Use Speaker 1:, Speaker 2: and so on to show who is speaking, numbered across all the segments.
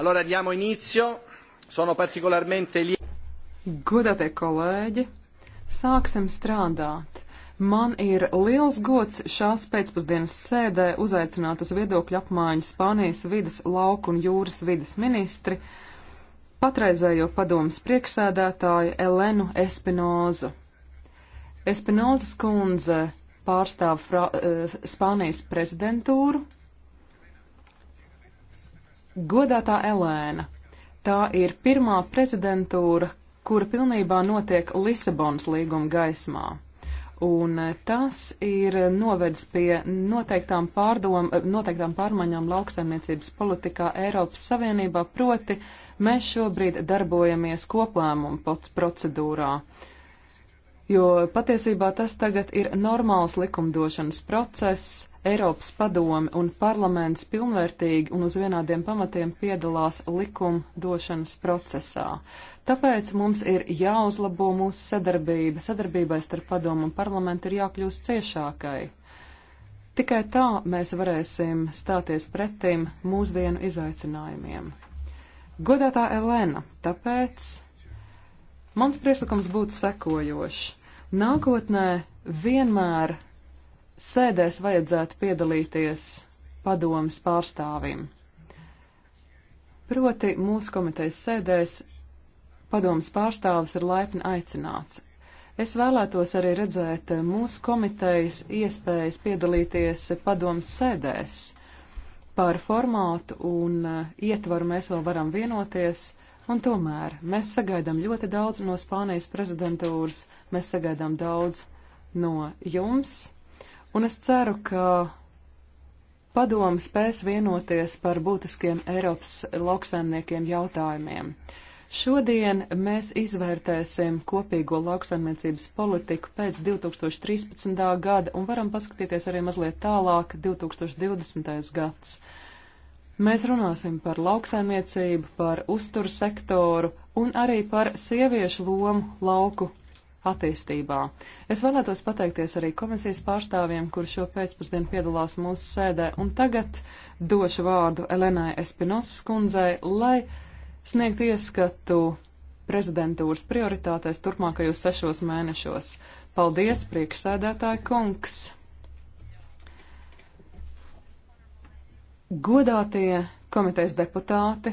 Speaker 1: Allora diamo inizio. Sono particolarmente lieto.
Speaker 2: Godātie kolēģi, sāksim strādāt. Man ir liels gods šās pēcpusdienas sēdē uzaicināt uz viedokļu apmaiņu Spānijas vidas, lauku un jūras vidas ministri, patreizējo padomas priekšsēdētāju Elenu Espinozu. Espinozas kundze pārstāv Fra eh, Spānijas prezidentūru Godātā Elēna, tā ir pirmā prezidentūra, kura pilnībā notiek Lisabonas līguma gaismā. Un eh, tas ir novedis pie noteiktām, pārdom, noteiktām pārmaiņām lauksaimniecības politikā Eiropas Savienībā, proti mēs šobrīd darbojamies koplēmumu procedūrā. Jo patiesībā tas tagad ir normāls likumdošanas process, Eiropas padome un parlaments pilnvērtīgi un uz vienādiem pamatiem piedalās likumdošanas procesā. Tāpēc mums ir jāuzlabo mūsu sadarbība. Sadarbībai starp padomu un parlamentu ir jākļūst ciešākai. Tikai tā mēs varēsim stāties pretim mūsdienu izaicinājumiem. Godātā Elēna, tāpēc mans priekšlikums būtu sekojošs. Nākotnē vienmēr sēdēs vajadzētu piedalīties padomas pārstāvim. Proti mūsu komitejas sēdēs padomas pārstāvis ir laipni aicināts. Es vēlētos arī redzēt eh, mūsu komitejas iespējas piedalīties padomas sēdēs. Par formātu un eh, ietvaru mēs vēl varam vienoties. Un tomēr mēs sagaidām ļoti daudz no Spānijas prezidentūras, mēs sagaidām daudz no jums un es ceru, ka padomu spēs vienoties par būtiskiem Eiropas lauksaimniekiem jautājumiem. Šodien mēs izvērtēsim kopīgo lauksaimniecības politiku pēc 2013. gada un varam paskatīties arī mazliet tālāk 2020. gads. Mēs runāsim par lauksaimniecību, par uzturu sektoru un arī par sieviešu lomu lauku attīstībā. Es vēlētos pateikties arī komisijas pārstāvjiem, kur šo pēcpusdienu piedalās mūsu sēdē, un tagad došu vārdu Elenai Espinosas kundzei, lai sniegtu ieskatu prezidentūras prioritātēs turpmākajos sešos mēnešos. Paldies, priekšsēdētāji kungs! Godātie komitejas deputāti!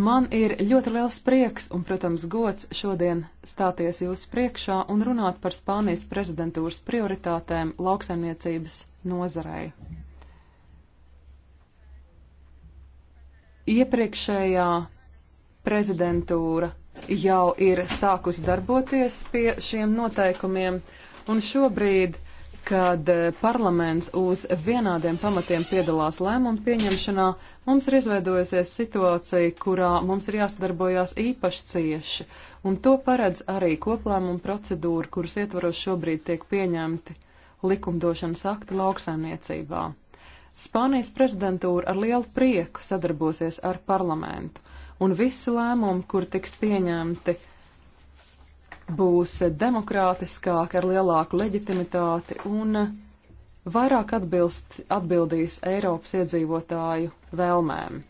Speaker 2: Man ir ļoti liels prieks un, protams, gods šodien stāties jūsu priekšā un runāt par Spānijas prezidentūras prioritātēm lauksaimniecības nozarei. Iepriekšējā prezidentūra jau ir sākus darboties pie šiem noteikumiem, un šobrīd kad eh, parlaments uz vienādiem pamatiem piedalās lēmumu pieņemšanā, mums ir izveidojusies situācija, kurā mums ir jāsadarbojās īpaši cieši, un to paredz arī koplēmuma procedūra, kuras ietvaros šobrīd tiek pieņemti likumdošanas akti lauksaimniecībā. Spānijas prezidentūra ar lielu prieku sadarbosies ar parlamentu, un visi lēmumi, kur tiks pieņemti, būs demokrātiskāka, ar lielāku leģitimitāti un vairāk atbilst, atbildīs Eiropas iedzīvotāju vēlmēm.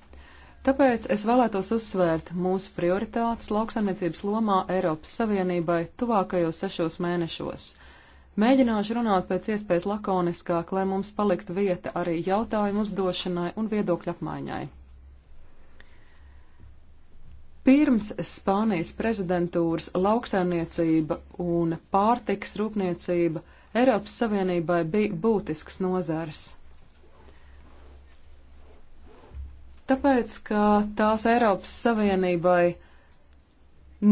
Speaker 2: Tāpēc es vēlētos uzsvērt mūsu prioritātes lauksaimniecības lomā Eiropas Savienībai tuvākajos sešos mēnešos. Mēģināšu runāt pēc iespējas lakoniskāk, lai mums paliktu vieta arī jautājumu uzdošanai un viedokļu apmaiņai. Pirms Spānijas prezidentūras lauksaimniecība un pārtiks rūpniecība Eiropas Savienībai bija būtisks nozars. Tāpēc, ka tās Eiropas Savienībai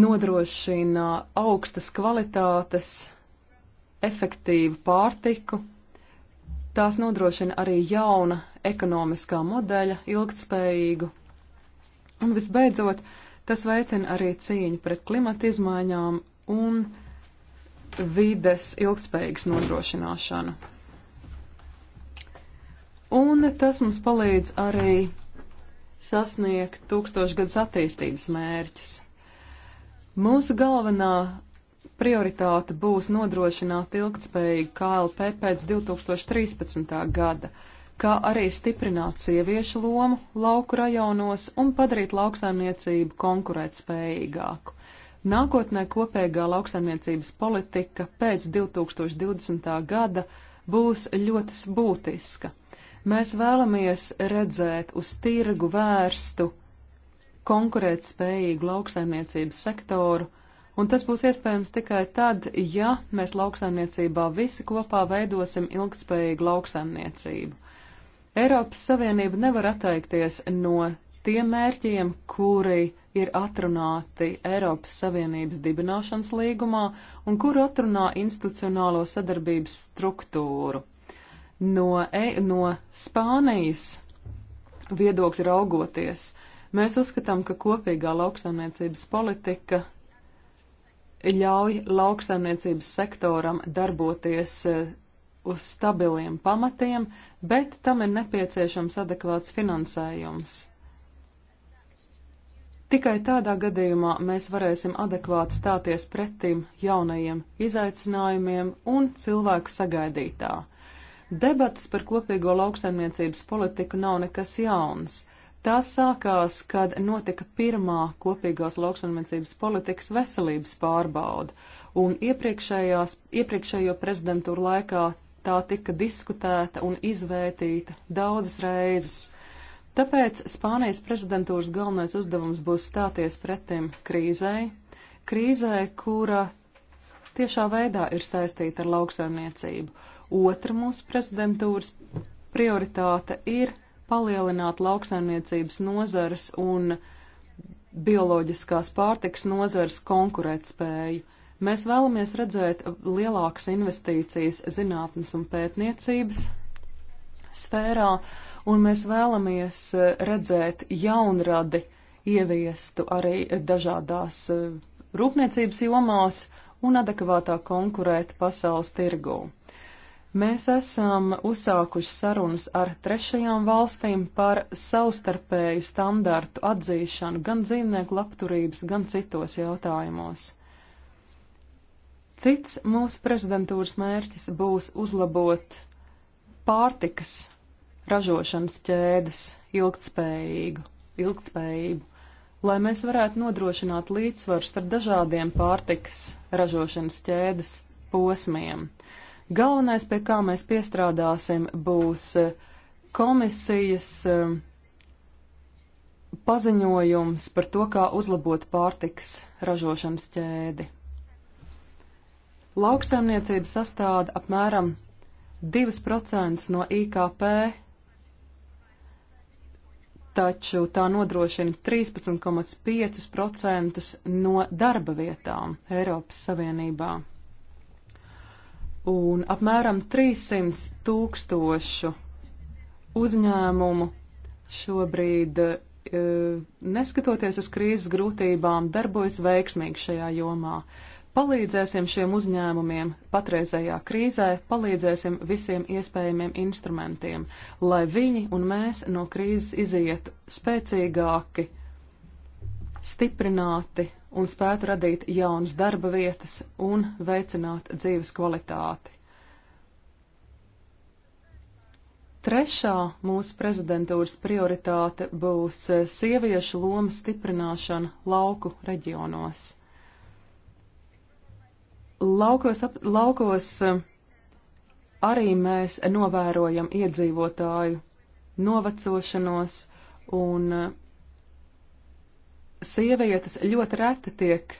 Speaker 2: nodrošina augstas kvalitātes, efektīvu pārtiku, tās nodrošina arī jauna ekonomiskā modeļa, ilgtspējīgu. Un visbeidzot, uh, Tas veicina arī cīņu pret klimata izmaiņām un vides ilgspējīgas nodrošināšanu. Un tas mums palīdz arī sasniegt tūkstošgadus attīstības mērķus. Mūsu galvenā prioritāte būs nodrošināt ilgtspējīgu KLP pēc 2013. gada kā arī stiprināt sieviešu lomu lauku rajonos un padarīt lauksaimniecību konkurētspējīgāku. Nākotnē kopējā lauksaimniecības politika pēc 2020. gada būs ļoti būtiska. Mēs vēlamies redzēt uz tirgu vērstu konkurētspējīgu lauksaimniecības sektoru, un tas būs iespējams tikai tad, ja mēs lauksaimniecībā visi kopā veidosim ilgspējīgu lauksaimniecību. Eiropas Savienība nevar atteikties no tiem mērķiem, kuri ir atrunāti Eiropas Savienības dibināšanas līgumā un kur atrunā institucionālo sadarbības struktūru. No, e, no Spānijas viedokļa raugoties, mēs uzskatām, ka kopīgā lauksaimniecības politika ļauj lauksaimniecības sektoram darboties uz stabiliem pamatiem, bet tam ir nepieciešams adekvāts finansējums. Tikai tādā gadījumā mēs varēsim adekvāti stāties pretim jaunajiem izaicinājumiem un cilvēku sagaidītā. Debatas par kopīgo lauksaimniecības politiku nav nekas jauns. Tās sākās, kad notika pirmā kopīgās lauksaimniecības politikas veselības pārbauda, un iepriekšējo prezidentūru laikā tā tika diskutēta un izvērtīta daudzas reizes. Tāpēc Spānijas prezidentūras galvenais uzdevums būs stāties pretim krīzei, krīzē, kura tiešā veidā ir saistīta ar lauksaimniecību. Otra mūsu prezidentūras prioritāte ir palielināt lauksaimniecības nozares un bioloģiskās pārtiks nozares konkurētspēju. Mēs vēlamies redzēt lielākas investīcijas zinātnes un pētniecības sfērā, un mēs vēlamies eh, redzēt jaunradi ieviestu arī dažādās eh, rūpniecības jomās un adekvātāk konkurēt pasaules tirgū. Mēs esam uzsākuši sarunas ar trešajām valstīm par savstarpēju standartu atzīšanu gan dzīvnieku labturības, gan citos jautājumos. Cits mūsu prezidentūras mērķis būs uzlabot pārtikas ražošanas ķēdes ilgtspējīgu, ilgtspējību, lai mēs varētu nodrošināt līdzsvaru starp dažādiem pārtikas ražošanas ķēdes posmiem. Galvenais, pie kā mēs piestrādāsim, būs eh, komisijas eh, paziņojums par to, kā uzlabot pārtikas ražošanas ķēdi. Lauksaimniecība sastāda apmēram 2% no IKP, taču tā nodrošina 13,5% no darba vietām Eiropas Savienībā. Un apmēram 300 tūkstošu uzņēmumu šobrīd, eh, neskatoties uz krīzes grūtībām, darbojas veiksmīgi šajā jomā. Palīdzēsim šiem uzņēmumiem patreizējā krīzē, palīdzēsim visiem iespējamiem instrumentiem, lai viņi un mēs no krīzes izietu spēcīgāki, stiprināti un spētu radīt jaunas darba vietas un veicināt dzīves kvalitāti. Trešā mūsu prezidentūras prioritāte būs sieviešu lomas stiprināšana lauku reģionos. Laukos, ap, laukos eh, arī mēs novērojam iedzīvotāju novecošanos, un eh, sievietes ļoti reti tiek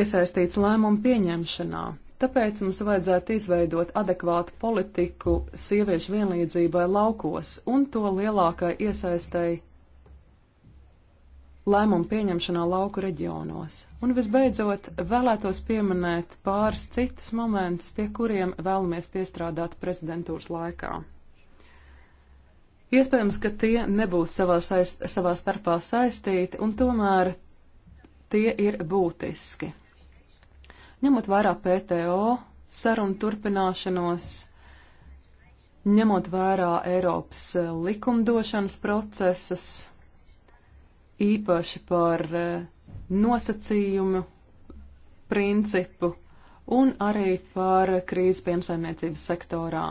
Speaker 2: iesaistīts lēmumu pieņemšanā. Tāpēc mums vajadzētu izveidot adekvātu politiku sieviešu vienlīdzībai laukos un to lielākai iesaistēji lēmumu pieņemšanā lauku reģionos. Un visbeidzot, vēlētos pieminēt pāris citus momentus, pie kuriem vēlamies piestrādāt prezidentūras laikā. Iespējams, ka tie nebūs savā, saist, savā starpā saistīti, un tomēr tie ir būtiski. Ņemot vērā PTO sarunu turpināšanos, ņemot vērā Eiropas eh, likumdošanas procesus, īpaši par e, nosacījumu principu un arī par krīzes piemsaimniecības sektorā.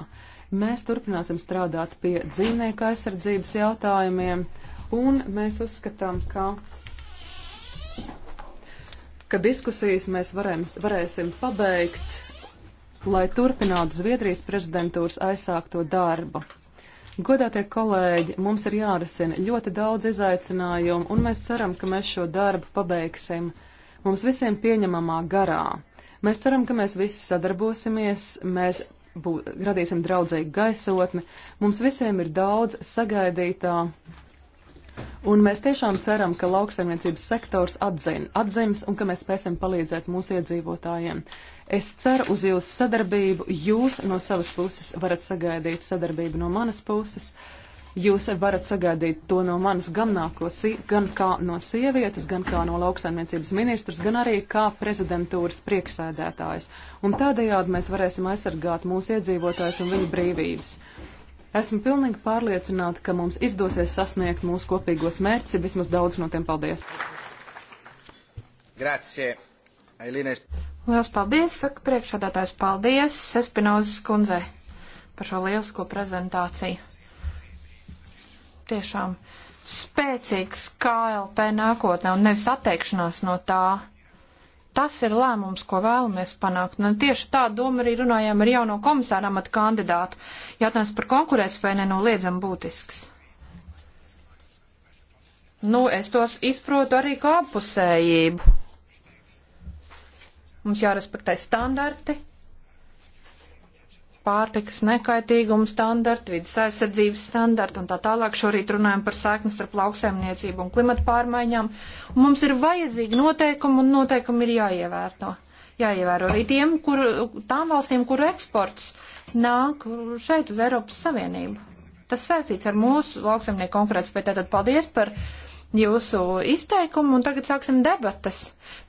Speaker 2: Mēs turpināsim strādāt pie dzīvnieku aizsardzības jautājumiem, un mēs uzskatām, ka, ka diskusijas mēs varēm, varēsim pabeigt, lai turpinātu Zviedrijas prezidentūras aizsākto darbu. Godātie kolēģi, mums ir jārisina ļoti daudz izaicinājumu, un mēs ceram, ka mēs šo darbu pabeigsim mums visiem pieņemamā garā. Mēs ceram, ka mēs visi sadarbosimies, mēs bū, radīsim draudzīgu gaisotni, mums visiem ir daudz sagaidītā. Un mēs tiešām ceram, ka lauksaimniecības sektors atzina, atzims un ka mēs spēsim palīdzēt mūsu iedzīvotājiem. Es ceru uz jūsu sadarbību. Jūs no savas puses varat sagaidīt sadarbību no manas puses. Jūs varat sagaidīt to no manas gan, nāko, gan kā no sievietes, gan kā no lauksaimniecības ministrs, gan arī kā prezidentūras priekšsēdētājs. Un tādējādi mēs varēsim aizsargāt mūsu iedzīvotājs un viņu brīvības. Esmu pilnīgi pārliecināta, ka mums izdosies sasniegt mūsu kopīgos mērķus, vismaz daudz no tiem paldies.
Speaker 1: Grazie. Eilīnais.
Speaker 3: Lielas paldies, saka priekšādātājs, paldies Espinozes kundzei par šo lielisko prezentāciju. Tiešām spēcīgs KLP nākotnē un nevis atteikšanās no tā. Tas ir lēmums, ko vēlamies panākt. Un tieši tā doma arī runājām ar jauno komisāru amatu kandidātu. Jautājums par konkurētspēju nenoliedzam būtisks. Nu, es tos izprotu arī kā apusējību Mums jārespektē standarti, pārtikas nekaitīguma standarti, vidas aizsardzības standarti un tā tālāk. Šorīt runājam par sēknes starp lauksaimniecību un klimatu pārmaiņām. Un mums ir vajadzīgi noteikumi un noteikumi ir jāievērto. Jāievēro arī tiem, kur, tām valstīm, kur eksports nāk šeit uz Eiropas Savienību. Tas saistīts ar mūsu lauksaimnieku konkurētspēju. Tātad paldies par jūsu izteikumu, un tagad sāksim debatas.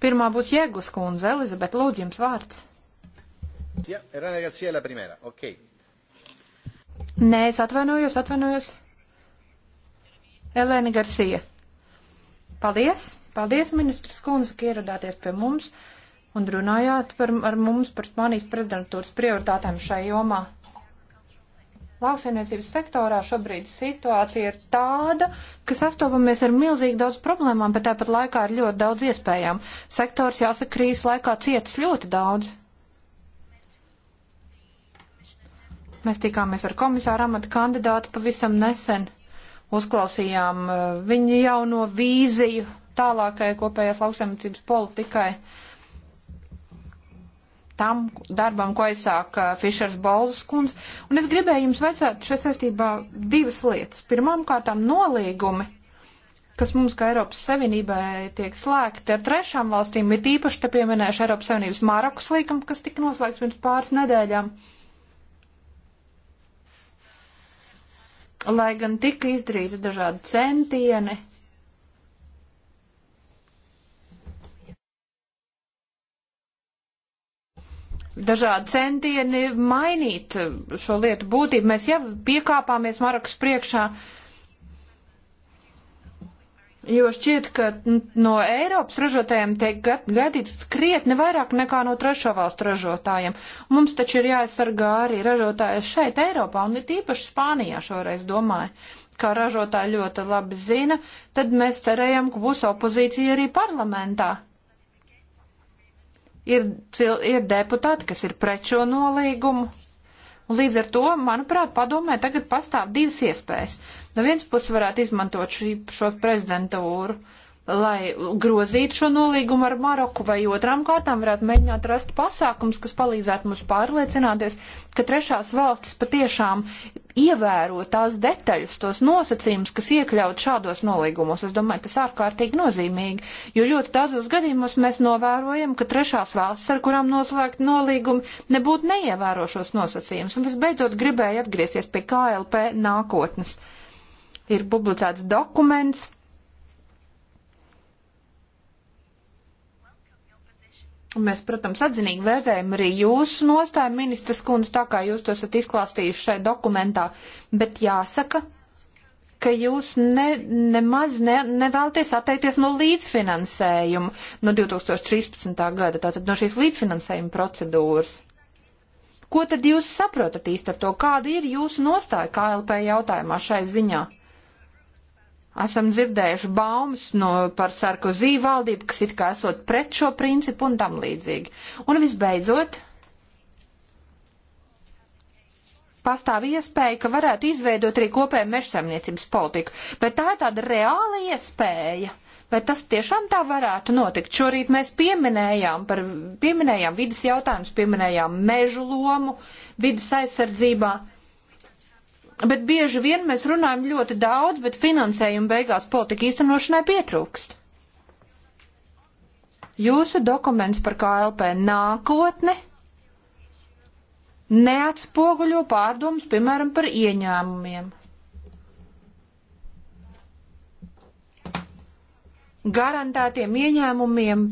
Speaker 3: Pirmā būs Jēglas kundze. Elizabete, lūdzu, jums vārds.
Speaker 1: Jā, Rana Garcia la primera, ok.
Speaker 3: Nē, es atvainojos, atvainojos. Elēna Garcia. Paldies, paldies, ministrs kundze, ka ieradāties pie mums un runājāt par, ar mums par Spānijas prezidentūras prioritātēm šai jomā. Lauksainiecības sektorā šobrīd situācija ir tāda, ka sastopamies ar milzīgi daudz problēmām, bet tāpat laikā ir ļoti daudz iespējām. Sektors, jāsaka, krīzes laikā cietas ļoti daudz. Mēs tikāmies ar komisāru amatu kandidātu pavisam nesen. Uzklausījām uh, viņa jauno vīziju tālākai kopējās lauksaimniecības politikai. Uh, tam darbam, ko aizsāk Fišers Bolzas kundze. Un es gribēju jums vajadzētu šajā saistībā divas lietas. Pirmām kārtām nolīgumi kas mums kā Eiropas Savienībai tiek slēgti ar trešām valstīm, ir īpaši te pieminējuši Eiropas Savienības Mārakus līgumu, kas tika noslēgts pirms pāris nedēļām. Lai gan tika izdarīti dažādi centieni dažādi centieni mainīt šo lietu būtību. Mēs jau piekāpāmies Marakas priekšā, jo šķiet, ka no Eiropas ražotājiem tiek gaidīts krietni vairāk nekā no trešo valstu ražotājiem. Mums taču ir jāaizsargā arī ražotājas šeit Eiropā, un it īpaši Spānijā šoreiz domāju kā ražotāji ļoti labi zina, tad mēs cerējām, ka būs opozīcija arī parlamentā. Ir, ir deputāti, kas ir pret šo nolīgumu. Un līdz ar to, manuprāt, padomē tagad pastāv divas iespējas. No vienas puses varētu izmantot šī, šo prezidentūru, uh, lai grozītu šo nolīgumu ar Maroku, vai otrām kārtām varētu mēģināt rast pasākums, kas palīdzētu mums pārliecināties, ka trešās valstis patiešām ievēro tās detaļas, tos nosacījumus, kas iekļaut šādos nolīgumos. Es domāju, tas ārkārtīgi nozīmīgi, jo ļoti daudzos gadījumos mēs novērojam, ka trešās valstis, ar kurām noslēgt nolīgumi, nebūtu neievēro šos nosacījumus. Un visbeidzot gribēju atgriezties pie KLP nākotnes. Ir publicēts dokuments Un mēs, protams, atzinīgi vērtējam arī jūsu nostāju, ministrs kundze, tā kā jūs to esat izklāstījuši šai dokumentā, bet jāsaka, ka jūs ne, nemaz ne, nevēlties atteikties no līdzfinansējuma no 2013. gada, tātad no šīs līdzfinansējuma procedūras. Ko tad jūs saprotat īsti ar to, kāda ir jūsu nostāja KLP jautājumā šai ziņā? Esam dzirdējuši baumas no, par Sarkozī valdību, kas it kā esot pret šo principu un tam līdzīgi. Un visbeidzot, pastāv iespēja, ka varētu izveidot arī kopēju mežsaimniecības politiku. Bet tā ir tāda reāla iespēja. Vai tas tiešām tā varētu notikt? Šorīt mēs pieminējām, par, pieminējām vidas jautājumus, pieminējām mežu lomu vidas aizsardzībā. Bet bieži vien mēs runājam ļoti daudz, bet finansējumu beigās politika īstenošanai pietrūkst. Jūsu dokuments par KLP nākotne neatspoguļo pārdomas, piemēram, par ieņēmumiem. Garantētiem ieņēmumiem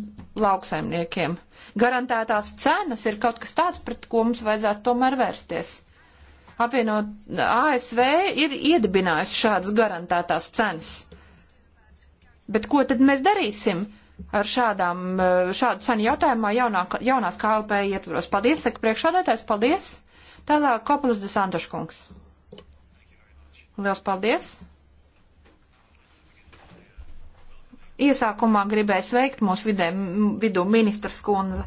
Speaker 3: lauksaimniekiem. Garantētās cenas ir kaut kas tāds, pret ko mums vajadzētu tomēr vērsties apvienot ASV ir iedibinājusi šādas garantētās cenas. Bet ko tad mēs darīsim ar šādām, šādu cenu jautājumā jaunā, jaunās KLP ietvaros? Paldies, saka priekšādātājs, paldies. Tālāk Kopulus de Santaškungs. Liels paldies. Iesākumā gribēju sveikt mūsu vidē, vidū ministras kundze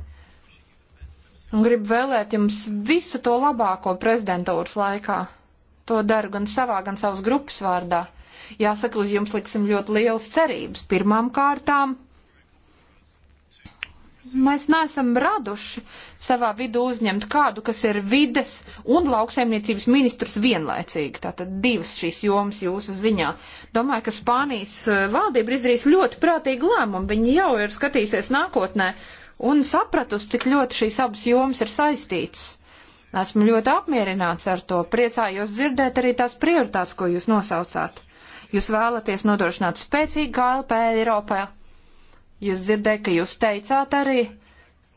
Speaker 3: Un gribu vēlēt jums visu to labāko prezidentūras laikā. To daru gan savā, gan savas grupas vārdā. Jāsaka, uz jums liksim ļoti lielas cerības. Pirmām kārtām mēs neesam raduši savā vidū uzņemt kādu, kas ir vides un lauksaimniecības ministrs vienlaicīgi. Tātad divas šīs jomas jūsu ziņā. Domāju, ka Spānijas eh, valdība izdarīs ļoti prātīgu lēmumu. Viņi jau ir skatīsies nākotnē un sapratusi, cik ļoti šīs abas jomas ir saistītas. Esmu ļoti apmierināts ar to, priecājos dzirdēt arī tās prioritātes, ko jūs nosaucāt. Jūs vēlaties nodrošināt spēcīgu KLP Eiropā. Jūs dzirdēju, ka jūs teicāt arī,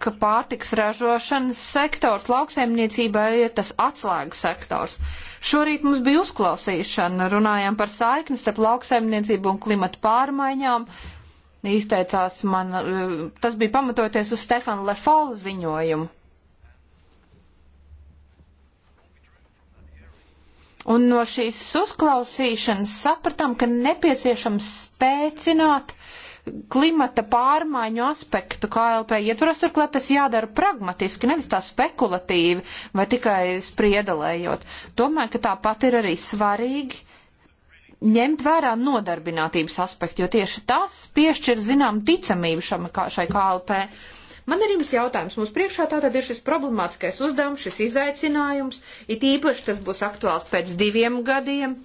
Speaker 3: ka pārtiks ražošanas sektors lauksaimniecībā ir tas atslēgas sektors. Šorīt mums bija uzklausīšana, runājām par saikni starp lauksaimniecību un klimatu pārmaiņām, izteicās man, eh, tas bija pamatoties uz Stefana Lefola ziņojumu. Un no šīs uzklausīšanas sapratām, ka nepieciešams spēcināt klimata pārmaiņu aspektu KLP ietvaros, turklāt tas jādara pragmatiski, nevis tā spekulatīvi vai tikai spriedelējot. Domāju, ka tāpat ir arī svarīgi ņemt vērā nodarbinātības aspektu, jo tieši tas piešķir zinām ticamību šam, kā, šai KLP. Man ir jums jautājums. Mums priekšā tātad ir šis problemātiskais uzdevums, šis izaicinājums. It īpaši tas būs aktuāls pēc diviem gadiem.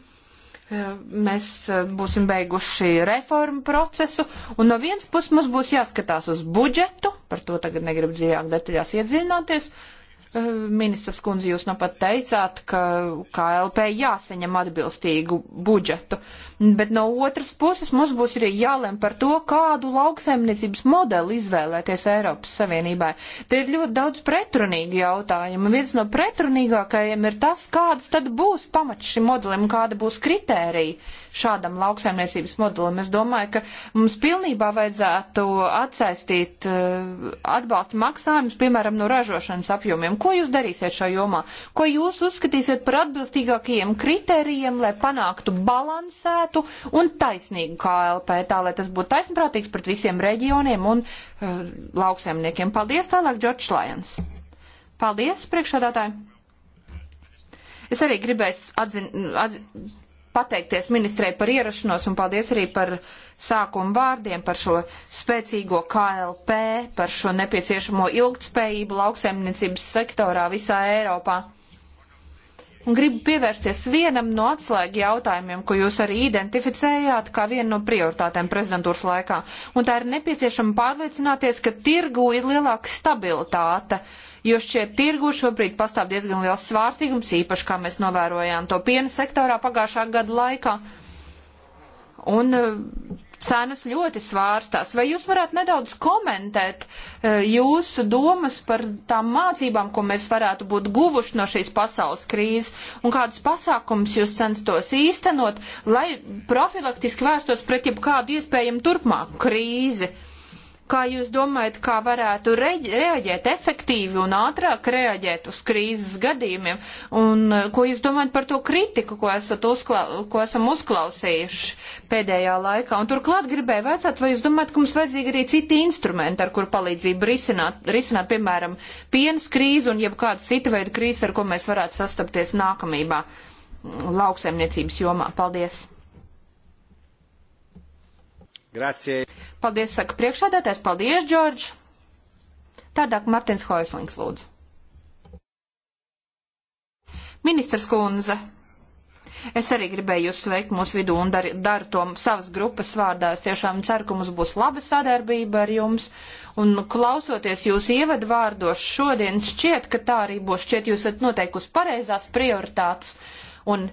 Speaker 3: Eh, mēs eh, būsim beiguši reformu procesu, un no vienas puses mums būs jāskatās uz budžetu, par to tagad negribu dziļāk detaļās iedziļināties, Eh, Ministras kundze, jūs nu pat teicāt, ka KLP jāsaņem atbilstīgu budžetu. Uh, bet no otras puses mums būs arī jālem par to, kādu lauksaimniecības modeli izvēlēties Eiropas Savienībai. Te ir ļoti daudz pretrunīgi jautājumi. Viens no pretrunīgākajiem ir tas, kāds tad būs pamats šim modelim, kāda būs kritērija šādam lauksaimniecības modelim. Es domāju, ka mums pilnībā vajadzētu atsaistīt eh, atbalsta maksājumus, piemēram, no ražošanas apjomiem. Ko jūs darīsiet šajā jomā? Ko jūs uzskatīsiet par atbilstīgākajiem kritērijiem, lai panāktu balansētu? koordinētu un taisnīgu KLP, tā lai tas būtu taisnprātīgs pret visiem reģioniem un uh, lauksaimniekiem. Paldies tālāk, Džordžs Lajons. Paldies, priekšādātāji. Es arī gribēju atzin, atzin, pateikties ministrei par ierašanos un paldies arī par sākumu vārdiem, par šo spēcīgo KLP, par šo nepieciešamo ilgtspējību lauksaimniecības sektorā visā Eiropā un gribu pievērsties vienam no atslēgi jautājumiem, ko jūs arī identificējāt kā vienu no prioritātēm prezidentūras laikā. Un tā ir nepieciešama pārliecināties, ka tirgu ir lielāka stabilitāte, jo šķiet tirgu šobrīd pastāv diezgan liels svārstīgums, īpaši kā mēs novērojām to piena sektorā pagājušā gada laikā. Uh, un eh, cenas ļoti svārstās. Vai jūs varētu nedaudz komentēt eh, jūsu domas par tām mācībām, ko mēs varētu būt guvuši no šīs pasaules krīzes, un kādus pasākumus jūs censtos īstenot, lai profilaktiski vērstos pret jebkādu iespējamu turpmāku krīzi? Uh, Kā jūs domājat, kā varētu reaģēt efektīvi un ātrāk reaģēt uz krīzes gadījumiem? Un eh, ko jūs domājat par to kritiku, ko, esat uzkla ko esam uzklausījuši pēdējā laikā? Un turklāt gribēju vecāt, vai jūs domājat, ka mums vajadzīgi arī citi instrumenti, ar kur palīdzību risināt, risināt piemēram, pienas krīzi un jebkādu citu veidu krīzi, ar ko mēs varētu sastapties nākamībā lauksaimniecības jomā? Paldies! Grazie. Paldies, saka priekšādātājs. Paldies, Džordž. Tādāk Martins Hoislings lūdzu. Ministrs Kunze. Es arī gribēju jūs sveikt mūsu vidū un daru dar to savas grupas vārdā. Es tiešām ceru, ka mums būs laba sadarbība ar jums. Un klausoties jūs ievadu vārdos šodien, šķiet, ka tā arī būs. Šķiet, jūs esat noteikusi pareizās prioritātes. Un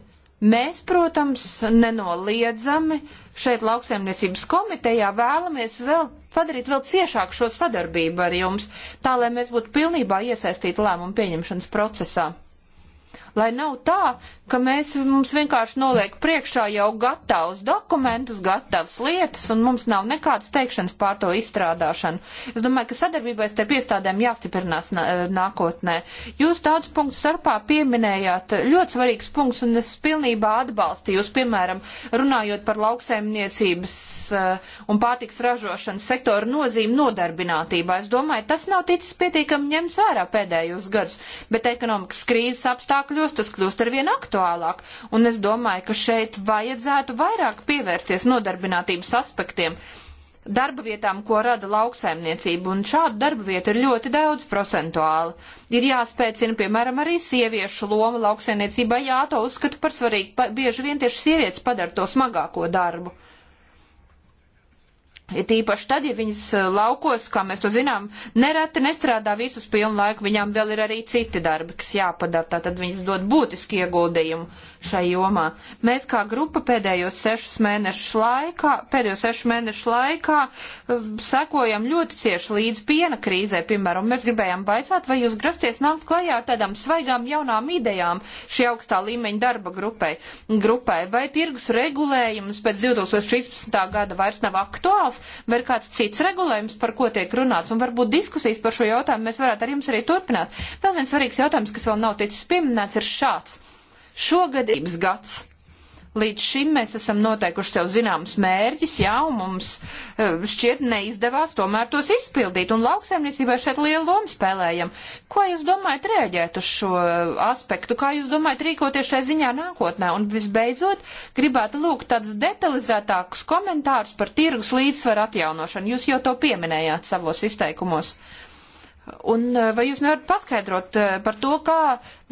Speaker 3: Mēs, protams, nenoliedzami šeit lauksaimniecības komitejā vēlamies vēl padarīt vēl ciešāku šo sadarbību ar jums, tā lai mēs būtu pilnībā iesaistīti lēmumu pieņemšanas procesā lai nav tā, ka mēs, mums vienkārši noliek priekšā jau gatavus dokumentus, gatavas lietas, un mums nav nekādas teikšanas pār to izstrādāšanu. Es domāju, ka sadarbībai starp iestādēm jāstiprinās eh, nākotnē. Jūs daudz punktu starpā pieminējāt, eh, ļoti svarīgs punkts, un es pilnībā atbalstu jūs, piemēram, runājot par lauksaimniecības eh, un pārtiks ražošanas sektoru nozīmi nodarbinātībā. Es domāju, tas nav ticis pietiekami ņemts vērā pēdējos gadus, bet ekonomikas krīzes apstākļos apstākļos tas kļūst ar vien aktuālāk, un es domāju, ka šeit vajadzētu vairāk pievērsties nodarbinātības aspektiem darba vietām, ko rada lauksaimniecība, un šādu darba vietu ir ļoti daudz procentuāli. Ir jāspēcina, piemēram, arī sieviešu loma lauksaimniecībā, jā, to uzskatu par svarīgu, pa, bieži vien tieši sievietes padara to smagāko darbu. Tīpaši tad, ja viņas e, laukos, kā mēs to zinām, nereti nestrādā visus pilnu laiku, viņām vēl ir arī citi darbi, kas jāpadara, tātad viņas dod būtiski ieguldījumu šai jomā. Mēs kā grupa pēdējos sešus mēnešus laikā, pēdējo sešu mēnešu laikā e, sekojam ļoti cieši līdz piena krīzē, piemēram, mēs gribējām baicāt, vai jūs grasties nākt klajā ar tādām svaigām jaunām idejām šī augstā līmeņa darba grupai, grupai vai tirgus regulējums pēc 2013. gada vairs nav aktuāls, vai ir kāds cits regulējums, par ko tiek runāts, un varbūt diskusijas par šo jautājumu mēs varētu ar jums arī turpināt. Vēl viens svarīgs jautājums, kas vēl nav ticis pieminēts, ir šāds. Šogad ir gads. Līdz šim mēs esam noteikuši sev zināmus mērķis, jā, un mums e, šķiet neizdevās tomēr tos izpildīt, un lauksaimniecībā šeit lielu lomu spēlējam. Ko jūs domājat rēģēt uz šo aspektu? Kā jūs domājat rīkoties šai ziņā nākotnē? Un visbeidzot, gribētu lūgt tādus detalizētākus komentārus par tirgus līdzsvaru atjaunošanu. Jūs jau to pieminējāt savos izteikumos. Un e, vai jūs nevarat paskaidrot e, par to, kā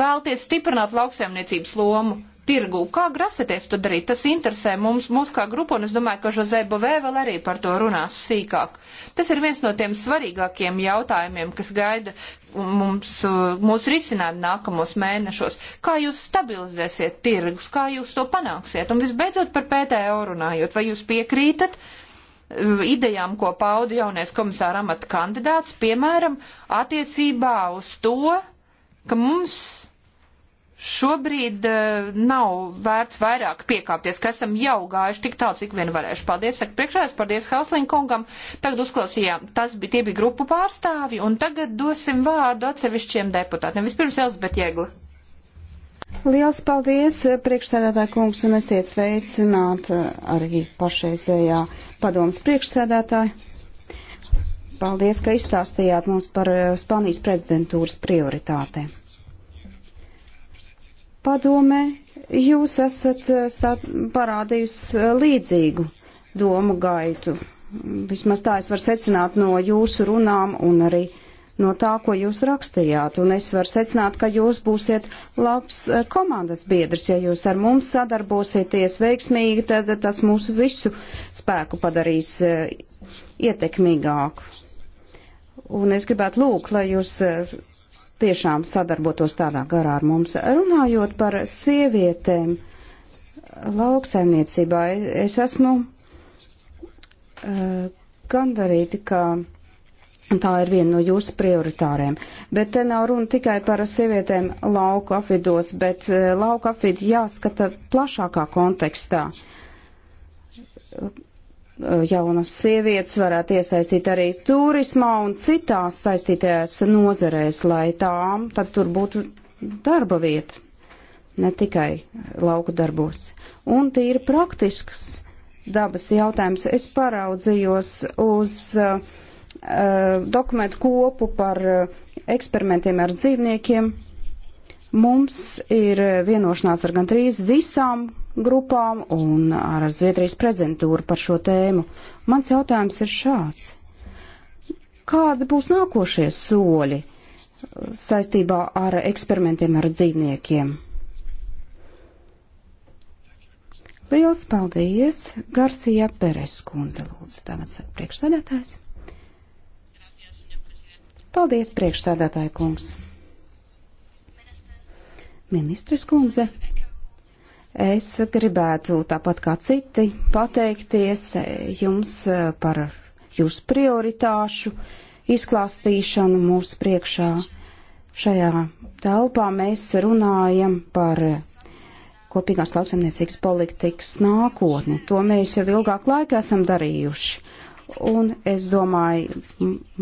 Speaker 3: vēlties stiprināt lauksaimniecības lomu? tirgu. Kā grasaties to darīt? Tas interesē mums, mūs kā grupu, un es domāju, ka Žozē Bovē vēl arī par to runās sīkāk. Tas ir viens no tiem svarīgākiem jautājumiem, kas gaida mums, uh, mūsu risinājumu nākamos mēnešos. Kā jūs stabilizēsiet tirgus, kā jūs to panāksiet? Un visbeidzot par PTO runājot, vai jūs piekrītat? Uh, idejām, ko pauda jaunais komisāra amata kandidāts, piemēram, attiecībā uz to, ka mums Šobrīd uh, nav vērts vairāk piekāpties, ka esam jau gājuši tik tālu, cik vien varējuši. Paldies, saka priekšējais, paldies Hauslinkungam. Tagad uzklausījām, tas bija, tie bija grupu pārstāvi, un tagad dosim vārdu atsevišķiem deputātiem. Vispirms Elzbet Jēgla.
Speaker 4: Liels paldies, eh, priekšsēdētāja kungs, un esiet sveicināti eh, arī pašreizējā padomas priekšsēdētāja. Paldies, ka izstāstījāt mums par Spānijas prezidentūras prioritātēm. Padomē, jūs esat eh, stāt, parādījusi eh, līdzīgu domu gaitu. Vismaz tā es varu secināt no jūsu runām un arī no tā, ko jūs rakstījāt. Un es varu secināt, ka jūs būsiet labs eh, komandas biedrs. Ja jūs ar mums sadarbosieties veiksmīgi, tad tas mūsu visu spēku padarīs ietekmīgāku. Un es gribētu lūgt, lai jūs tiešām sadarbotos tādā garā ar mums. Runājot par sievietēm lauksaimniecībā, es esmu uh, eh, gandarīti, ka tā ir viena no jūsu prioritāriem. Bet te nav runa tikai par sievietēm lauku apvidos, bet uh, lauku apvidi jāskata plašākā kontekstā. Uh, Eh, jaunas sievietes varētu iesaistīt arī turismā un citās saistītajās nozerēs, lai tām tad tur būtu darba vieta, ne tikai lauku darbos. Un tīri praktisks dabas jautājums. Es paraudzījos uz uh, dokumentu kopu par uh, eksperimentiem ar dzīvniekiem. Mums ir vienošanās ar gandrīz visām grupām un ar Zviedrijas prezidentūru par šo tēmu. Mans jautājums ir šāds. Kādi būs nākošie soļi uh, saistībā ar eksperimentiem ar dzīvniekiem? Liels paldies, Garcija Peres kundze, lūdzu, tagad priekšsēdētājs. Paldies, priekšsēdētāja kungs. Ministres kundze. Es gribētu tāpat kā citi pateikties jums eh, par jūsu prioritāšu izklāstīšanu mūsu priekšā. Šajā telpā mēs runājam par kopīgās lauksaimniecības politikas nākotni. To mēs jau ilgāk laika esam darījuši. Un es domāju,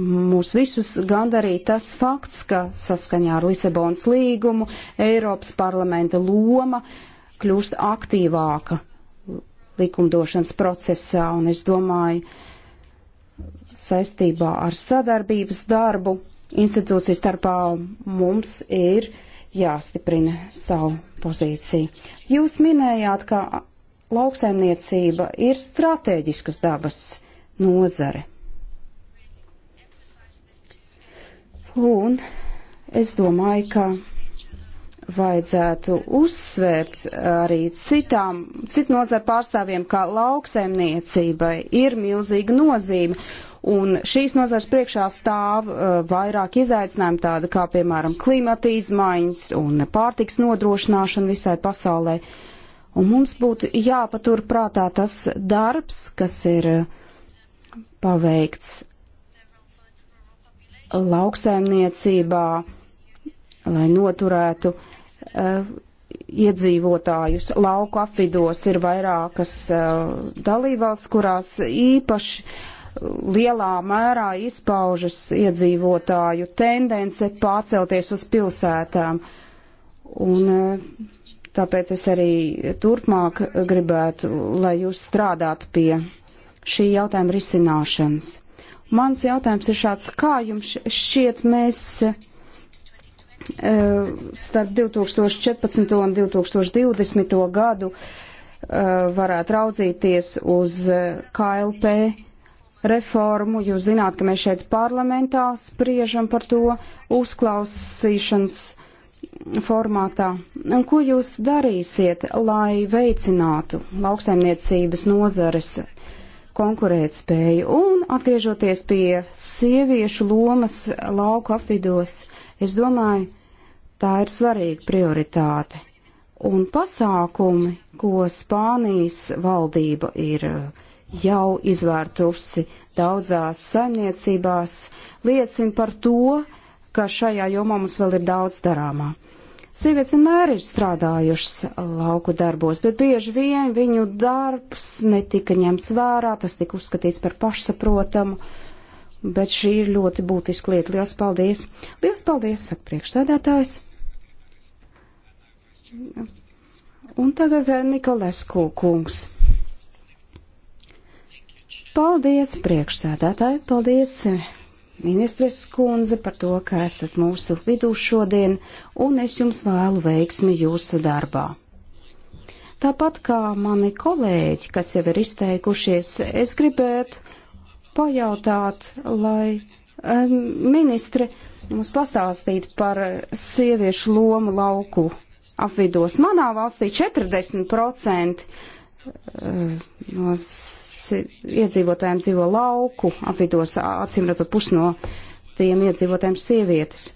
Speaker 4: mūs visus gandarīja tas fakts, ka saskaņā ar Lisabonas līgumu Eiropas parlamenta loma uh, kļūst aktīvāka likumdošanas procesā, un es domāju, saistībā ar sadarbības darbu institūciju starpā mums ir jāstiprina savu pozīciju. Jūs minējāt, ka lauksaimniecība ir strateģiskas dabas nozare. Un es domāju, ka vajadzētu uzsvērt arī citām, citu nozaru pārstāvjiem, ka lauksaimniecībai ir milzīga nozīme. Un šīs nozars priekšā stāv uh, vairāk izaicinājumu tāda kā, piemēram, klimata izmaiņas un pārtiks nodrošināšana visai pasaulē. Un mums būtu jāpatur prātā tas darbs, kas ir uh, paveikts lauksaimniecībā, lai noturētu uh, Uh, iedzīvotājus. Lauku apvidos ir vairākas uh, dalībvalsts, kurās īpaši lielā mērā izpaužas iedzīvotāju tendence pārcelties uz pilsētām. Un uh, tāpēc es arī turpmāk gribētu, lai jūs strādātu pie šī jautājuma risināšanas. Mans jautājums ir šāds, kā jums šķiet mēs Eh, starp 2014. un 2020. gadu eh, varētu raudzīties uz eh, KLP reformu. Jūs zināt, ka mēs šeit parlamentā spriežam par to uzklausīšanas formātā. Un ko jūs darīsiet, lai veicinātu lauksaimniecības nozares konkurētspēju? Un atgriežoties pie sieviešu lomas lauku apvidos, Es domāju, tā ir svarīga prioritāte. Un pasākumi, ko Spānijas valdība ir eh, jau izvērtusi daudzās saimniecībās, liecina par to, ka šajā jomā mums vēl ir daudz darāmā. Sievietes vienmēr ir strādājušas lauku darbos, bet bieži vien viņu darbs netika ņemts vērā, tas tika uzskatīts par pašsaprotamu bet šī ir ļoti būtiska lieta. Lielas paldies! Lielas paldies, saka priekšsēdētājs. Un tagad eh, Nikolēsku kungs. Paldies, priekšsēdētāji, paldies, eh, ministres kundze, par to, ka esat mūsu vidū šodien, un es jums vēlu veiksmi jūsu darbā. Tāpat kā mani kolēģi, kas jau ir izteikušies, es gribētu pajautāt, lai ministri mums pastāstītu par sieviešu lomu lauku apvidos. Manā valstī 40% eh, no iedzīvotājiem dzīvo lauku apvidos, acīmredzot pus no tiem iedzīvotājiem sievietes.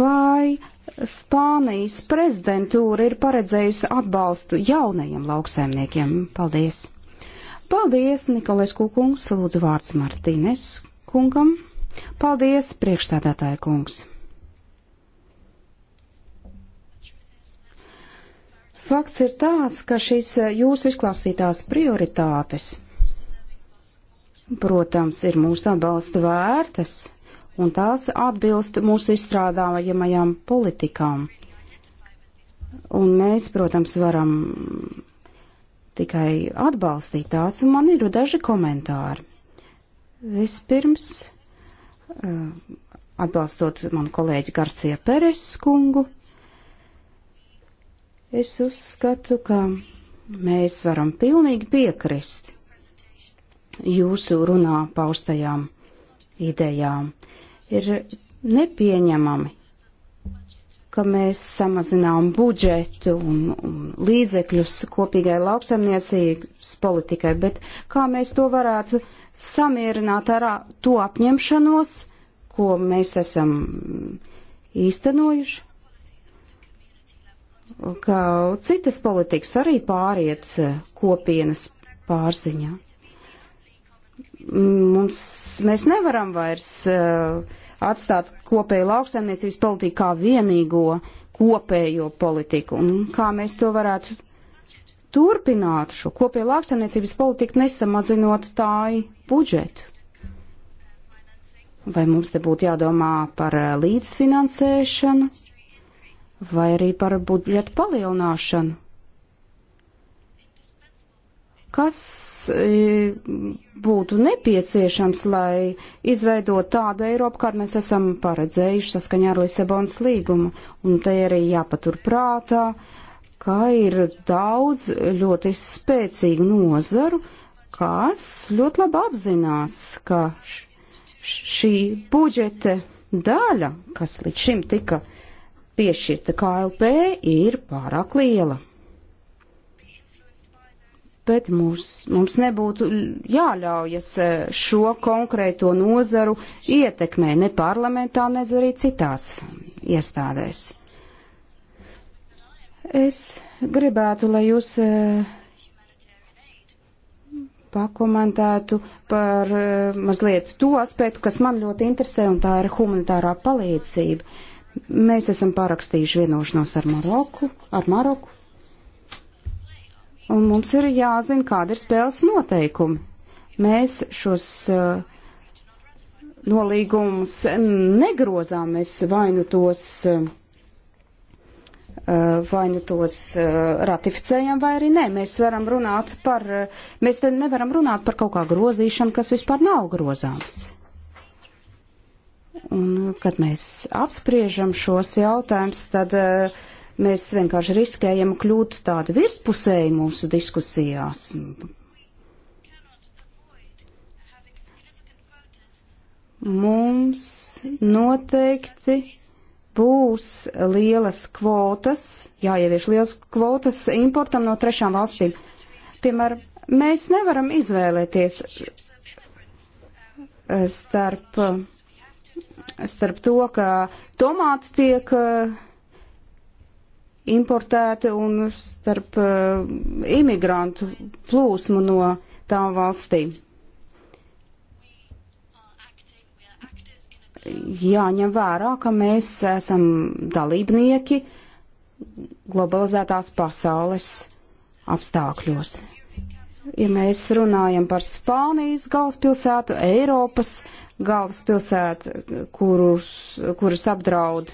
Speaker 4: Vai Spānijas prezidentūra ir paredzējusi atbalstu jaunajiem lauksaimniekiem? Paldies! Paldies, Nikolais Kukungs, lūdzu vārds Martīnes kungam. Paldies, priekšstādātāja kungs. Fakts ir tāds, ka šīs eh, jūsu izklāstītās prioritātes, protams, ir mūsu atbalsta vērtas, un tās atbilst mūsu izstrādājamajām politikām. Un mēs, protams, varam tikai atbalstīt tās, un man ir daži komentāri. Vispirms, eh, atbalstot manu kolēģi Garcija Peres kungu, es uzskatu, ka mēs varam pilnīgi piekrist jūsu runā paustajām idejām. Ir nepieņemami, ka mēs samazinām budžetu un, un līdzekļus kopīgai lauksaimniecības politikai, bet kā mēs to varētu samierināt ar to apņemšanos, ko mēs esam īstenojuši, ka citas politikas arī pāriet kopienas pārziņā. Mums, mēs nevaram vairs uh, atstāt kopēju lauksaimniecības politiku kā vienīgo kopējo politiku. Un kā mēs to varētu turpināt šo kopēju lauksaimniecības politiku, nesamazinot tāju budžetu? Vai mums te būtu jādomā par eh, līdzfinansēšanu vai arī par budžetu palielināšanu? Kas e, būtu nepieciešams, lai izveidot tādu Eiropu, kādu mēs esam paredzējuši saskaņā ar Lisabonas līgumu? Un te arī jāpatur prātā, ka ir daudz ļoti spēcīgu nozaru, kas ļoti labi apzinās, ka šī budžeta daļa, kas līdz šim tika piešķirta KLP, ir pārāk liela bet mums, mums nebūtu jāļaujas e, šo konkrēto nozaru ietekmē ne parlamentā, ne arī citās iestādēs. Es gribētu, lai jūs e, pakomentētu par e, mazliet to aspektu, kas man ļoti interesē, un tā ir humanitārā palīdzība. Mēs esam parakstījuši vienošanos ar Maroku, ar Maroku Un mums ir jāzina, kāda ir spēles noteikumi. Mēs šos uh, nolīgumus negrozām, mēs vainu tos, uh, uh vainu tos uh, ratificējam vai arī nē. Mēs varam runāt par, uh, mēs te nevaram runāt par kaut kā grozīšanu, kas vispār nav grozāms. Un, kad mēs apspriežam šos jautājumus, tad uh, Mēs vienkārši riskējam kļūt tādi virspusēji mūsu diskusijās. Mums noteikti būs lielas kvotas, jāievieš lielas kvotas importam no trešām valstīm. Piemēram, mēs nevaram izvēlēties starp, starp to, ka tomāti tiek uh, importēti un starp uh, imigrantu plūsmu no tām valstīm. Jāņem vērā, ka mēs esam dalībnieki globalizētās pasaules apstākļos. Ja mēs runājam par Spānijas galvaspilsētu, Eiropas galvaspilsētu, kurus, kurus apdraud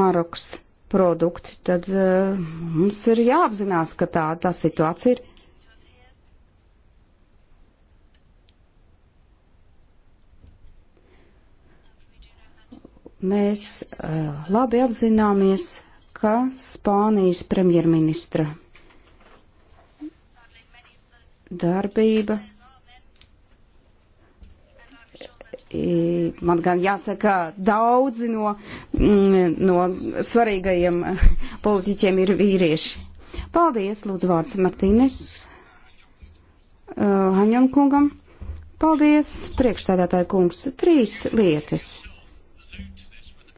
Speaker 4: Maroks produkti, tad uh, mums ir jāapzinās, ka tā, tā situācija ir. Mēs uh, labi apzināmies, ka Spānijas premjerministra darbība Eh, man gan jāsaka, daudzi no, mm, no svarīgajiem eh, politiķiem ir vīrieši. Paldies, lūdzu, vārds Martīnes uh, Haņon kungam. Paldies, priekšstādātāja kungs. Trīs lietas.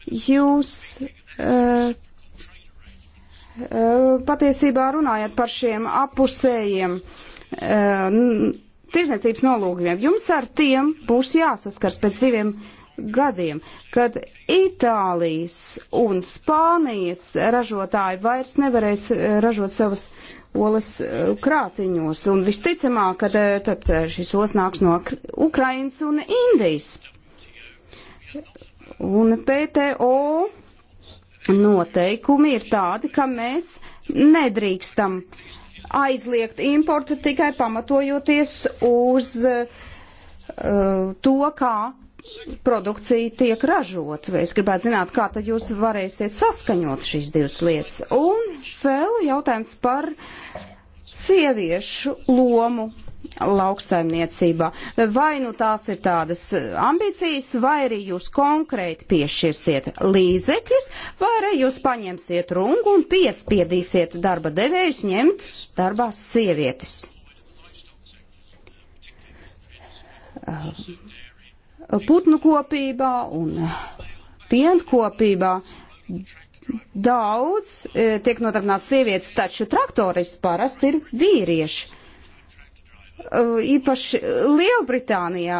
Speaker 4: Jūs uh, uh, patiesībā runājat par šiem apusējiem. Uh, tirsniecības nolūgiem. Jums ar tiem būs jāsaskars pēc diviem gadiem, kad Itālijas un Spānijas ražotāji vairs nevarēs eh, ražot savas olas eh, krātiņos. Un visticamāk, ka eh, tad šis olas nāks no Ukrainas un Indijas. Un PTO noteikumi ir tādi, ka mēs nedrīkstam uh, aizliegt importu tikai pamatojoties uz uh, to, kā produkcija tiek ražot. Es gribētu zināt, kā tad jūs varēsiet saskaņot šīs divas lietas. Un vēl jautājums par sieviešu lomu lauksaimniecībā. Vai nu tās ir tādas ambīcijas, vai arī jūs konkrēti piešķirsiet līdzekļus, vai arī jūs paņemsiet rungu un piespiedīsiet darba devējus ņemt darbā sievietes. Putnu kopībā un pienkopībā daudz eh, tiek nodarbināts sievietes, taču traktorists parasti ir vīrieši. Uh, īpaši Lielbritānijā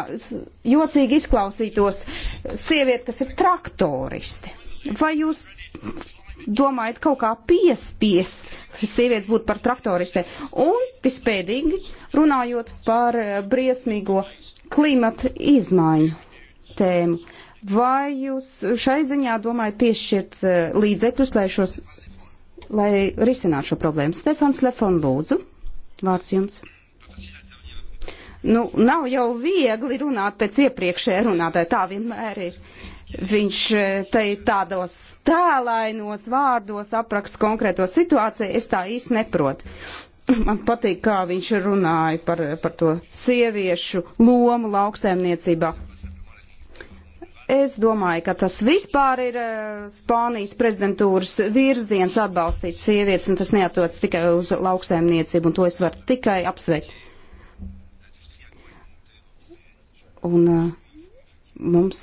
Speaker 4: jocīgi izklausītos sievieti, kas ir traktoristi. Vai jūs domājat kaut kā piespiest, lai sievietes būtu par traktoristē? Un vispēdīgi runājot par uh, briesmīgo klimatu izmaiņu tēmu. Vai jūs šai ziņā domājat piešķirt uh, līdzekļus, lai, šos, lai risinātu šo problēmu? Stefans Lefon, lūdzu, vārds jums. Nu, nav jau viegli runāt pēc iepriekšējā runātāja, tā vienmēr ir. Viņš e, te tādos tēlainos vārdos apraksta konkrēto situāciju, es tā īsti neprotu. Man patīk, kā viņš runāja par, par to sieviešu lomu lauksēmniecībā. Es domāju, ka tas vispār ir e, Spānijas prezidentūras virziens atbalstīt sievietes, un tas neatots tikai uz lauksēmniecību, un to es varu tikai apsveikt. Un uh, mums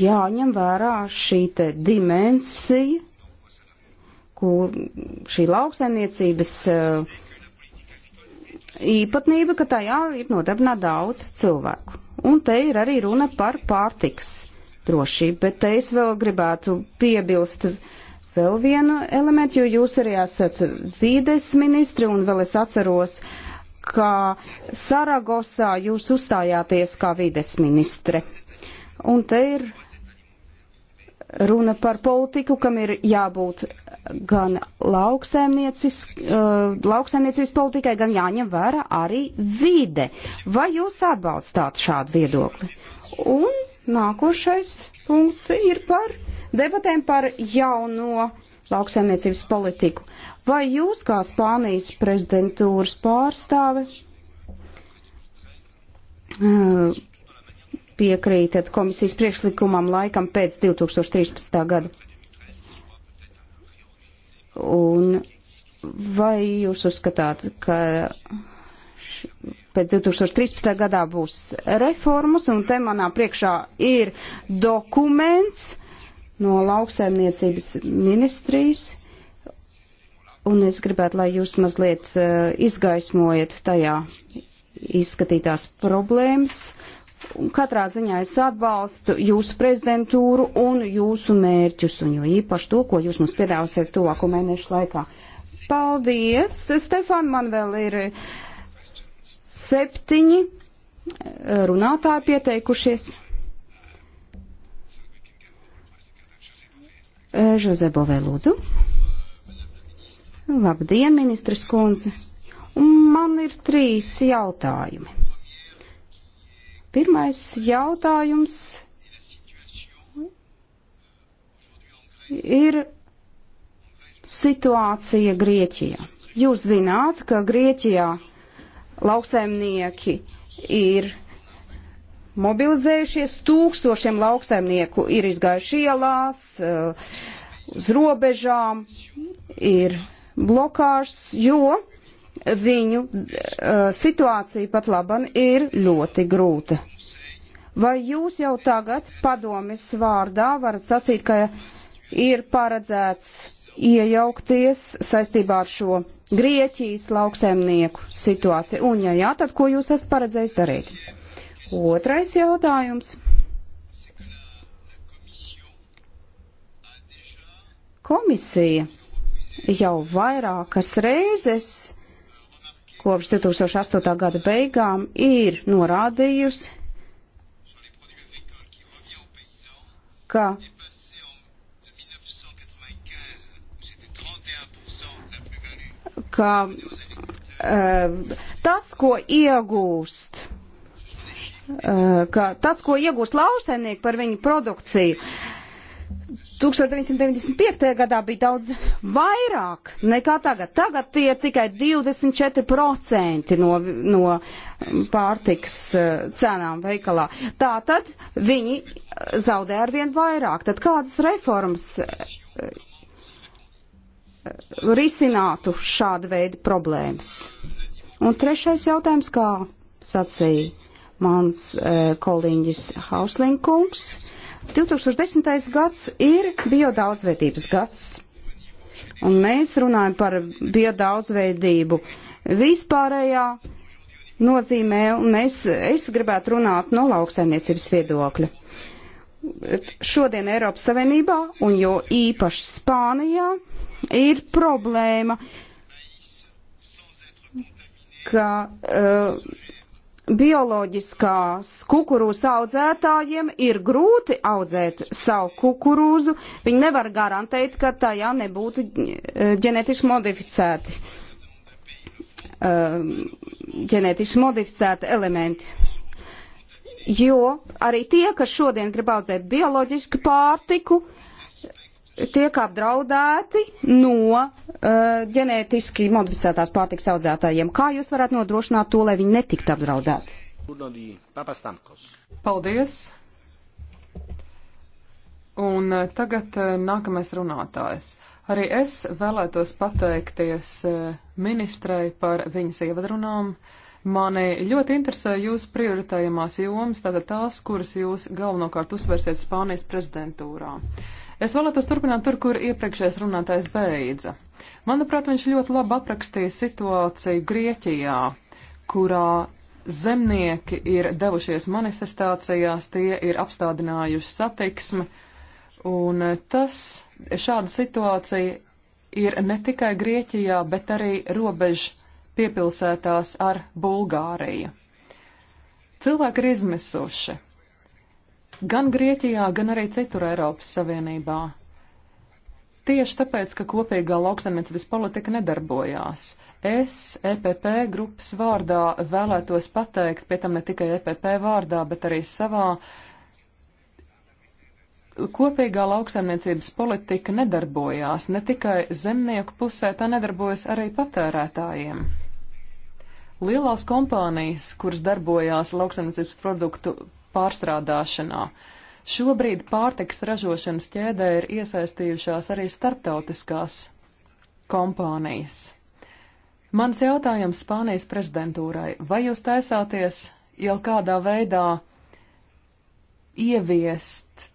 Speaker 4: jāņem vērā šī te dimensija, kur šī lauksaimniecības uh, īpatnība, ka tajā ir nodarbināt daudz cilvēku. Un te ir arī runa par pārtikas drošību, bet te es vēl gribētu piebilst vēl vienu elementu, jo jūs arī esat vīdes ministri un vēl es atceros uh, ka Saragosā jūs uzstājāties kā vides ministre. Un te ir runa par politiku, kam ir jābūt gan lauksaimniecis, uh, lauksaimniecības politikai, gan jāņem vērā arī vide. Vai jūs atbalstāt šādu viedokli? Un nākošais punkts ir par debatēm par jauno lauksaimniecības politiku. Vai jūs kā Spānijas prezidentūras pārstāve eh, piekrītat komisijas priekšlikumam laikam pēc 2013. gada? Un vai jūs uzskatāt, ka pēc 2013. gadā būs reformas, un te manā priekšā ir dokuments no lauksaimniecības ministrijas, un es gribētu, lai jūs mazliet uh, izgaismojat tajā izskatītās problēmas. Katrā ziņā es atbalstu jūsu prezidentūru un jūsu mērķus, un jo īpaši to, ko jūs mums piedāvāsiet tuvāko mēnešu laikā. Paldies, Stefan, man vēl ir eh, septiņi eh, runātāji pieteikušies. Žozebovē, lūdzu. Labdien, ministrs kundze! Un man ir trīs jautājumi. Pirmais jautājums ir situācija Grieķijā. Jūs zināt, ka Grieķijā lauksaimnieki ir mobilizējušies, tūkstošiem lauksaimnieku ir izgājuši ielās, eh, uz robežām, ir blokāžs, jo viņu uh, situācija pat laban ir ļoti grūta. Vai jūs jau tagad padomis vārdā varat sacīt, ka ir paredzēts iejaukties saistībā ar šo Grieķijas lauksaimnieku situāciju? Un ja jā, tad ko jūs esat paredzējis darīt? Otrais jautājums. Komisija jau vairākas reizes kopš 2008. gada beigām ir norādījusi, ka ka uh, tas, ko iegūst, uh, ka tas, ko iegūst lauksaimnieki par viņu produkciju, uh, 1995. gadā bija daudz vairāk nekā tagad. Tagad tie ir tikai 24% no, no pārtiks eh, cenām veikalā. Tātad viņi eh, zaudē arvien vairāk. Tad kādas reformas eh, risinātu šāda veida problēmas? Un trešais jautājums, kā sacīja mans kolīņģis Hauslinkungs. kungs 2010. gads ir biodaudzveidības gads, un mēs runājam par biodaudzveidību vispārējā nozīmē, un mēs, es gribētu runāt no lauksaimniecības viedokļa. Šodien Eiropas Savienībā, un jo īpaši Spānijā, ir problēma, ka uh, bioloģiskās kukurūzas audzētājiem ir grūti audzēt savu kukurūzu. Viņi nevar garantēt, ka tajā nebūtu e, ģenetiski modificēti, e, ģenetiski modificēti elementi. Jo arī tie, kas šodien grib audzēt bioloģisku pārtiku, tiek apdraudēti no uh, ģenētiski modificētās pārtiks audzētājiem. Kā jūs varētu nodrošināt to, lai
Speaker 2: viņi netiktu apdraudēti? Paldies! Un eh, tagad eh, nākamais runātājs. Arī es vēlētos pateikties ministrei par viņas ievadrunām. Mani ļoti interesē jūsu prioritējumās jomas, tātad tās, kuras jūs galvenokārt uzsversiet Spānijas prezidentūrā. Es vēlētos turpināt tur, kur iepriekšējais runātājs beidza. Manuprāt, viņš ļoti labi aprakstīja situāciju Grieķijā, kurā zemnieki ir devušies manifestācijās, tie ir apstādinājuši satiksmi, un tas, šāda situācija ir ne tikai Grieķijā, bet arī robeža piepilsētās ar Bulgāriju. Cilvēki ir izmisuši, gan Grieķijā, gan arī citur Eiropas Savienībā. Tieši tāpēc, ka kopīgā lauksaimniecības politika nedarbojās. Es EPP grupas vārdā vēlētos pateikt, pie tam ne tikai EPP vārdā, bet arī savā. Kopīgā lauksaimniecības politika nedarbojās, ne tikai zemnieku pusē, tā nedarbojas arī patērētājiem. Lielās kompānijas, kuras darbojās lauksaimniecības produktu pārstrādāšanā. Šobrīd pārtiks ražošanas ķēdē ir iesaistījušās arī starptautiskās kompānijas. Mans jautājums Spānijas prezidentūrai. Vai jūs taisāties jau kādā veidā ieviest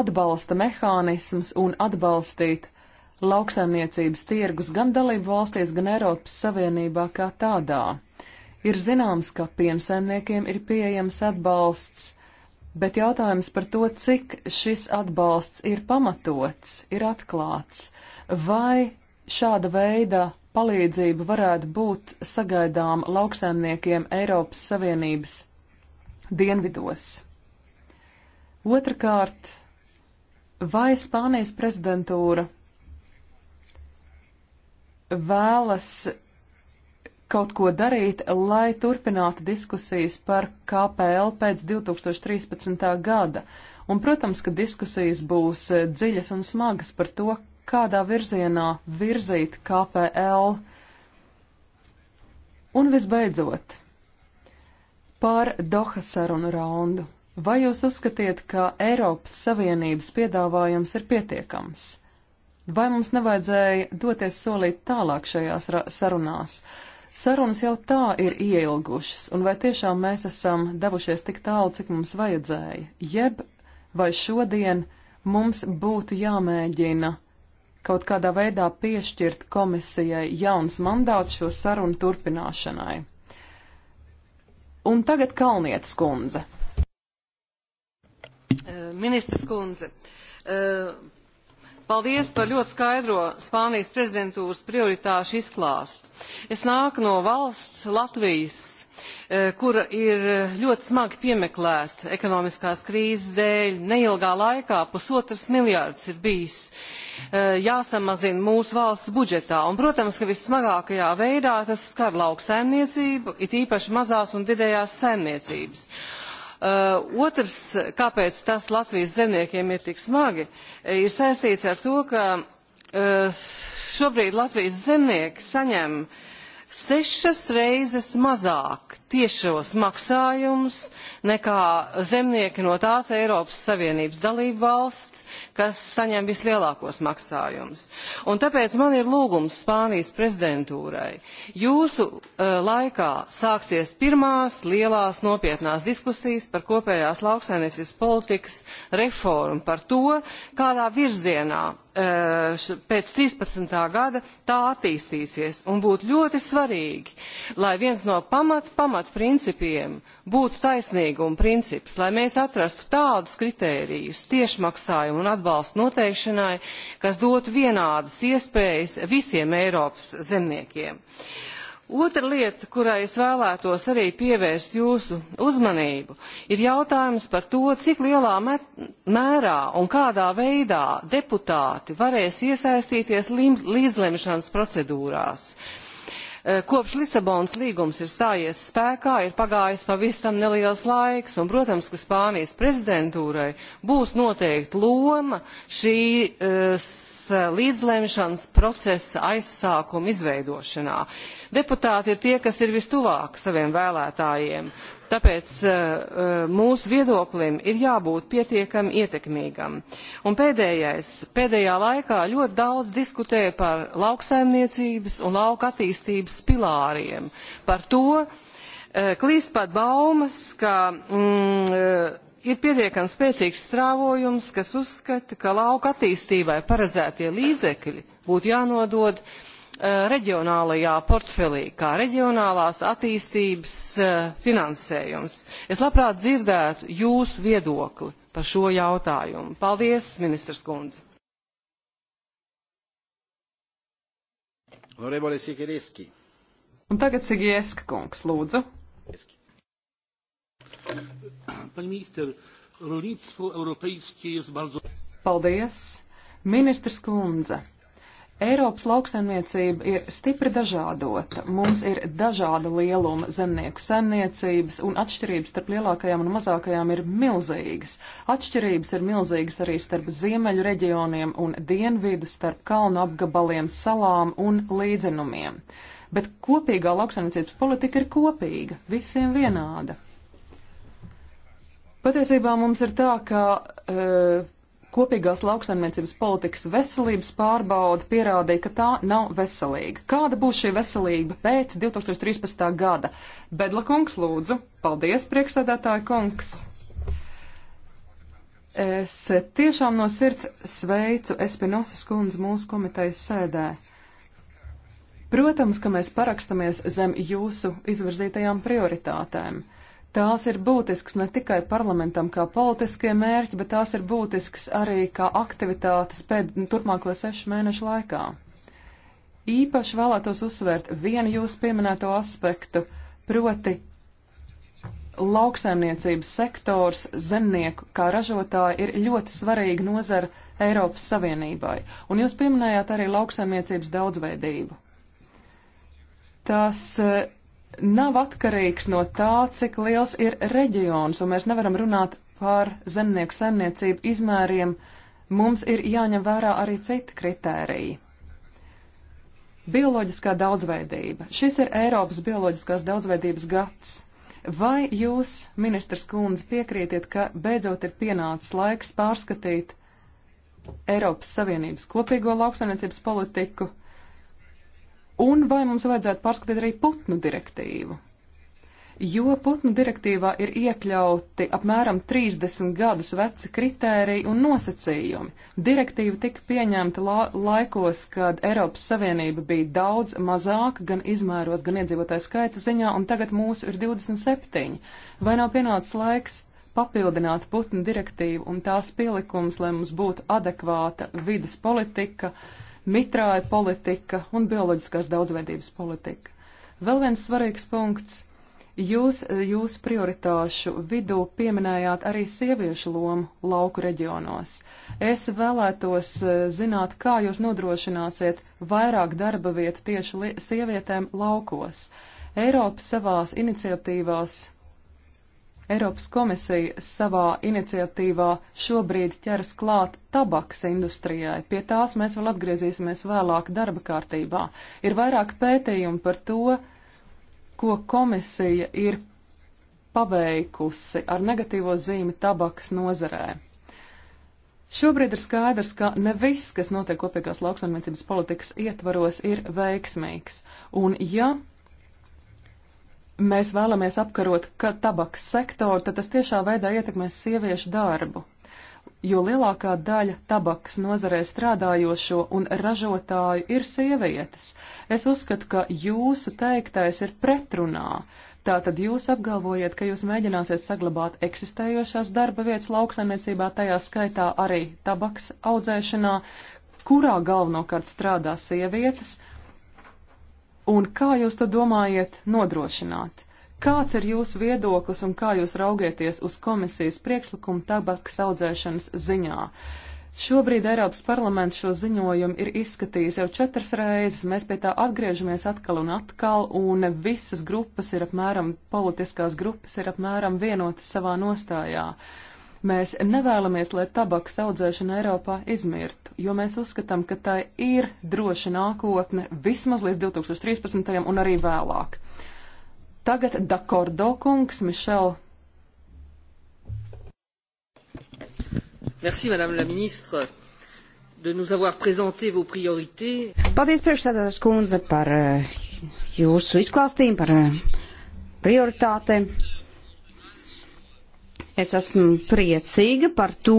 Speaker 2: atbalsta mehānismus un atbalstīt lauksaimniecības tirgus gan dalību valstīs, gan Eiropas Savienībā kā tādā? Ir zināms, ka piensaimniekiem ir pieejams atbalsts, bet jautājums par to, cik šis atbalsts ir pamatots, ir atklāts. Vai šāda veida palīdzība varētu būt sagaidām lauksaimniekiem Eiropas Savienības dienvidos? Otrakārt, vai Spānijas prezidentūra vēlas kaut ko darīt, lai turpinātu diskusijas par KPL pēc 2013. gada. Un, protams, ka diskusijas būs eh, dziļas un smagas par to, kādā virzienā virzīt KPL. Un visbeidzot, par Doha sarunu raundu. Vai jūs uzskatiet, ka Eiropas Savienības piedāvājums ir pietiekams? Vai mums nevajadzēja doties solīt tālāk šajās sarunās? Uh, Sarunas jau tā ir ieilgušas, un vai tiešām mēs esam devušies tik tālu, cik mums vajadzēja? Jeb vai šodien mums būtu jāmēģina kaut kādā veidā piešķirt komisijai jauns mandāts šo sarunu turpināšanai? Un tagad Kalnietes kundze.
Speaker 5: Ministrs kundze, Paldies par ļoti skaidro Spānijas prezidentūras prioritāšu izklāstu. Es nāku no valsts Latvijas, eh, kura ir eh, ļoti smagi piemeklēta ekonomiskās krīzes dēļ. Neilgā laikā pusotras miljārds ir bijis eh, jāsamazina mūsu valsts budžetā. Un, protams, ka vissmagākajā veidā tas skar lauksaimniecību, it īpaši mazās un vidējās saimniecības. Uh, otrs, kāpēc tas Latvijas zemniekiem ir tik smagi, eh, ir saistīts ar to, ka uh, šobrīd Latvijas zemnieki saņem uh, sešas reizes mazāk tiešos maksājumus nekā zemnieki no tās Eiropas Savienības dalību valsts, kas saņem vislielākos maksājumus. Un tāpēc man ir lūgums Spānijas prezidentūrai. Jūsu uh, laikā sāksies pirmās lielās nopietnās diskusijas par kopējās lauksainiecības politikas reformu, par to, kādā virzienā pēc 13. gada tā attīstīsies un būtu ļoti svarīgi, lai viens no pamat, pamat principiem būtu taisnīguma princips, lai mēs atrastu tādus kritērijus tiešmaksājumu un atbalstu noteikšanai, kas dotu vienādas iespējas visiem Eiropas zemniekiem. Uh, Otra lieta, kurai es vēlētos arī pievērst jūsu uzmanību, ir jautājums par to, cik lielā mērā un kādā veidā deputāti varēs iesaistīties līdzlemšanas procedūrās. Uh, Eh, kopš Lisabonas līgums ir stājies spēkā, ir pagājis pavisam neliels laiks, un, protams, ka Spānijas prezidentūrai būs noteikti loma šīs eh, līdzlemšanas procesa aizsākuma izveidošanā. Deputāti ir tie, kas ir vistuvāk saviem vēlētājiem, Tāpēc uh, mūsu viedoklim ir jābūt pietiekami ietekmīgam. Un pēdējais, pēdējā laikā ļoti daudz diskutēja par lauksaimniecības un lauka attīstības pilāriem. Par to uh, klīst pat baumas, ka mm, ir pietiekami spēcīgs strāvojums, kas uzskata, ka lauka attīstībai paredzētie līdzekļi būtu jānodod uh, Eh, reģionālajā portfelī, kā reģionālās attīstības eh, finansējums. Es labprāt dzirdētu jūsu viedokli par šo jautājumu. Paldies, ministrs kundze.
Speaker 1: Honorevole
Speaker 2: Sikirieski.
Speaker 5: Un tagad Sigieska kungs, lūdzu.
Speaker 1: Pani minister, rolnictwo europejskie
Speaker 2: jest bardzo... Paldies. Ministrs kundze. Eiropas lauksaimniecība ir stipri dažādota. Mums ir dažāda lieluma zemnieku saimniecības, un atšķirības starp lielākajām un mazākajām ir milzīgas. Atšķirības ir milzīgas arī starp ziemeļu reģioniem un dienvidu, starp kalnu apgabaliem, salām un līdzenumiem. Bet kopīgā lauksaimniecības politika ir kopīga, visiem vienāda. Patiesībā mums ir tā, ka. Uh, Kopīgās lauksaimniecības politikas veselības pārbauda pierādīja, ka tā nav veselīga. Kāda būs šī veselība pēc 2013. gada? Bedla kungs, lūdzu. Paldies, priekšsēdētāja kungs. Es tiešām no sirds sveicu Espinosas kundzi mūsu komitejas sēdē. Protams, ka mēs parakstamies zem jūsu izvirzītajām prioritātēm. Tās ir būtisks ne tikai parlamentam kā politiskie mērķi, bet tās ir būtisks arī kā aktivitātes pēd, turpmāko sešu mēnešu laikā. Īpaši vēlētos uzsvērt vienu jūsu pieminēto aspektu, proti lauksaimniecības sektors, zemnieku kā ražotāji ir ļoti svarīga nozara Eiropas Savienībai. Un jūs pieminējāt arī lauksaimniecības daudzveidību. Tas eh, nav atkarīgs no tā, cik liels ir reģions, un mēs nevaram runāt par zemnieku saimniecību izmēriem. Mums ir jāņem vērā arī citi kritēriji. Bioloģiskā daudzveidība. Šis ir Eiropas bioloģiskās daudzveidības gads. Vai jūs, ministrs kundze, piekrītiet, ka beidzot ir pienācis laiks pārskatīt Eiropas Savienības kopīgo lauksaimniecības politiku? Un vai mums vajadzētu pārskatīt arī putnu direktīvu? Jo putnu direktīvā ir iekļauti apmēram 30 gadus veci kritēriji un nosacījumi. Direktīva tika pieņemta la laikos, kad Eiropas Savienība bija daudz mazāka gan izmēros, gan iedzīvotāju skaita ziņā, un tagad mūsu ir 27. Vai nav pienācis laiks papildināt putnu direktīvu un tās pielikums, lai mums būtu adekvāta vidas politika? Uh, mitrāja politika un bioloģiskās daudzveidības politika. Vēl viens svarīgs punkts. Jūs jūsu prioritāšu vidū pieminējāt arī sieviešu lomu lauku reģionos. Es vēlētos eh, zināt, kā jūs nodrošināsiet vairāk darba vietu tieši sievietēm laukos. Eiropa savās iniciatīvās Eiropas komisija savā iniciatīvā šobrīd ķeras klāt tabaks industrijai. Pie tās mēs vēl atgriezīsimies vēlāk darba kārtībā. Ir vairāk pētījumu par to, ko komisija ir paveikusi ar negatīvo zīmi tabakas nozarē. Šobrīd ir skaidrs, ka ne viss, kas notiek kopīgās lauksaimniecības politikas ietvaros, ir veiksmīgs. Un ja mēs vēlamies apkarot tabakas sektoru, tad tas tiešā veidā ietekmēs sieviešu darbu. Jo lielākā daļa tabakas nozarē strādājošo un ražotāju ir sievietes. Es uzskatu, ka jūsu teiktais ir pretrunā. Tātad jūs apgalvojat, ka jūs mēģināsiet saglabāt eksistējošās darba vietas lauksaimniecībā, tajā skaitā arī tabaks audzēšanā, kurā galvenokārt strādā sievietes, Un kā jūs to domājat nodrošināt? Kāds ir jūsu viedoklis un kā jūs raugieties uz komisijas priekšlikumu tabakas audzēšanas ziņā? Šobrīd Eiropas parlaments šo ziņojumu ir izskatījis jau četras reizes, mēs pie tā atgriežamies atkal un atkal, un visas grupas ir apmēram, politiskās grupas ir apmēram vienotas savā nostājā. Uh, Mēs nevēlamies, lai tabakas audzēšana Eiropā izmirtu, jo mēs uzskatām, ka tai ir droša nākotne vismaz līdz 2013. un arī vēlāk. Tagad Dakordo kungs, Mišel.
Speaker 3: Merci, madame la ministre, de nous avoir présenté vos priorités.
Speaker 2: Paldies,
Speaker 4: priekšsēdētājs kundze, par eh, jūsu izklāstījumu, par eh, prioritātēm. Es esmu priecīga par to,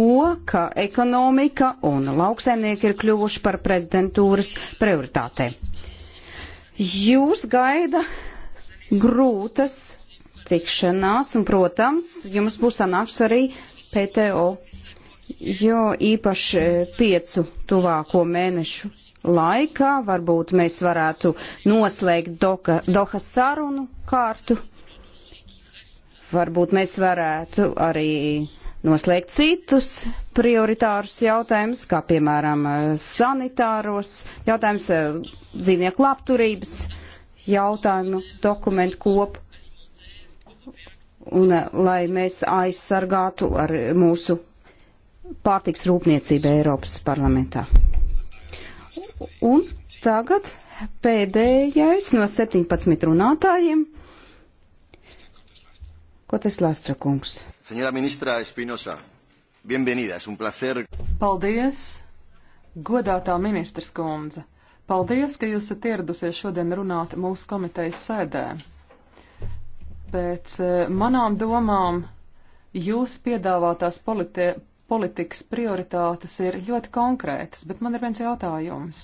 Speaker 4: ka ekonomika un lauksaimnieki ir kļuvuši par prezidentūras prioritātē. Jūs gaida grūtas tikšanās, un, protams, jums būs sanāks arī PTO, jo īpaši piecu tuvāko mēnešu laikā varbūt mēs varētu noslēgt Doha, Doha sarunu kārtu Varbūt mēs varētu arī noslēgt citus prioritārus jautājumus, kā piemēram eh, sanitāros jautājumus, eh, dzīvnieku labturības jautājumu dokumentu kopu. Un eh, lai mēs aizsargātu ar mūsu pārtiks rūpniecību Eiropas parlamentā. Un tagad pēdējais no 17 runātājiem
Speaker 2: Ko tas Lastra kungs?
Speaker 5: Senjora ministra Espinosa, bienvenida, es un
Speaker 1: placer.
Speaker 2: Paldies, godātā ministras kundze. Paldies, ka jūs esat ieradusies šodien runāt mūsu komitejas sēdē. Pēc eh, manām domām jūs piedāvātās politi politikas prioritātes ir ļoti konkrētas, bet man ir viens jautājums.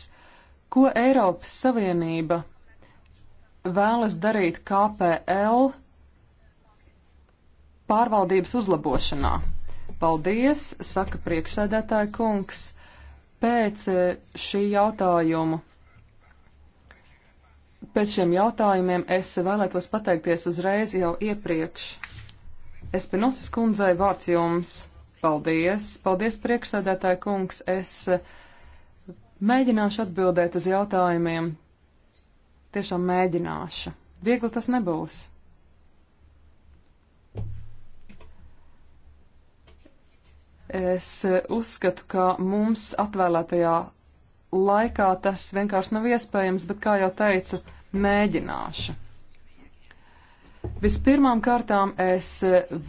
Speaker 2: Ko Eiropas Savienība vēlas darīt KPL pārvaldības uzlabošanā. Paldies, saka priekšsēdētāja kungs, pēc e, šī jautājumu. Pēc šiem jautājumiem es vēlētos pateikties uzreiz jau iepriekš. Espinosas kundzei vārds jums. Paldies, paldies priekšsēdētāja kungs. Es e, mēģināšu atbildēt uz jautājumiem. Tiešām mēģināšu. Viegli tas nebūs. Es uzskatu, ka mums atvēlētajā laikā tas vienkārši nav iespējams, bet, kā jau teicu, mēģināšu. Vispirmām kārtām es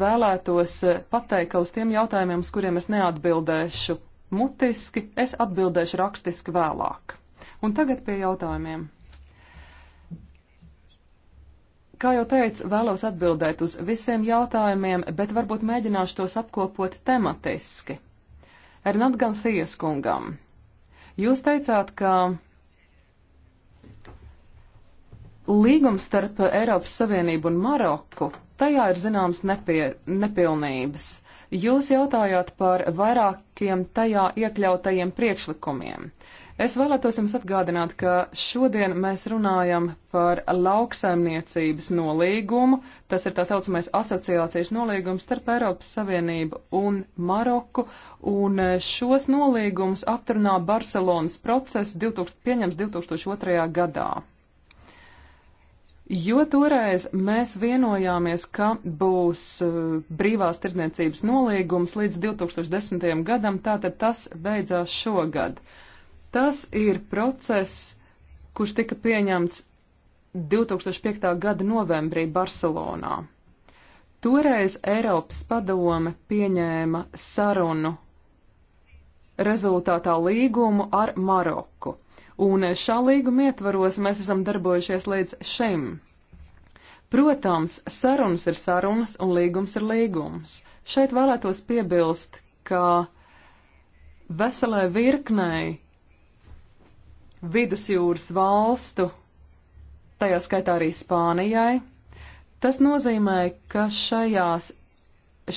Speaker 2: vēlētos pateikt, ka uz tiem jautājumiem, uz kuriem es neatbildēšu mutiski, es atbildēšu rakstiski vēlāk. Un tagad pie jautājumiem. Kā jau teicu, vēlos atbildēt uz visiem jautājumiem, bet varbūt mēģināšu tos apkopot tematiski. Ernat Gansijas kungam, jūs teicāt, ka līgums starp Eiropas Savienību un Maroku, tajā ir zināmas nepie, nepilnības. Jūs jautājāt par vairākiem tajā iekļautajiem priekšlikumiem. Es vēlētos jums atgādināt, ka šodien mēs runājam par lauksaimniecības nolīgumu. Tas ir tā saucamais asociācijas nolīgums starp Eiropas Savienību un Maroku. Un eh, šos nolīgumus aptrunā Barcelonas process 2000, pieņems 2002. gadā. Jo toreiz mēs vienojāmies, ka būs eh, brīvās tirdzniecības nolīgums līdz 2010. gadam, tātad tas beidzās šogad. Uh, Tas ir process, kurš tika pieņemts 2005. gada novembrī Barcelonā. Toreiz Eiropas padome pieņēma sarunu rezultātā līgumu ar Maroku, un šā līguma ietvaros mēs esam darbojušies līdz šim. Protams, sarunas ir sarunas un līgums ir līgums. Šeit vēlētos piebilst, ka veselē virknei vidusjūras valstu, tajā skaitā arī Spānijai. Tas nozīmē, ka šajās,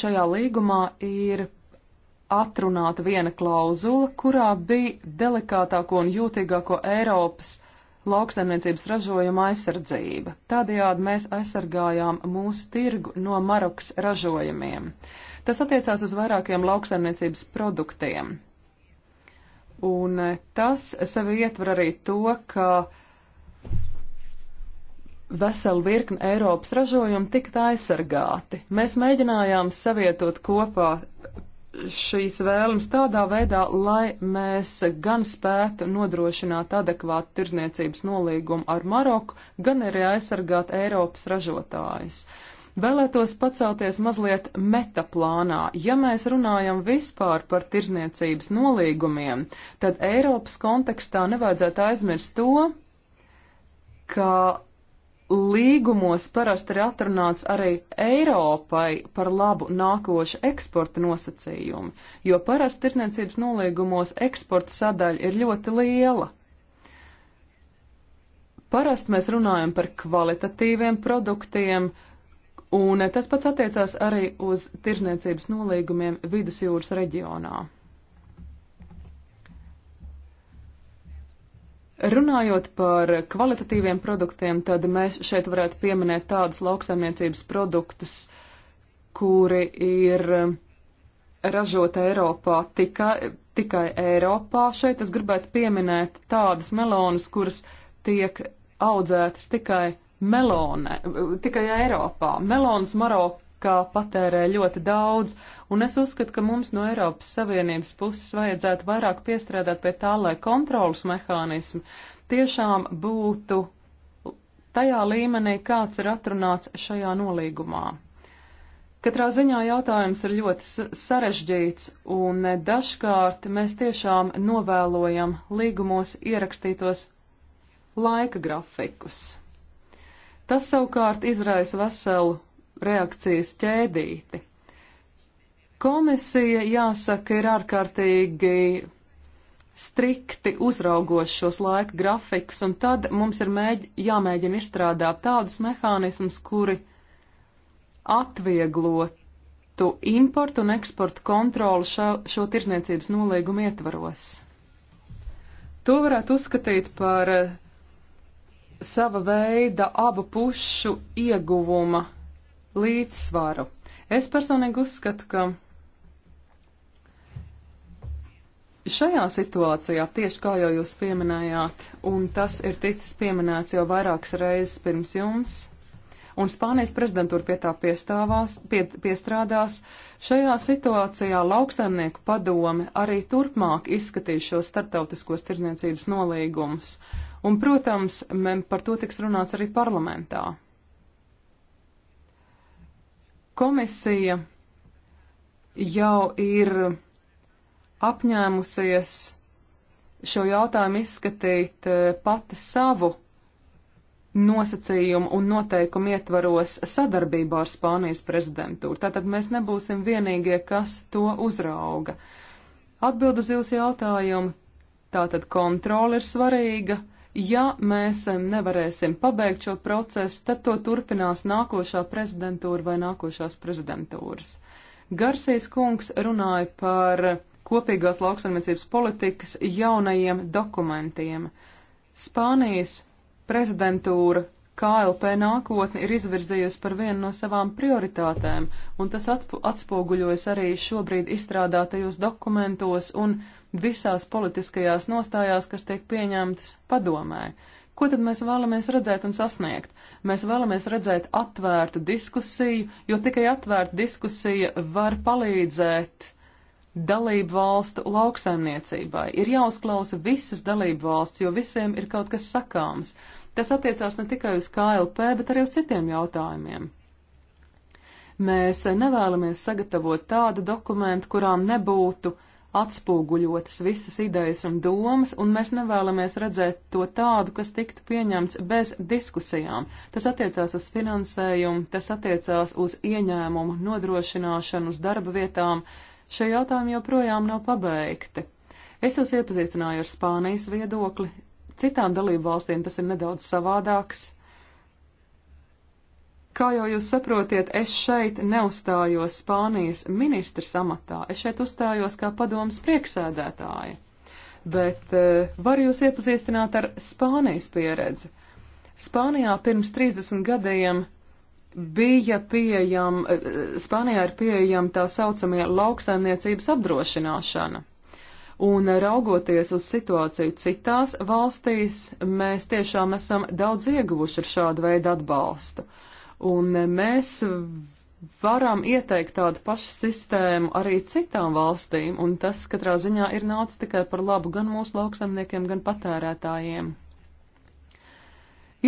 Speaker 2: šajā līgumā ir atrunāta viena klauzula, kurā bija delikātāko un jūtīgāko Eiropas lauksaimniecības ražojuma aizsardzība. Tādējādi mēs aizsargājām mūsu tirgu no Marokas ražojumiem. Tas attiecās uz vairākiem lauksaimniecības produktiem. Un e, tas sevi ietver arī to, ka vesela virkne Eiropas ražojumu tikt aizsargāti. Mēs mēģinājām savietot kopā šīs vēlmes tādā veidā, lai mēs gan spētu nodrošināt adekvātu tirzniecības nolīgumu ar Maroku, gan arī aizsargāt Eiropas ražotājus. Uh, Vēlētos pacelties mazliet metaplānā. Ja mēs runājam vispār par tirzniecības nolīgumiem, tad Eiropas kontekstā nevajadzētu aizmirst to, ka līgumos parasti ir atrunāts arī Eiropai par labu nākošu eksporta nosacījumu, jo parasti tirzniecības nolīgumos eksporta sadaļa ir ļoti liela. Parasti mēs runājam par kvalitatīviem produktiem, uh, Un tas pats attiecās arī uz tirzniecības nolīgumiem vidusjūras reģionā. Runājot par kvalitatīviem produktiem, tad mēs šeit varētu pieminēt tādus lauksaimniecības produktus, kuri ir ražoti Eiropā tika, tikai Eiropā. Šeit es gribētu pieminēt tādas melonas, kuras tiek audzētas tikai Eiropā melone, tikai Eiropā. Melons Marokā patērē ļoti daudz, un es uzskatu, ka mums no Eiropas Savienības puses vajadzētu vairāk piestrādāt pie tā, lai kontrolas mehānismi tiešām būtu tajā līmenī, kāds ir atrunāts šajā nolīgumā. Katrā ziņā jautājums ir ļoti sarežģīts, un dažkārt mēs tiešām novēlojam līgumos ierakstītos laika grafikus. Tas savukārt izraisa veselu reakcijas ķēdīti. Komisija, jāsaka, ir ārkārtīgi strikti uzraugos šos laika grafikus, un tad mums ir mēģ jāmēģina izstrādāt tādus mehānismus, kuri atvieglotu importu un eksportu kontroli šo, šo tirzniecības nolīgumu ietvaros. To varētu uzskatīt par uh, sava veida abu pušu ieguvuma līdzsvaru. Es personīgi uzskatu, ka šajā situācijā, tieši kā jau jūs pieminējāt, un tas ir ticis pieminēts jau vairākas reizes pirms jums, un Spānijas prezidentūra pie tā pie, piestrādās. Šajā situācijā lauksaimnieku padome arī turpmāk izskatīs šos starptautiskos tirdzniecības nolīgumus. Un, protams, mem par to tiks runāts arī parlamentā. Komisija jau ir apņēmusies šo jautājumu izskatīt e, pati savu nosacījumu un noteikumu ietvaros sadarbībā ar Spānijas prezidentūru. Tātad mēs nebūsim vienīgie, kas to uzrauga. Atbild uz jūsu jautājumu. Tātad kontrola ir svarīga, Ja mēs nevarēsim pabeigt šo procesu, tad to turpinās nākošā prezidentūra vai nākošās prezidentūras. Garsīs kungs runāja par kopīgās lauksaimniecības politikas jaunajiem dokumentiem. Spānijas prezidentūra KLP nākotni ir izvirzījusi par vienu no savām prioritātēm, un tas atspoguļojas arī šobrīd izstrādātajos dokumentos un dokumentos visās politiskajās nostājās, kas tiek pieņemtas padomē. Ko tad mēs vēlamies redzēt un sasniegt? Mēs vēlamies redzēt atvērtu diskusiju, jo tikai atvērta diskusija var palīdzēt dalību valstu lauksaimniecībai. Ir jāuzklausa visas dalību valsts, jo visiem ir kaut kas sakāms. Tas attiecās ne tikai uz KLP, bet arī uz citiem jautājumiem. Mēs nevēlamies sagatavot tādu dokumentu, kurām nebūtu uh, atspoguļotas visas idejas un domas, un mēs nevēlamies redzēt to tādu, kas tiktu pieņemts bez diskusijām. Tas attiecās uz finansējumu, tas attiecās uz ieņēmumu nodrošināšanu, uz darba vietām. Šie jautājumi joprojām nav pabeigti. Es jūs iepazīstināju ar Spānijas viedokli, citām dalību valstīm tas ir nedaudz savādāks. Kā jau jūs saprotiet, es šeit neuzstājos Spānijas ministra amatā, es šeit uzstājos kā padomas prieksēdētāja. Bet uh, eh, varu jūs iepazīstināt ar Spānijas pieredzi. Spānijā pirms 30 gadiem bija pieejama, eh, Spānijā ir pieejama tā saucamie lauksaimniecības apdrošināšana. Un eh, raugoties uz situāciju citās valstīs, mēs tiešām esam daudz ieguvuši ar šādu veidu atbalstu. Uh, Un mēs varam ieteikt tādu pašu sistēmu arī citām valstīm, un tas katrā ziņā ir nācis tikai par labu gan mūsu lauksaimniekiem, gan patērētājiem.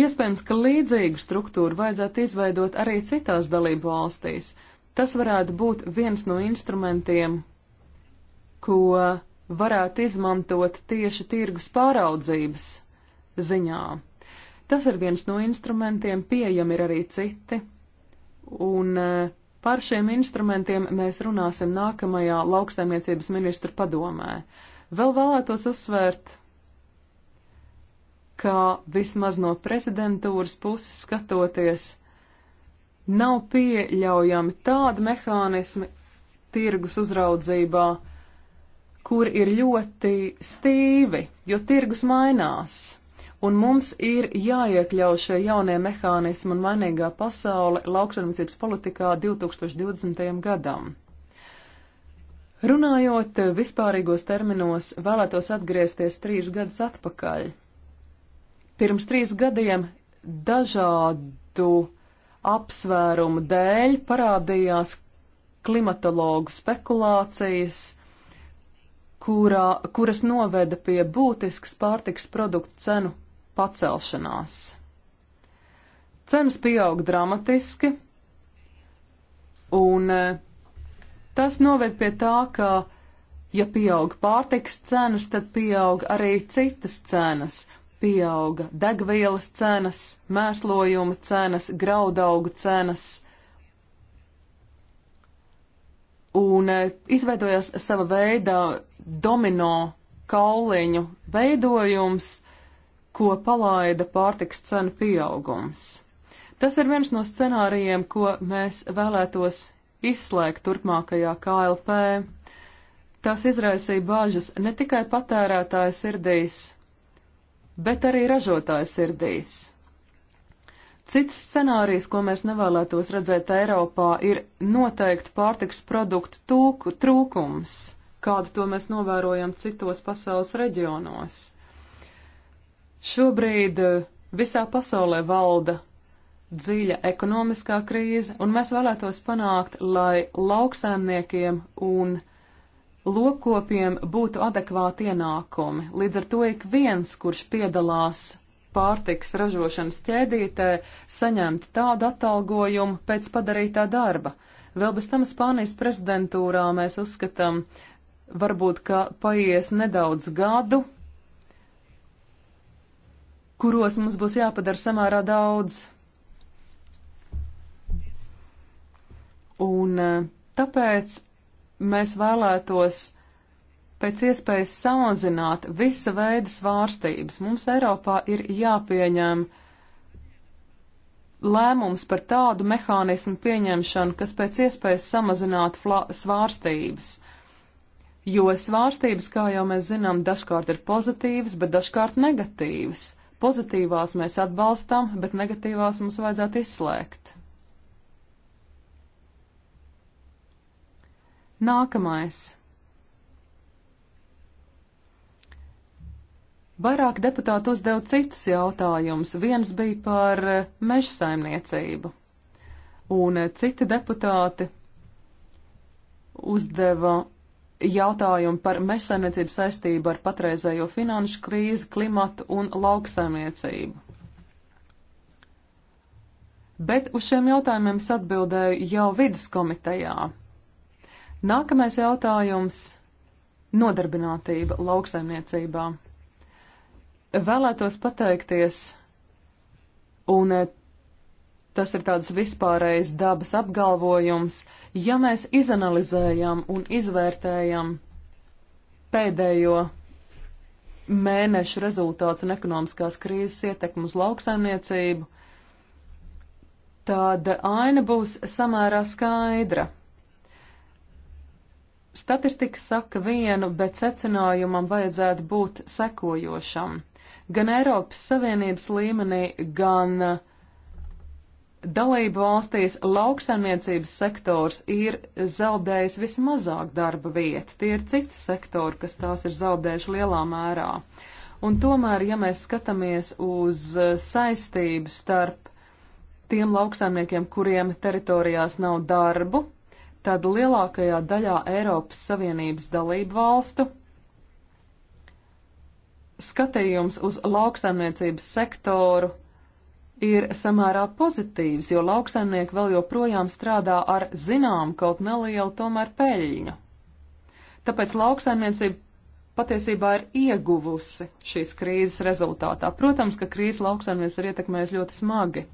Speaker 2: Iespējams, ka līdzīgu struktūru vajadzētu izveidot arī citās dalību valstīs. Tas varētu būt viens no instrumentiem, ko varētu izmantot tieši tirgus pāraudzības ziņā. Tas ir viens no instrumentiem, pieejami ir arī citi. Un e, par šiem instrumentiem mēs runāsim nākamajā lauksaimniecības ministru padomē. Vēl vēlētos uzsvērt, ka vismaz no prezidentūras puses skatoties, nav pieļaujami tādi mehānismi tirgus uzraudzībā, kur ir ļoti stīvi, jo tirgus mainās un mums ir jāiekļau šie jaunie mehānismi un mainīgā pasaule lauksaimniecības politikā 2020. gadam. Runājot vispārīgos terminos, vēlētos atgriezties trīs gadus atpakaļ. Pirms trīs gadiem dažādu apsvērumu dēļ parādījās klimatologu spekulācijas, kurā, kuras noveda pie būtiskas pārtiks produktu cenu pacelšanās. Cenas pieaug dramatiski, un e, tas noved pie tā, ka, ja pieaug pārtiks cenas, tad pieaug arī citas cenas. Pieauga degvielas cenas, mēslojuma cenas, graudaugu cenas un e, izveidojās sava veida domino kauliņu veidojums, ko palaida pārtiks cenu pieaugums. Tas ir viens no scenārijiem, ko mēs vēlētos izslēgt turpmākajā KLP. Tās izraisīja bāžas ne tikai patērētāja sirdīs, bet arī ražotāja sirdīs. Cits scenārijs, ko mēs nevēlētos redzēt Eiropā, ir noteikti pārtiks produktu tūku, trūkums, kādu to mēs novērojam citos pasaules reģionos. Šobrīd eh, visā pasaulē valda dziļa ekonomiskā krīze, un mēs vēlētos panākt, lai lauksēmniekiem un lopkopiem būtu adekvāti ienākumi. Līdz ar to ik viens, kurš piedalās pārtiks ražošanas ķēdītē, saņemtu tādu atalgojumu pēc padarītā darba. Vēl bez tam Spānijas prezidentūrā mēs uzskatām, varbūt, ka paies nedaudz gadu, kuros mums būs jāpadara samērā daudz. Un eh, tāpēc mēs vēlētos pēc iespējas samazināt visa veida svārstības. Mums Eiropā ir jāpieņem lēmums par tādu mehānismu pieņemšanu, kas pēc iespējas samazinātu svārstības. Jo svārstības, kā jau mēs zinām, dažkārt ir pozitīvas, bet dažkārt negatīvas. Pozitīvās mēs atbalstam, bet negatīvās mums vajadzētu izslēgt. Nākamais. Vairāk deputāti uzdeva citus jautājumus. Viens bija par meža saimniecību, un citi deputāti uzdeva jautājumi par mesainiecību saistību ar patreizējo finanšu krīzi, klimatu un lauksaimniecību. Bet uz šiem jautājumiem es atbildēju jau vidas komitejā. Nākamais jautājums - nodarbinātība lauksaimniecībā. Vēlētos pateikties un Tas ir tāds vispārējs dabas apgalvojums. Ja mēs izanalizējam un izvērtējam pēdējo mēnešu rezultāts un ekonomiskās krīzes ietekmu uz lauksaimniecību, tad aina būs samērā skaidra. Statistika saka vienu, bet secinājumam vajadzētu būt sekojošam. Gan Eiropas Savienības līmenī, gan uh, Dalību valstīs lauksaimniecības sektors ir zaudējis vismazāk darba vietu. Tie ir citi sektori, kas tās ir zaudējuši lielā mērā. Un tomēr, ja mēs skatāmies uz eh, saistību starp tiem lauksaimniekiem, kuriem teritorijās nav darbu, tad lielākajā daļā Eiropas Savienības dalību valstu skatījums uz lauksaimniecības sektoru ir samērā pozitīvs, jo lauksaimnieki vēl joprojām strādā ar zinām kaut nelielu tomēr peļņu. Tāpēc lauksaimniecība patiesībā ir ieguvusi šīs krīzes rezultātā. Protams, ka krīze lauksaimnieks ir ietekmējis ļoti smagi.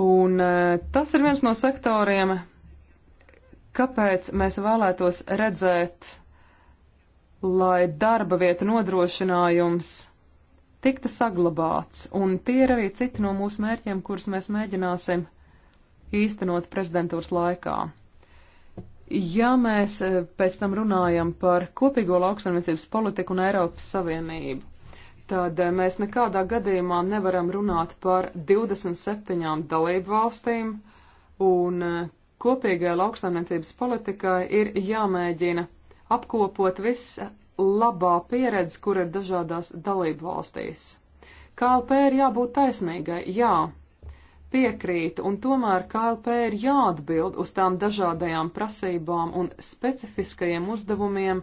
Speaker 2: Un e, tas ir viens no sektoriem, kāpēc mēs vēlētos redzēt, lai darba vieta nodrošinājums tiktu saglabāts, un tie ir arī citi no mūsu mērķiem, kurus mēs mēģināsim īstenot prezidentūras laikā. Ja mēs eh, pēc tam runājam par kopīgo lauksaimniecības politiku un Eiropas Savienību, tad eh, mēs nekādā gadījumā nevaram runāt par 27 dalību valstīm, un eh, kopīgai lauksaimniecības politikai ir jāmēģina apkopot viss labā pieredze, kur ir dažādās dalību valstīs. KLP ir jābūt taisnīgai, jā, piekrītu, un tomēr KLP ir jāatbild uz tām dažādajām prasībām un specifiskajiem uzdevumiem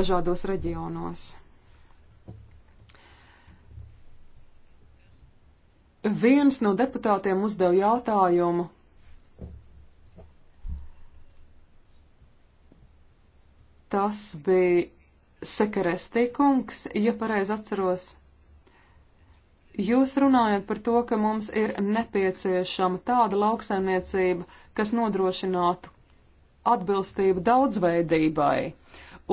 Speaker 2: dažādos reģionos. Viens no deputātiem uzdeva jautājumu. Tas bija Sekarestī kungs, ja pareizi atceros. Jūs runājat par to, ka mums ir nepieciešama tāda lauksaimniecība, kas nodrošinātu atbilstību daudzveidībai,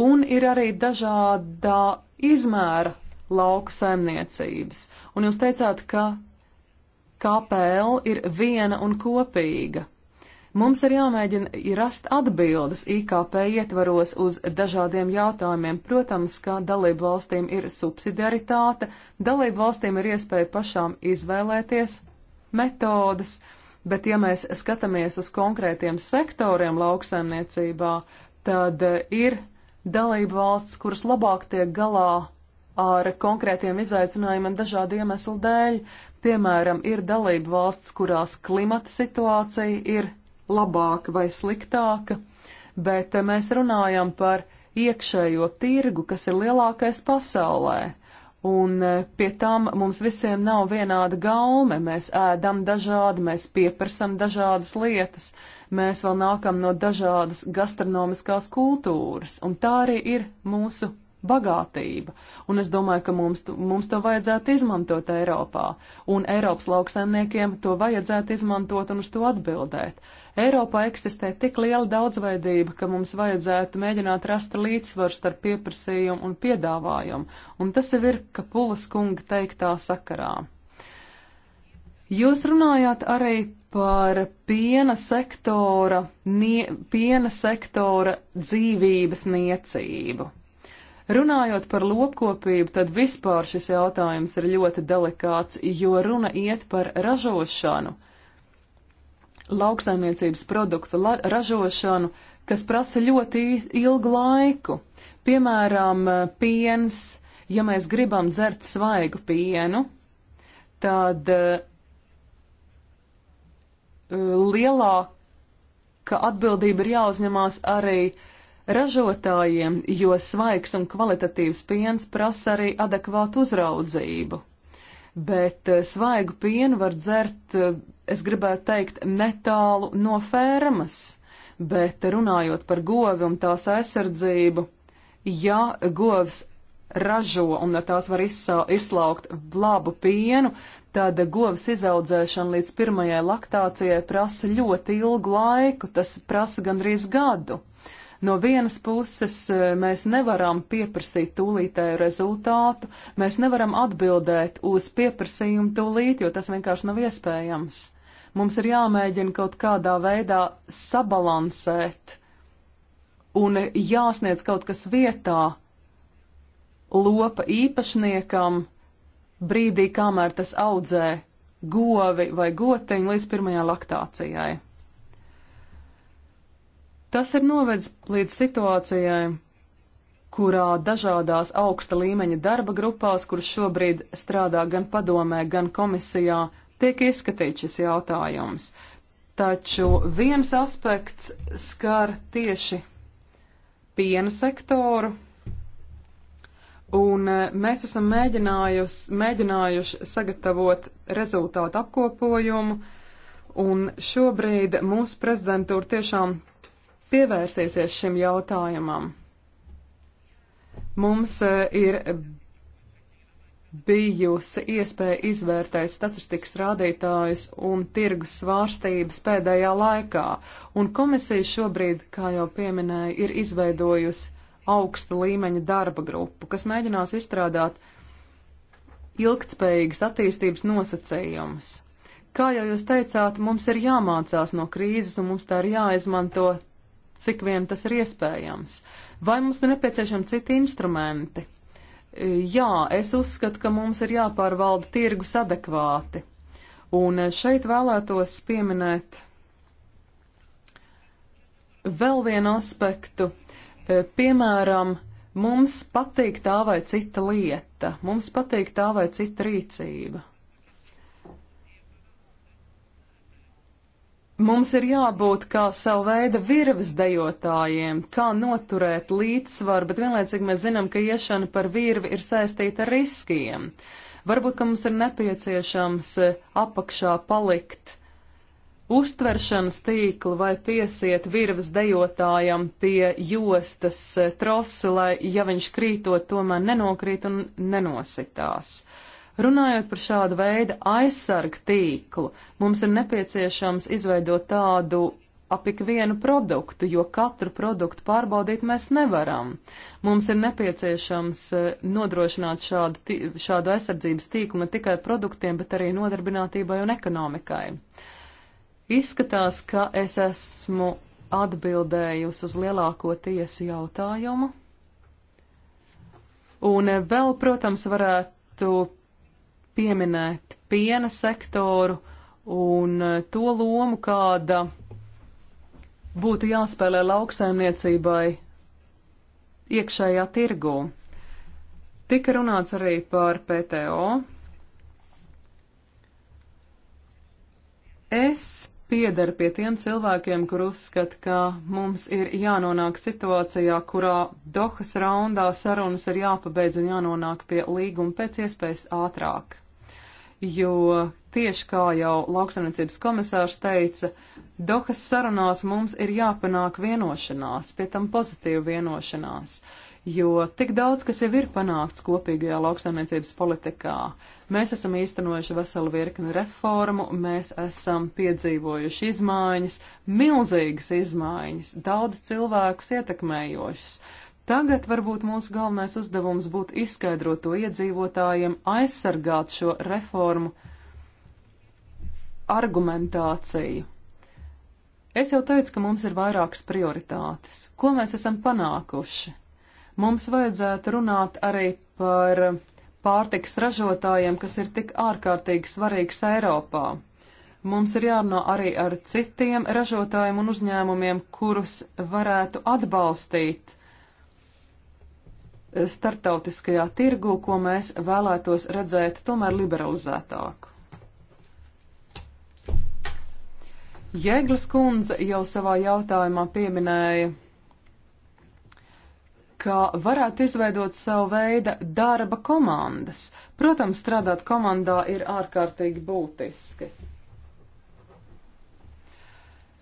Speaker 2: un ir arī dažādā izmēra lauksaimniecības. Un jūs teicāt, ka KPL ir viena un kopīga. Mums ir jāmēģina rast atbildes IKP ietvaros uz dažādiem jautājumiem. Protams, ka dalību valstīm ir subsidiaritāte, dalību valstīm ir iespēja pašām izvēlēties metodas, bet ja mēs skatāmies uz konkrētiem sektoriem lauksaimniecībā, tad e, ir dalību valsts, kuras labāk tiek galā ar konkrētiem izaicinājumiem dažādu iemeslu dēļ. Piemēram, ir dalību valsts, kurās klimata situācija ir labāka vai sliktāka, bet mēs runājam par iekšējo tirgu, kas ir lielākais pasaulē. Un e, pie tam mums visiem nav vienāda gaume, mēs ēdam dažādi, mēs pieprasam dažādas lietas, mēs vēl nākam no dažādas gastronomiskās kultūras, un tā arī ir mūsu bagātība, un es domāju, ka mums, mums to vajadzētu izmantot Eiropā, un Eiropas lauksaimniekiem to vajadzētu izmantot un uz to atbildēt. Eiropā eksistē tik liela daudzveidība, ka mums vajadzētu mēģināt rast līdzsvaru starp pieprasījumu un piedāvājumu, un tas jau ir Kapulas kunga teiktā sakarā. Jūs runājāt arī par piena sektora, nie, piena sektora dzīvības niecību. Runājot par lopkopību, tad vispār šis jautājums ir ļoti delikāts, jo runa iet par ražošanu, lauksaimniecības produktu la ražošanu, kas prasa ļoti ilgu laiku. Piemēram, piens, ja mēs gribam dzert svaigu pienu, tad uh, lielāka atbildība ir jāuzņemās arī uh, ražotājiem, jo svaigs un kvalitatīvs piens prasa arī adekvātu uzraudzību. Bet eh, svaigu pienu var dzert, eh, es gribētu teikt, netālu no fermas, bet runājot par govi un tās aizsardzību, ja govs ražo un no tās var izsā, izslaukt labu pienu, tad govs izaudzēšana līdz pirmajai laktācijai prasa ļoti ilgu laiku, tas prasa gandrīz gadu. No vienas puses eh, mēs nevaram pieprasīt tūlītēju rezultātu, mēs nevaram atbildēt uz pieprasījumu tūlīt, jo tas vienkārši nav iespējams. Mums ir jāmēģina kaut kādā veidā sabalansēt un jāsniedz kaut kas vietā lopa īpašniekam brīdī, kamēr tas audzē govi vai goteņu līdz pirmajai laktācijai. Tas ir novedis līdz situācijai, kurā dažādās augsta līmeņa darba grupās, kuras šobrīd strādā gan padomē, gan komisijā, tiek izskatīts šis jautājums. Taču viens aspekts skar tieši piena sektoru, un eh, mēs esam mēģinājuši sagatavot rezultātu apkopojumu, un šobrīd mūsu prezidentūra tiešām pievērsīsies šim jautājumam. Mums e, ir bijusi iespēja izvērtēt statistikas rādītājus un tirgus svārstības pēdējā laikā, un komisija šobrīd, kā jau pieminēja, ir izveidojusi augsta līmeņa darba grupu, kas mēģinās izstrādāt ilgtspējīgas attīstības nosacījumus. Kā jau jūs teicāt, mums ir jāmācās no krīzes un mums tā ir jāizmanto cik vien tas ir iespējams. Vai mums ir nepieciešami citi instrumenti? Jā, es uzskatu, ka mums ir jāpārvalda tirgus adekvāti. Un šeit vēlētos pieminēt vēl vienu aspektu. Piemēram, mums patīk tā vai cita lieta, mums patīk tā vai cita rīcība. Mums ir jābūt kā savu veidu virves dejotājiem, kā noturēt līdzsvaru, bet vienlaicīgi mēs zinām, ka iešana par virvi ir saistīta ar riskiem. Varbūt, ka mums ir nepieciešams eh, apakšā palikt uztveršanas tīklu vai piesiet virves dejotājam pie jostas eh, trosi, lai, ja viņš krītot, tomēr nenokrīt un nenositās. Runājot par šādu veidu aizsargu tīklu, mums ir nepieciešams izveidot tādu ap ikvienu produktu, jo katru produktu pārbaudīt mēs nevaram. Mums ir nepieciešams eh, nodrošināt šādu, šādu aizsardzības tīklu ne tikai produktiem, bet arī nodarbinātībai un ekonomikai. Izskatās, ka es esmu atbildējusi uz lielāko tiesu jautājumu. Un eh, vēl, protams, varētu pieminēt piena sektoru un e, to lomu, kāda būtu jāspēlē lauksaimniecībai iekšējā tirgū. Tika runāts arī par PTO. Es piedara pie tiem cilvēkiem, kur uzskata, ka mums ir jānonāk situācijā, kurā Dohas raundā sarunas ir jāpabeidz un jānonāk pie līguma pēc iespējas ātrāk jo tieši kā jau lauksaimniecības komisārs teica, Dohas sarunās mums ir jāpanāk vienošanās, pie tam pozitīva vienošanās, jo tik daudz, kas jau ir panākts kopīgajā lauksaimniecības politikā, mēs esam īstenojuši veselu virkni reformu, mēs esam piedzīvojuši izmaiņas, milzīgas izmaiņas, daudz cilvēkus ietekmējošas. Tagad varbūt mūsu galvenais uzdevums būtu izskaidrot to iedzīvotājiem, aizsargāt šo reformu argumentāciju. Es jau teicu, ka mums ir vairākas prioritātes. Ko mēs esam panākuši? Mums vajadzētu runāt arī par pārtiks ražotājiem, kas ir tik ārkārtīgi svarīgs Eiropā. Mums ir jārunā arī ar citiem ražotājiem un uzņēmumiem, kurus varētu atbalstīt starptautiskajā tirgu, ko mēs vēlētos redzēt tomēr liberalizētāku. Jēglas kundze jau savā jautājumā pieminēja, ka varētu izveidot savu veidu darba komandas. Protams, strādāt komandā ir ārkārtīgi būtiski.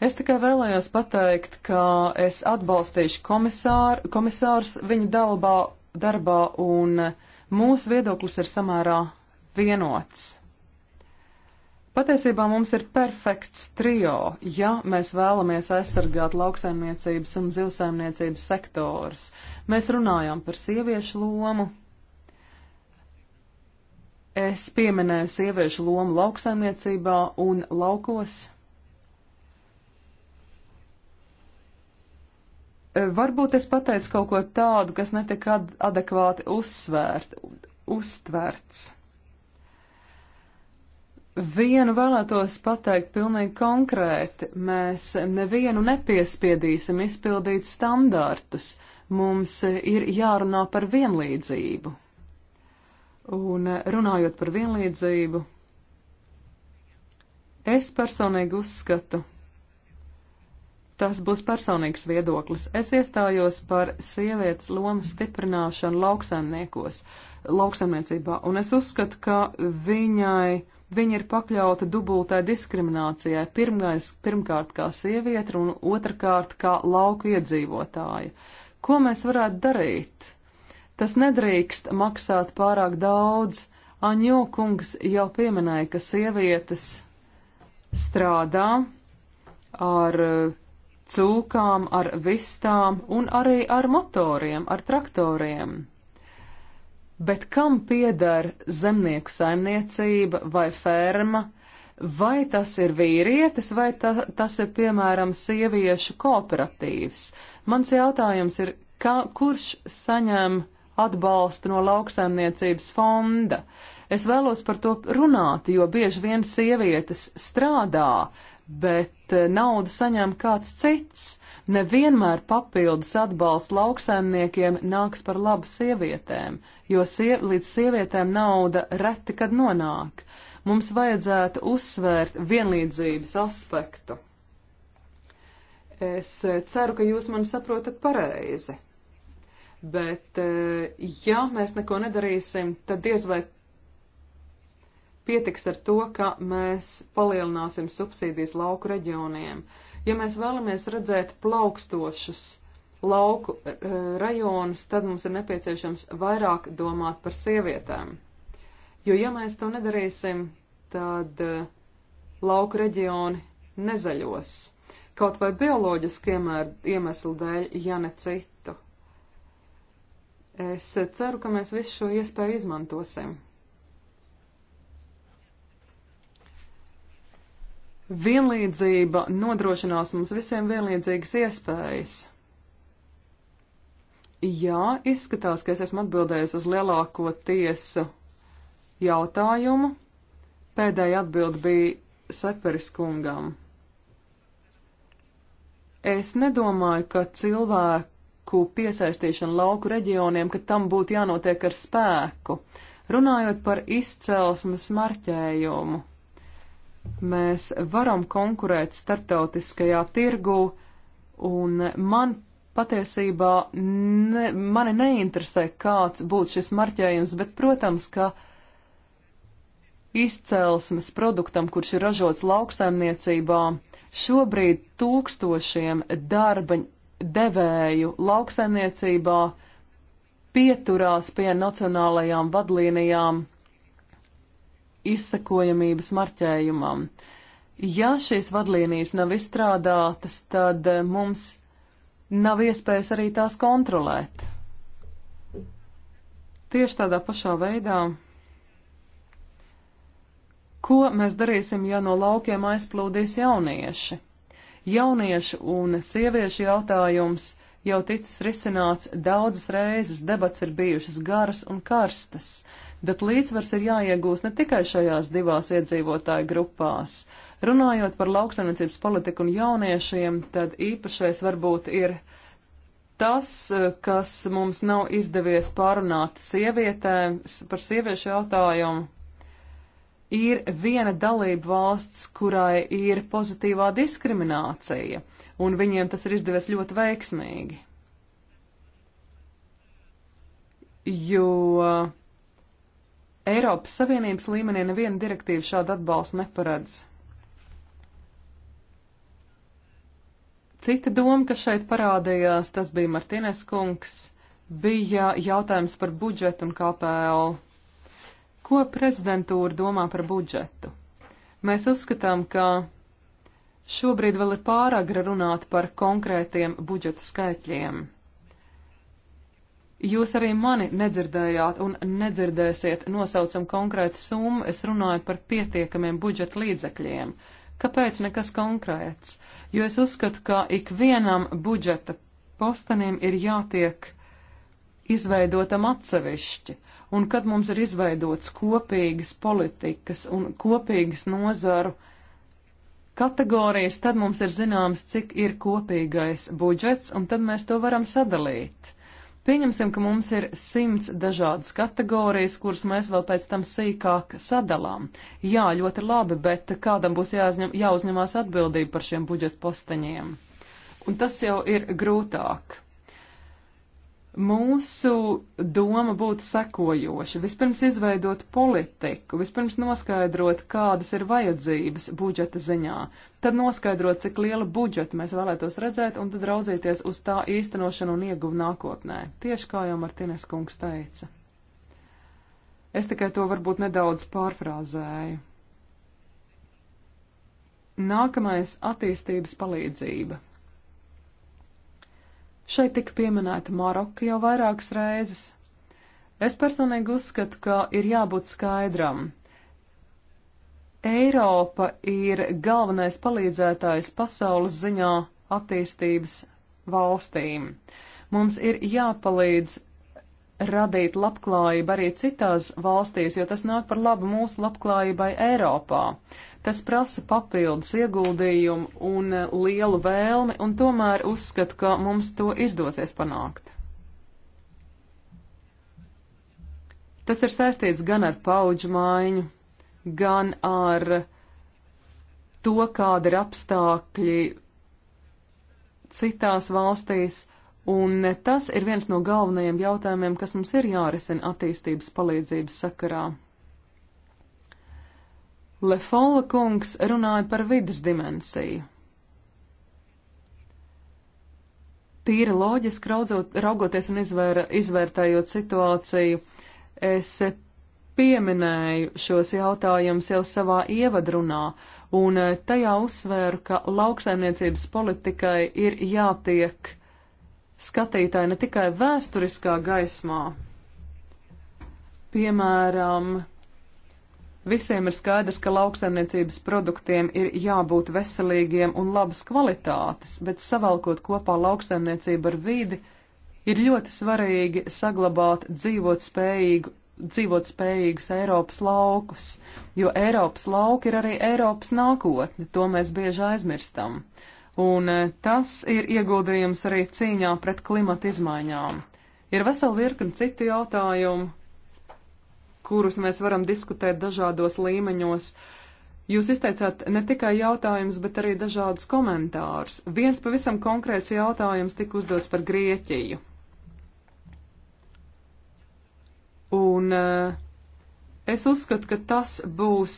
Speaker 2: Es tikai vēlējos pateikt, ka es atbalstīšu komisāru, komisārs viņu dalbā, darbā, un mūsu viedoklis ir samērā vienots. Patiesībā mums ir perfekts trio, ja mēs vēlamies aizsargāt lauksaimniecības un zivsaimniecības sektors. Mēs runājām par sieviešu lomu. Es pieminēju sieviešu lomu lauksaimniecībā un laukos. Varbūt es pateicu kaut ko tādu, kas netika adekvāti uzsvērt, uztverts. Vienu vēlētos pateikt pilnīgi konkrēti. Mēs nevienu nepiespiedīsim izpildīt standartus. Mums ir jārunā par vienlīdzību. Un runājot par vienlīdzību, es personīgi uzskatu, Tas būs personīgs viedoklis. Es iestājos par sievietes lomas stiprināšanu lauksaimniekos, lauksaimniecībā, un es uzskatu, ka viņai, viņa ir pakļauta dubultai diskriminācijai. Pirmais, pirmkārt kā sieviete, un otrkārt kā lauku iedzīvotāja. Ko mēs varētu darīt? Tas nedrīkst maksāt pārāk daudz. Aņokungs jau pieminēja, ka sievietes strādā ar uh, cūkām, ar vistām un arī ar motoriem, ar traktoriem. Bet kam pieder zemnieku saimniecība vai ferma? Vai tas ir vīrietis, vai ta, tas ir piemēram sieviešu kooperatīvs? Mans jautājums ir, kā, kurš saņem atbalstu no lauksaimniecības fonda? Es vēlos par to runāt, jo bieži vien sievietes strādā, bet Eh, naudu saņem kāds cits. Nevienmēr papildus atbalsts lauksaimniekiem nāks par labu sievietēm, jo sie līdz sievietēm nauda reti kad nonāk. Mums vajadzētu uzsvērt vienlīdzības aspektu. Es eh, ceru, ka jūs mani saprotat pareizi. Bet, eh, ja mēs neko nedarīsim, tad diez vai Pietiks ar to, ka mēs palielināsim subsīdijas lauku reģioniem. Ja mēs vēlamies redzēt plaukstošus lauku e, e, rajonus, tad mums ir nepieciešams vairāk domāt par sievietēm. Jo, ja mēs to nedarīsim, tad e, lauku reģioni nezaļos, kaut vai bioloģiski iemeslu dēļ, ja ne citu. Es ceru, ka mēs visu šo iespēju izmantosim. vienlīdzība nodrošinās mums visiem vienlīdzīgas iespējas. Jā, izskatās, ka es esmu atbildējis uz lielāko tiesu jautājumu. Pēdējā atbild bija Seperis kungam. Es nedomāju, ka cilvēku piesaistīšana lauku reģioniem, ka tam būtu jānotiek ar spēku. Runājot par izcelsmes marķējumu, Mēs varam konkurēt starptautiskajā tirgū, un man patiesībā ne, mani neinteresē, kāds būtu šis marķējums, bet, protams, ka izcelsmes produktam, kurš ir ražots lauksaimniecībā, šobrīd tūkstošiem darba devēju lauksaimniecībā pieturās pie nacionālajām vadlīnijām, izsakojamības marķējumam. Ja šīs vadlīnijas nav izstrādātas, tad eh, mums nav iespējas arī tās kontrolēt. Tieši tādā pašā veidā, ko mēs darīsim, ja no laukiem aizplūdīs jaunieši? Jauniešu un sieviešu jautājums jau ticis risināts daudzas reizes, debats ir bijušas garas un karstas bet līdzsvars ir jāiegūst ne tikai šajās divās iedzīvotāju grupās. Runājot par lauksaimniecības politiku un jauniešiem, tad īpašais varbūt ir tas, kas mums nav izdevies pārunāt sievietēm par sieviešu jautājumu. Ir viena dalība valsts, kurai ir pozitīvā diskriminācija, un viņiem tas ir izdevies ļoti veiksmīgi. Jo Eiropas Savienības līmenī neviena direktīva šādu atbalstu neparedz. Cita doma, kas šeit parādījās, tas bija Martīnes kungs, bija jautājums par budžetu un KPL. Ko prezidentūra domā par budžetu? Mēs uzskatām, ka Šobrīd vēl ir pāragri runāt par konkrētiem budžeta skaitļiem. Jūs arī mani nedzirdējāt un nedzirdēsiet, nosaucam konkrētu summu, es runāju par pietiekamiem budžeta līdzekļiem. Kāpēc nekas konkrēts? Jo es uzskatu, ka ikvienam budžeta postenim ir jātiek izveidotam atsevišķi, un kad mums ir izveidots kopīgas politikas un kopīgas nozaru kategorijas, tad mums ir zināms, cik ir kopīgais budžets, un tad mēs to varam sadalīt. Pieņemsim, ka mums ir simts dažādas kategorijas, kuras mēs vēl pēc tam sīkāk sadalām. Jā, ļoti labi, bet kādam būs jāuzņem, jāuzņemās atbildība par šiem budžeta posteņiem. Un tas jau ir grūtāk. Mūsu doma būtu sekojoša. Vispirms izveidot politiku, vispirms noskaidrot, kādas ir vajadzības budžeta ziņā, tad noskaidrot, cik lielu budžetu mēs vēlētos redzēt, un tad raudzīties uz tā īstenošanu un ieguvu nākotnē. Tieši kā jau Martīnes kungs teica. Es tikai to varbūt nedaudz pārfrāzēju. Nākamais - attīstības palīdzība. Šeit tika pieminēta Maroka jau vairākas reizes. Es personīgi uzskatu, ka ir jābūt skaidram. Eiropa ir galvenais palīdzētājs pasaules ziņā attīstības valstīm. Mums ir jāpalīdz radīt labklājību arī citās valstīs, jo tas nāk par labu mūsu labklājībai Eiropā. Tas prasa papildus ieguldījumu un eh, lielu vēlmi, un tomēr uzskatu, ka mums to izdosies panākt. Tas ir saistīts gan ar paudžu maiņu, gan ar to, kāda ir apstākļi citās valstīs Un tas ir viens no galvenajiem jautājumiem, kas mums ir jārisina attīstības palīdzības sakarā. Lefola kungs runāja par vidas dimensiju. Tīri loģiski raudzot, raugoties un izvēra, izvērtējot situāciju, es pieminēju šos jautājumus jau savā ievadrunā, un eh, tajā uzsvēru, ka lauksaimniecības politikai ir jātiek skatītāji ne tikai vēsturiskā gaismā. Piemēram, visiem ir skaidrs, ka lauksaimniecības produktiem ir jābūt veselīgiem un labas kvalitātes, bet savalkot kopā lauksaimniecību ar vidi, ir ļoti svarīgi saglabāt dzīvot spējīgu dzīvot spējīgus Eiropas laukus, jo Eiropas lauki ir arī Eiropas nākotne, to mēs bieži aizmirstam. Uh, un eh, tas ir ieguldījums arī cīņā pret klimata izmaiņām. Ir vesela virkni citu jautājumu, kurus mēs varam diskutēt dažādos līmeņos. Jūs izteicāt ne tikai jautājumus, bet arī dažādus komentārus. Viens pavisam konkrēts jautājums tika uzdots par Grieķiju. Un eh, es uzskatu, ka tas būs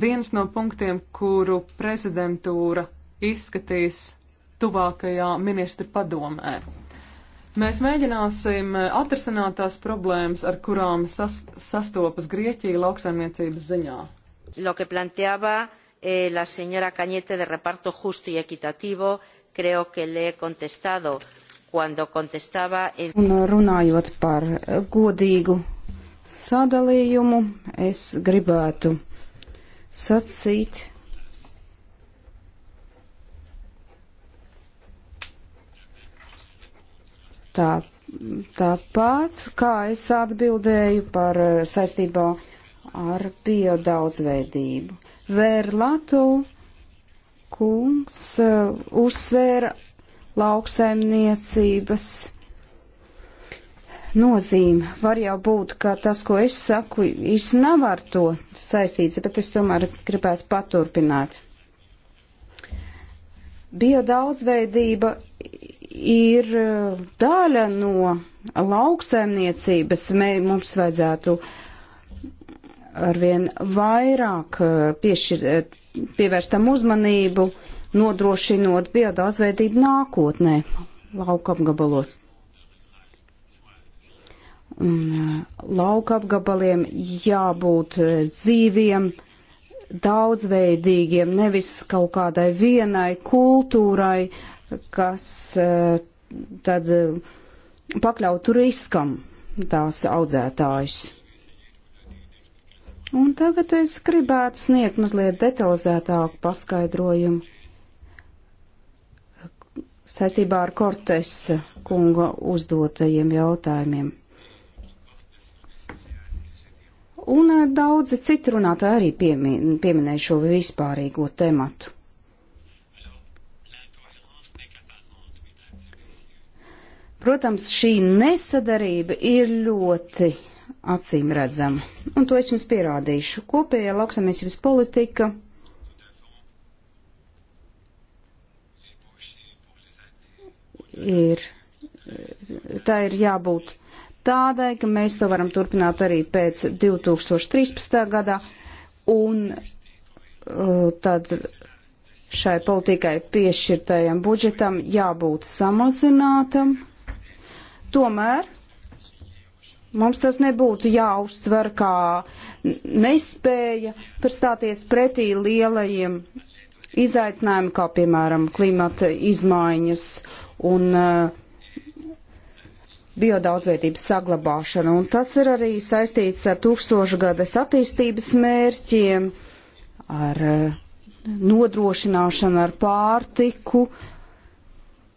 Speaker 2: viens no punktiem, kuru prezidentūra izskatīs tuvākajā ministra padomē. Mēs mēģināsim atrisināt tās problēmas, ar kurām sas, sastopas Grieķija lauksaimniecības ziņā. Lo que planteaba
Speaker 4: eh, la señora Cañete de reparto justo y equitativo, creo que le he contestado cuando contestaba. El... Un runājot par godīgu sadalījumu, es gribētu sacīt. Tā, tāpat, kā es atbildēju par eh, saistībā ar biodaudzveidību. Vērlatu kungs eh, uzsvēra lauksaimniecības nozīme. Var jau būt, ka tas, ko es saku, īsti nav ar to saistīts, bet es tomēr gribētu paturpināt. Biodaudzveidība ir daļa no lauksaimniecības. Mē, mums vajadzētu arvien vairāk eh, piešķir, eh, pievērstam uzmanību, nodrošinot biodaudzveidību nākotnē lauka apgabalos. Un uh, lauka apgabaliem jābūt uh, dzīviem, daudzveidīgiem, nevis kaut kādai vienai kultūrai, kas uh, tad pakļautu riskam tās audzētājus. Un tagad es gribētu sniegt mazliet detalizētāku paskaidrojumu saistībā ar Kortes kunga uzdotajiem jautājumiem. Un eh, daudzi citi runātāji arī piemin, pieminēja šo vispārīgo tematu. Protams, šī nesadarība ir ļoti acīm redzama. Un to es jums pierādīšu. Kopējā lauksamniecības politika ir, tā ir jābūt tādai, ka mēs to varam turpināt arī pēc 2013. gadā, un uh, tad šai politikai piešķirtajam budžetam jābūt samazinātam. Tomēr mums tas nebūtu jāuztver kā nespēja stāties pretī lielajiem izaicinājumiem, kā piemēram klimata izmaiņas un uh, biodaudzveidības saglabāšanu, un tas ir arī saistīts ar tūkstošgades attīstības mērķiem, ar eh, nodrošināšanu ar pārtiku,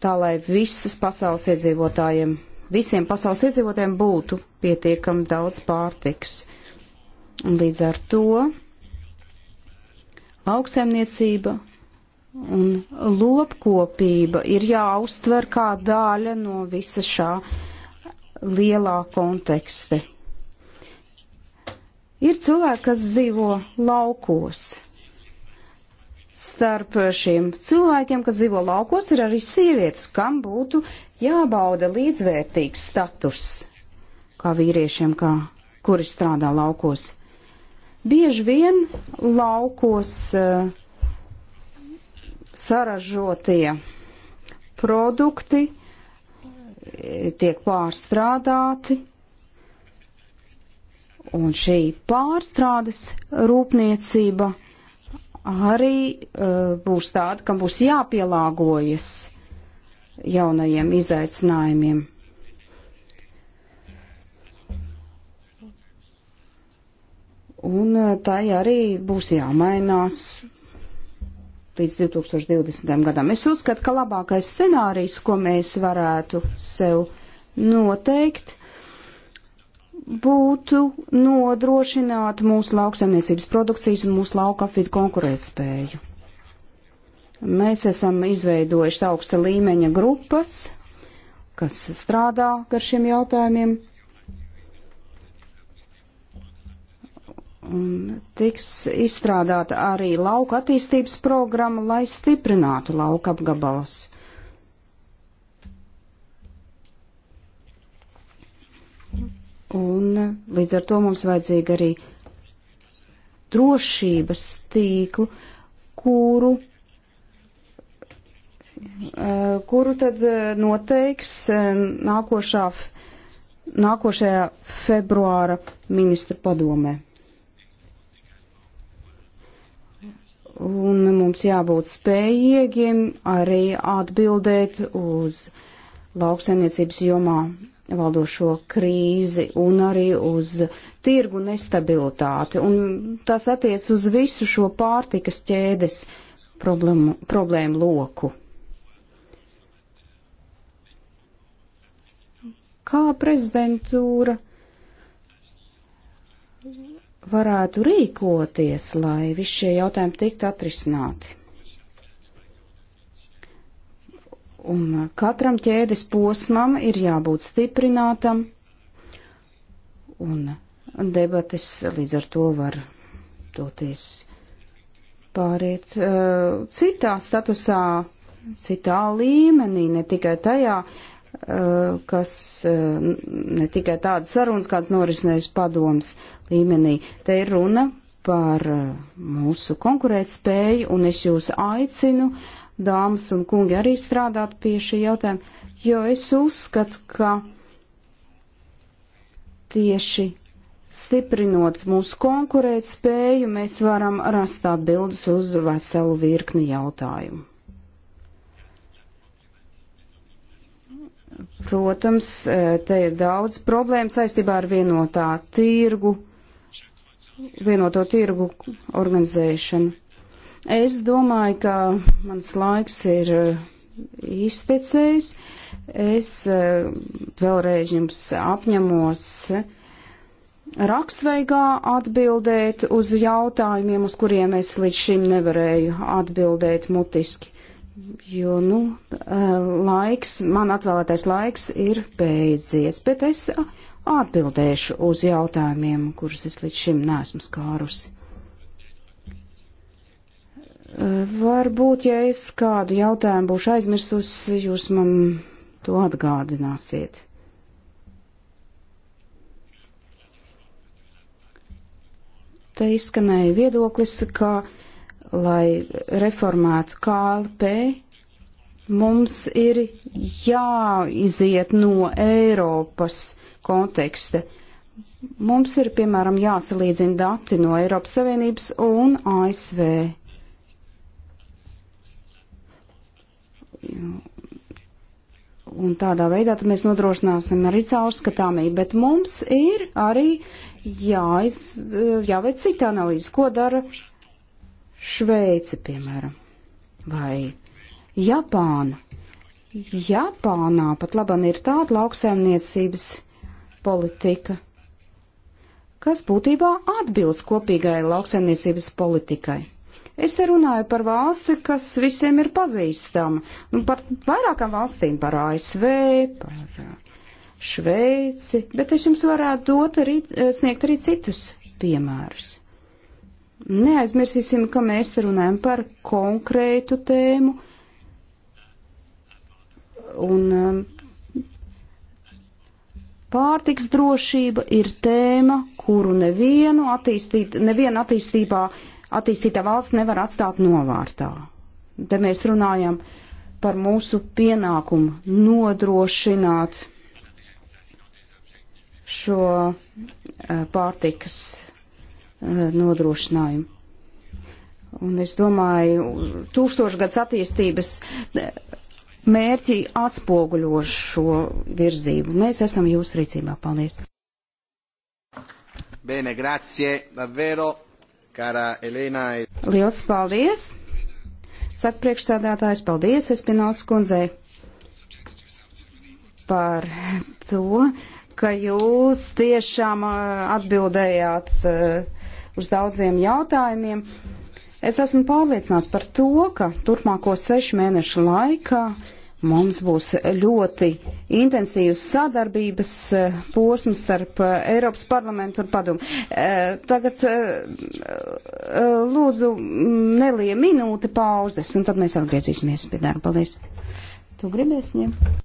Speaker 4: tā lai visas pasaules iedzīvotājiem, visiem pasaules iedzīvotājiem būtu pietiekami daudz pārtiks. Un līdz ar to lauksaimniecība un lopkopība ir jāuztver kā daļa no visa šā lielā konteksta. Ir cilvēki, kas dzīvo laukos. Starp šiem cilvēkiem, kas dzīvo laukos, ir arī sievietes, kam būtu jābauda līdzvērtīgs status, kā vīriešiem, kā, kuri strādā laukos. Bieži vien laukos uh, saražotie produkti uh, tiek pārstrādāti, un šī pārstrādes rūpniecība arī uh, būs tāda, kam būs jāpielāgojas jaunajiem izaicinājumiem. Un uh, tai arī būs jāmainās līdz 2020. gadam. Es uzskatu, ka labākais scenārijs, ko mēs varētu sev noteikt, būtu nodrošināt mūsu lauksaimniecības produkcijas un mūsu lauka apvidu konkurētspēju. Mēs esam izveidojuši augsta līmeņa grupas, kas strādā ar šiem jautājumiem. Un tiks izstrādāta arī lauka attīstības programma, lai stiprinātu lauka apgabals. Un līdz ar to mums vajadzīga arī drošības tīklu, kuru, eh, kuru tad eh, noteiks eh, nākošā, nākošajā februāra ministru padomē. un mums jābūt spējīgiem arī atbildēt uz lauksaimniecības jomā valdošo krīzi un arī uz tirgu nestabilitāti. Un tas attiec uz visu šo pārtikas ķēdes problēmu, problēmu loku. Kā prezidentūra varētu rīkoties, lai visi šie jautājumi tiktu atrisināti? Un katram ķēdes posmam ir jābūt stiprinātam, un debates līdz ar to var doties pāriet uh, citā statusā, citā līmenī, ne tikai tajā, uh, kas uh, ne tikai tādas sarunas, kāds norisinājis padoms līmenī. Te ir runa par uh, mūsu konkurētspēju, un es jūs aicinu, dāmas un kungi, arī strādāt pie šī jautājuma, jo es uzskatu, ka tieši stiprinot mūsu konkurētspēju, mēs varam rast atbildes uz veselu virkni jautājumu. Protams, eh, te ir daudz problēmu saistībā ar vienotā tirgu vienoto tirgu organizēšanu. Es domāju, ka mans laiks ir eh, iztecējis. Es eh, vēlreiz jums apņemos eh, rakstveigā atbildēt uz jautājumiem, uz kuriem es līdz šim nevarēju atbildēt mutiski. Jo, nu, laiks, man atvēlētais laiks ir beidzies, bet es atbildēšu uz jautājumiem, kurus es līdz šim nesmu skārusi. Varbūt, ja es kādu jautājumu būšu aizmirsusi, jūs man to atgādināsiet. Te izskanēja viedoklis, ka, lai reformētu KLP, mums ir jāiziet no Eiropas konteksta. Mums ir, piemēram, jāsalīdzina dati no Eiropas Savienības un ASV. Un tādā veidā mēs nodrošināsim arī caurskatāmību, bet mums ir arī jāiz, jāveic cita analīze, ko dara Šveice, piemēram, vai Japāna. Japānā pat labam ir tāda lauksaimniecības politika, kas būtībā atbilst kopīgai lauksaimniecības politikai. Es te runāju par valsti, kas visiem ir pazīstama, nu, par vairākām valstīm, par ASV, par uh, Šveici, bet es jums varētu dot arī, eh, sniegt arī citus piemērus. Neaizmirsīsim, ka mēs runājam par konkrētu tēmu, un um, Pārtiks drošība ir tēma, kuru nevienu attīstīt, neviena attīstībā, attīstītā valsts nevar atstāt novārtā. Te mēs runājam par mūsu pienākumu nodrošināt šo eh, pārtikas eh, nodrošinājumu. Un es domāju, tūkstošgads attīstības eh, mērķi atspoguļo šo virzību. Mēs esam jūsu rīcībā. Paldies!
Speaker 1: Bene, grazie, davvero, cara Elena. Liels
Speaker 4: paldies! Saka priekšstādātājs, paldies Espināls kundzei par to, ka jūs tiešām uh, atbildējāt uh, uz daudziem jautājumiem. Es esmu pārliecināts par to, ka turpmāko sešu mēnešu laikā Mums būs ļoti intensīvas sadarbības eh, posms starp eh, Eiropas parlamentu un padomu. Eh, tagad lūdzu nelie minūte pauzes, un tad mēs atgriezīsimies pie darba. Paldies! Tu gribēsi ņemt?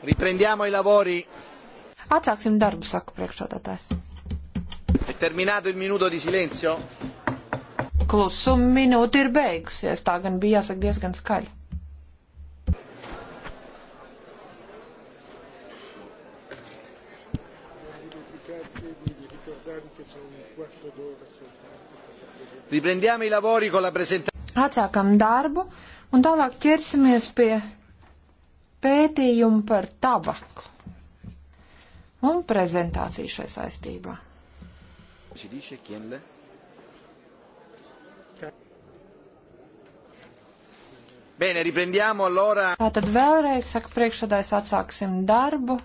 Speaker 1: Riprendiamo i lavori.
Speaker 3: Atsāksim darbu, saka priekšādātājs.
Speaker 1: E terminato il minuto di silenzio?
Speaker 3: Klusuma minūte ir beigusies, tā gan bija jāsaka diezgan skaļi.
Speaker 1: Riprendiamo i lavori con la presentazione.
Speaker 3: Atsākam darbu un tālāk ķersimies pie pētījumu par tabaku un prezentāciju šai saistībā.
Speaker 1: Bene, riprendiamo allora.
Speaker 3: Tātad vēlreiz, saka priekšsēdājs, atsāksim darbu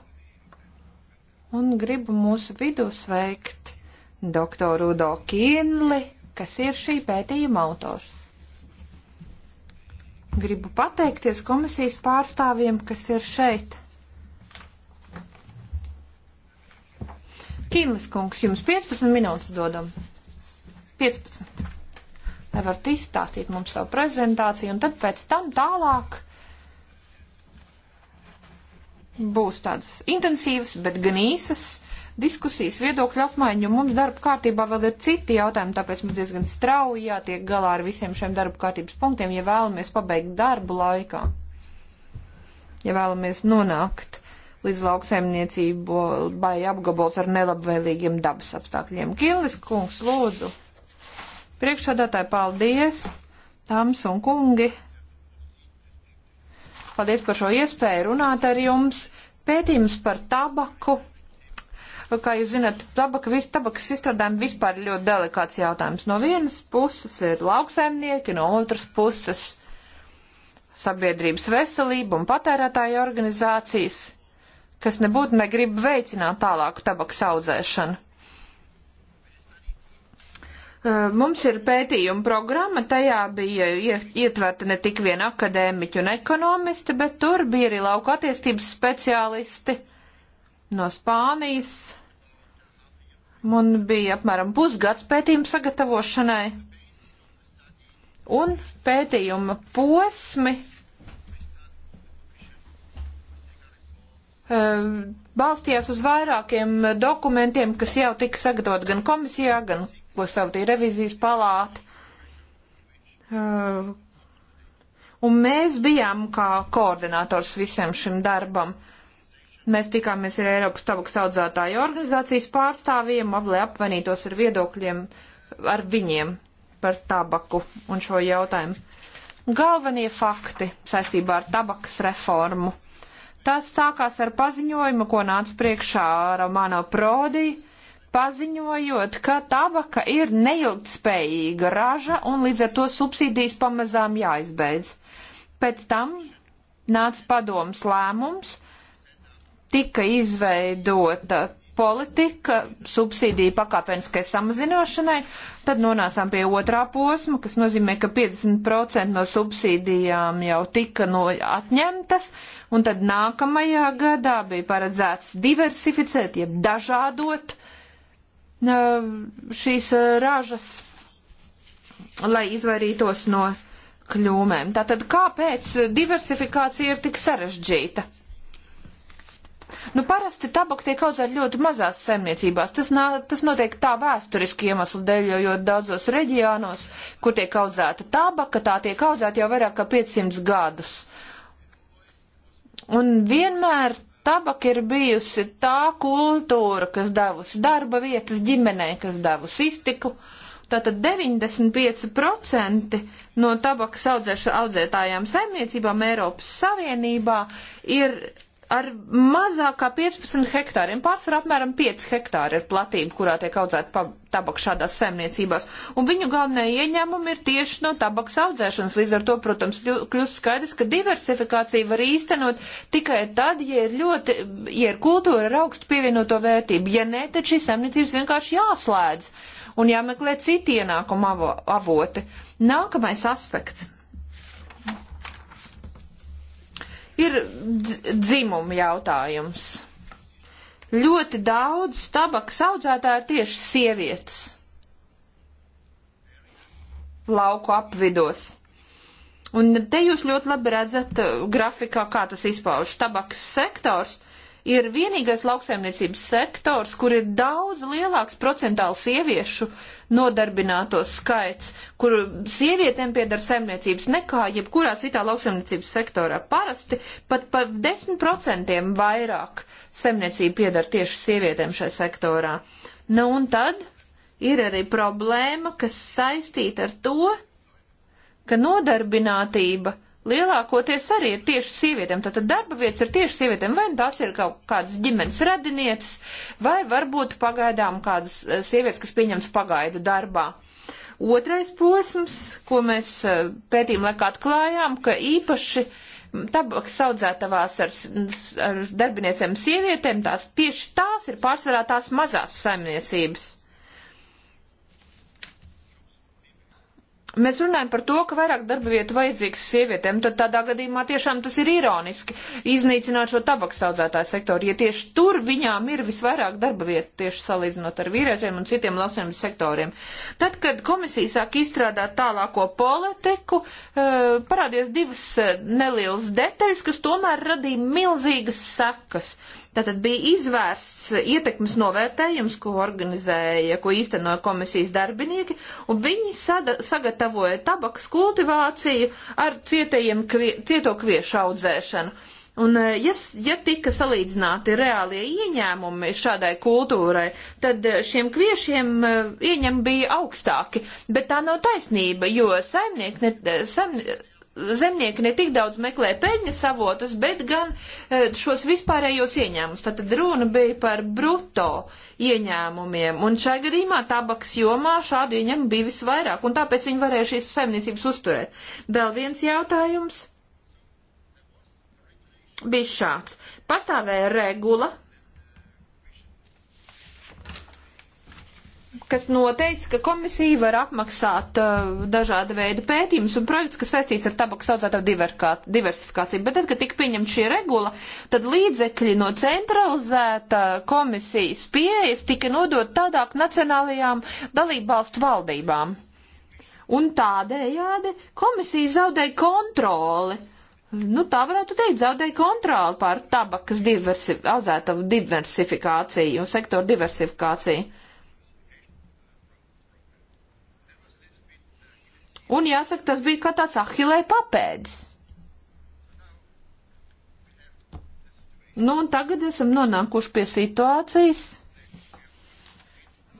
Speaker 3: un gribu mūsu vidū sveikt doktoru Udo Kienli, kas ir šī pētījuma autors. Gribu pateikties komisijas pārstāvjiem, kas ir šeit. Kīmlis kungs, jums 15 minūtes dodam. 15. Lai varat izstāstīt mums savu prezentāciju, un tad pēc tam tālāk būs tādas intensīvas, bet gan īsas diskusijas, viedokļu apmaiņu, un mums darba kārtībā vēl ir citi jautājumi, tāpēc mums diezgan strauji jātiek galā ar visiem šiem darba kārtības punktiem, ja vēlamies pabeigt darbu laikā, ja vēlamies nonākt līdz lauksaimniecību vai apgabals ar nelabvēlīgiem dabas apstākļiem. Kilis kungs, lūdzu. Priekšsādātāji, paldies, dāmas un kungi. Paldies par šo iespēju runāt ar jums. Pētījums par tabaku kā jūs zināt, tabaka, vis, tabakas izstrādājumi vispār ir ļoti delikāts jautājums. No vienas puses ir lauksaimnieki, no otras puses sabiedrības veselība un patērētāja organizācijas, kas nebūtu negrib veicināt tālāku tabakas audzēšanu. Mums ir pētījuma programma, tajā bija ietverta ne tik vien akadēmiķi un ekonomisti, bet tur bija arī lauka attīstības speciālisti no Spānijas. Man bija apmēram pusgads pētījumu sagatavošanai. Un pētījuma posmi eh, balstījās uz vairākiem dokumentiem, kas jau tika sagatavot gan komisijā, gan, ko savutīja revizijas palāta. Eh, un mēs bijām kā koordinators visam šim darbam. Uh, Mēs tikāmies ar Eiropas tabakas audzētāju organizācijas pārstāvjiem, ap, lai apvainītos ar viedokļiem ar viņiem par tabaku un šo jautājumu. Galvenie fakti saistībā ar tabakas reformu. Tas sākās ar paziņojumu, ko nāca priekšā Romano Prodi, paziņojot, ka tabaka ir neilgtspējīga raža un līdz ar to subsīdijas pamazām jāizbeidz. Pēc tam nāca padoms lēmums tika izveidota politika subsīdiju pakāpeniskai samazināšanai, tad nonācām pie otrā posma, kas nozīmē, ka 50% no subsīdijām jau tika no atņemtas, un tad nākamajā gadā bija paredzēts diversificēt, jeb dažādot šīs eh, ražas, lai izvairītos no kļūmēm. Tātad kāpēc diversifikācija ir tik sarežģīta? Nu, parasti tabaka tiek audzēta ļoti mazās saimniecībās. Tas, nā, tas notiek tā vēsturiski iemeslu dēļ, jo, jo daudzos reģionos, kur tiek audzēta tabaka, tā tiek audzēta jau vairāk kā 500 gadus. Un vienmēr tabaka ir bijusi tā kultūra, kas devusi darba vietas ģimenei, kas devusi iztiku. Tātad 95% no tabakas audzētājām saimniecībām Eiropas Savienībā ir ar mazāk kā 15 hektāriem. Pārsvarā apmēram 5 hektāri ir platība, kurā tiek audzēta tabaka šādās saimniecībās. Un viņu galvenie ieņēmumi ir tieši no tabakas audzēšanas. Līdz ar to, protams, kļūst skaidrs, ka diversifikācija var īstenot tikai tad, ja ir ļoti, ja ir kultūra ar augstu pievienoto vērtību. Ja nē, tad šīs saimniecības vienkārši jāslēdz un jāmeklē citi ienākuma avoti. Nākamais aspekts ir dzimuma jautājums. Ļoti daudz tabaks audzētāji ir tieši sievietes lauku apvidos. Un te jūs ļoti labi redzat uh, grafikā, kā tas izpaužas. Tabaks sektors uh, ir vienīgais lauksaimniecības sektors, kur ir daudz lielāks procentāls sieviešu nodarbināto skaits, kur sievietēm piedara saimniecības nekā jebkurā citā lauksaimniecības sektorā. Parasti pat par 10% vairāk saimniecība piedara tieši sievietēm šajā sektorā. Nu un tad ir arī problēma, kas saistīta ar to, ka nodarbinātība lielākoties arī ir tieši sievietēm. Tātad darba vietas ir tieši sievietēm, vai tās ir kaut kādas ģimenes radinieces, vai varbūt pagaidām kādas eh, sievietes, kas pieņems pagaidu darbā. Otrais posms, ko mēs eh, pētījām laikā atklājām, ka īpaši tabakas audzētavās ar, ar darbiniecēm sievietēm, tās tieši tās ir pārsvarā tās mazās saimniecības Mēs runājam par to, ka vairāk darba vietu vajadzīgs sievietēm, tad tādā gadījumā tiešām tas ir ironiski iznīcināt šo tabaks audzētāju sektoru, ja tieši tur viņām ir visvairāk darba vietu, tieši salīdzinot ar vīriešiem un citiem lauksiem sektoriem. Tad, kad komisija sāk izstrādāt tālāko politiku, eh, parādījās divas eh, nelielas detaļas, kas tomēr radīja milzīgas sekas. Tātad bija izvērsts ietekmes novērtējums, ko organizēja, ko īstenoja komisijas darbinieki, un viņi sada, sagatavoja tabakas kultivāciju ar cietajiem, kvie, cieto kviešu audzēšanu. Un, eh, ja, ja tika salīdzināti reālie ieņēmumi šādai kultūrai, tad eh, šiem kviešiem eh, ieņem bija augstāki. Bet tā nav taisnība, jo saimnieki, saimnieki zemnieki ne tik daudz meklē peļņas avotus, bet gan e, šos vispārējos ieņēmumus. Tātad runa bija par bruto ieņēmumiem, un šai gadījumā tabaks jomā šādu ieņēmumu bija visvairāk, un tāpēc viņi varēja šīs saimniecības uzturēt. Vēl viens jautājums bija šāds. Pastāvēja regula kas noteica, ka komisija var apmaksāt uh, dažāda veida pētījumus un projekts, kas saistīts ar tabakas audzētāju diversifikāciju. Bet tad, kad tika pieņemta šī regula, tad līdzekļi no centralizēta komisijas pieejas tika nodot tādāk nacionālajām dalībvalstu valdībām. Un tādējādi komisija zaudēja kontroli. Nu, tā varētu teikt, zaudēja kontroli pār tabakas diversi audzētavu diversifikāciju, sektoru diversifikāciju. Un jāsaka, tas bija kā tāds ahilē papēdis. Nu, un tagad esam nonākuši pie situācijas,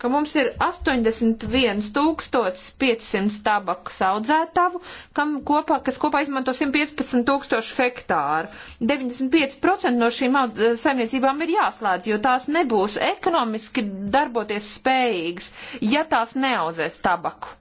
Speaker 3: ka mums ir 81,500 tabakas audzētavu, kam kopā, kas kopā izmanto 115,000 hektāru. 95% no šīm eh, saimniecībām ir jāslēdz, jo tās nebūs ekonomiski darboties spējīgas, ja tās neaudzēs tabaku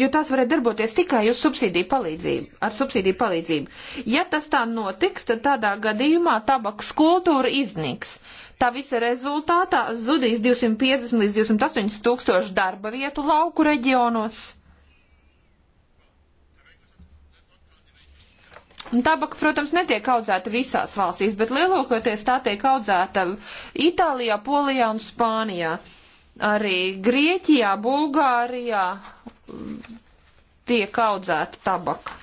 Speaker 3: jo tās varēja darboties tikai uz subsīdiju palīdzību, ar subsīdiju palīdzību. Ja tas tā notiks, tad tādā gadījumā tabaks kultūra iznīks. Tā visa rezultātā zudīs 250 līdz 280 tūkstoši darba vietu lauku reģionos. Tabaka, protams, netiek audzēta visās valstīs, bet lielākoties tā tiek audzēta Itālijā, Polijā un Spānijā. Uh, arī Grieķijā, Bulgārijā tiek audzēta tabaka.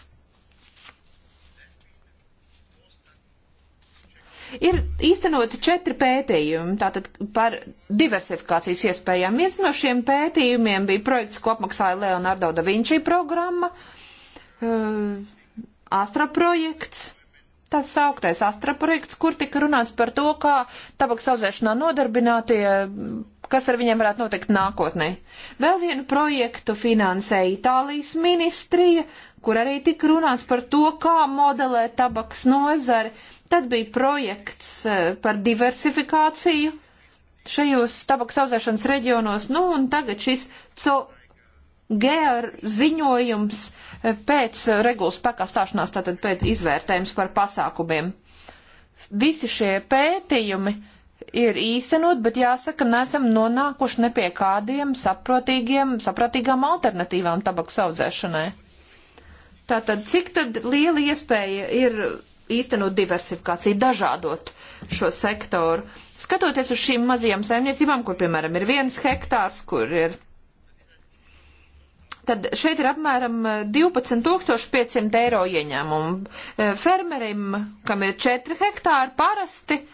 Speaker 3: Ir īstenoti četri pētījumi tātad par diversifikācijas iespējām. Viens no šiem pētījumiem bija projekts, ko apmaksāja Leonardo da Vinci programma, uh, eh, Astra projekts, tas sauktais Astra projekts, kur tika runāts par to, kā tabaks audzēšanā nodarbinātie kas ar viņiem varētu notikt nākotnē. Vēl vienu projektu finansēja Itālijas ministrija, kur arī tika runāts par to, kā modelē tabaks nozari. Tad bija projekts eh, par diversifikāciju šajos tabaks audzēšanas reģionos, nu un tagad šis CO GR ziņojums eh, pēc regulas spēkā stāšanās, tātad pēc izvērtējums par pasākumiem. Visi šie pētījumi ir īstenot, bet jāsaka, nesam nonākuši ne pie kādiem saprotīgiem, sapratīgām alternatīvām tabaks audzēšanai. Tātad, cik tad liela iespēja ir īstenot diversifikāciju, dažādot šo sektoru. Skatoties uz šīm mazajām saimniecībām, kur, piemēram, ir viens hektārs, kur ir. Tad šeit ir apmēram 12,500 eiro ieņēmumu. Fermerim, kam ir 4 hektāri, parasti uh,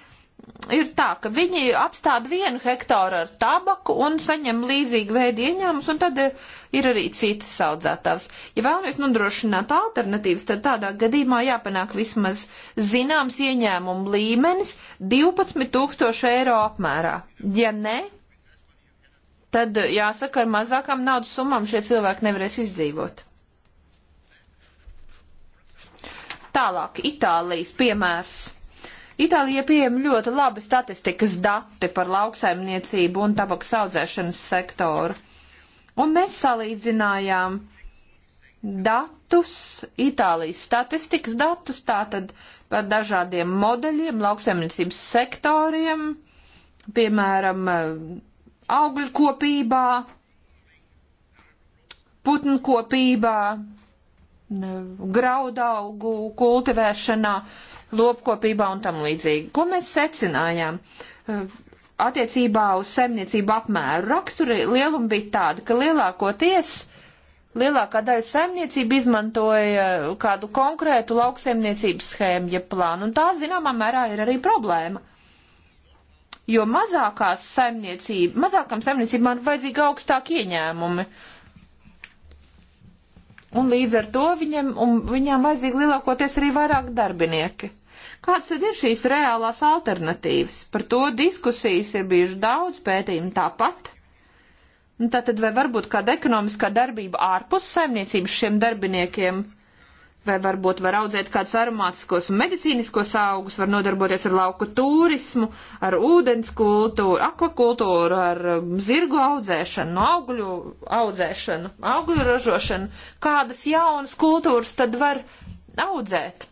Speaker 3: ir tā, ka viņi apstāda vienu hektāru ar tabaku un saņem līdzīgu veidu ieņēmumus, un tad ir, eh, ir arī citas audzētājs. Ja vēlamies nodrošināt alternatīvas, tad tādā gadījumā jāpanāk vismaz zināms ieņēmumu līmenis 12 tūkstoši eiro apmērā. Ja ne, tad eh, jāsaka, ar mazākām naudas summām šie cilvēki nevarēs izdzīvot. Tālāk, Itālijas piemērs. Itālijā pieejami ļoti labi statistikas dati par lauksaimniecību un tabaks audzēšanas sektoru. Un mēs salīdzinājām datus, Itālijas statistikas datus, tātad par dažādiem modeļiem, lauksaimniecības sektoriem, piemēram, augļu kopībā, putnu kopībā, graudaugu kultivēšanā. Uh, lopkopībā un tam līdzīgi. Ko mēs secinājām? Eh, attiecībā uz saimniecību apmēru raksturi lielumu bija tāda, ka lielākoties lielākā daļa saimniecība izmantoja eh, kādu konkrētu lauksaimniecības schēmu, ja plānu, un tā zināmā mērā ir arī problēma. Jo mazākām saimniecībām ir vajadzīgi augstāki ieņēmumi, Un līdz ar to viņam, viņām vajadzīgi lielākoties arī vairāk darbinieki. Kāds tad ir šīs reālās alternatīvas? Par to diskusijas ir bijuši daudz pētījumu tāpat. Un tātad vai varbūt kāda ekonomiskā darbība ārpus saimniecības šiem darbiniekiem uh, vai varbūt var audzēt kādus aromātiskos un medicīniskos augus, var nodarboties ar lauku turismu, ar ūdens kultūru, akvakultūru, ar um, zirgu audzēšanu, augļu audzēšanu, augļu ražošanu. Kādas jaunas kultūras tad var audzēt?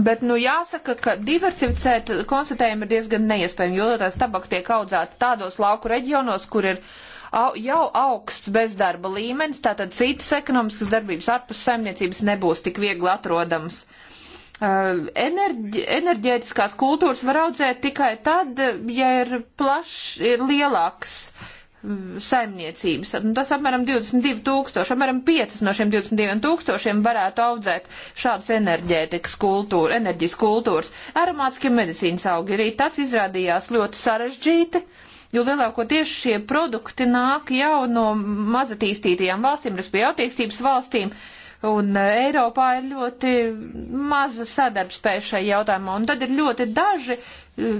Speaker 3: Bet, nu, jāsaka, ka diversificēt konstatējumi ir diezgan neiespējami, jo tās tabaka tiek audzēta tādos lauku reģionos, kur ir uh, au, jau augsts bezdarba līmenis, tātad citas ekonomiskas darbības ārpus saimniecības nebūs tik viegli atrodams. Uh, enerģi, enerģētiskās kultūras var audzēt tikai tad, ja ir plašs, ir lielāks mm, saimniecības. Nu, tas apmēram 22 tūkstoši, apmēram 5 no šiem 22 tūkstošiem varētu audzēt šādas enerģētikas kultūra, enerģijas kultūras. Aromātiskie medicīnas augi arī tas izrādījās ļoti sarežģīti. Uh, jo lielākoties šie produkti nāk jau no mazatīstītajām valstīm, respektīvi attīstības valstīm. Un e, Eiropā ir ļoti maza sadarbspēja šai jautājumā, un tad ir ļoti daži e,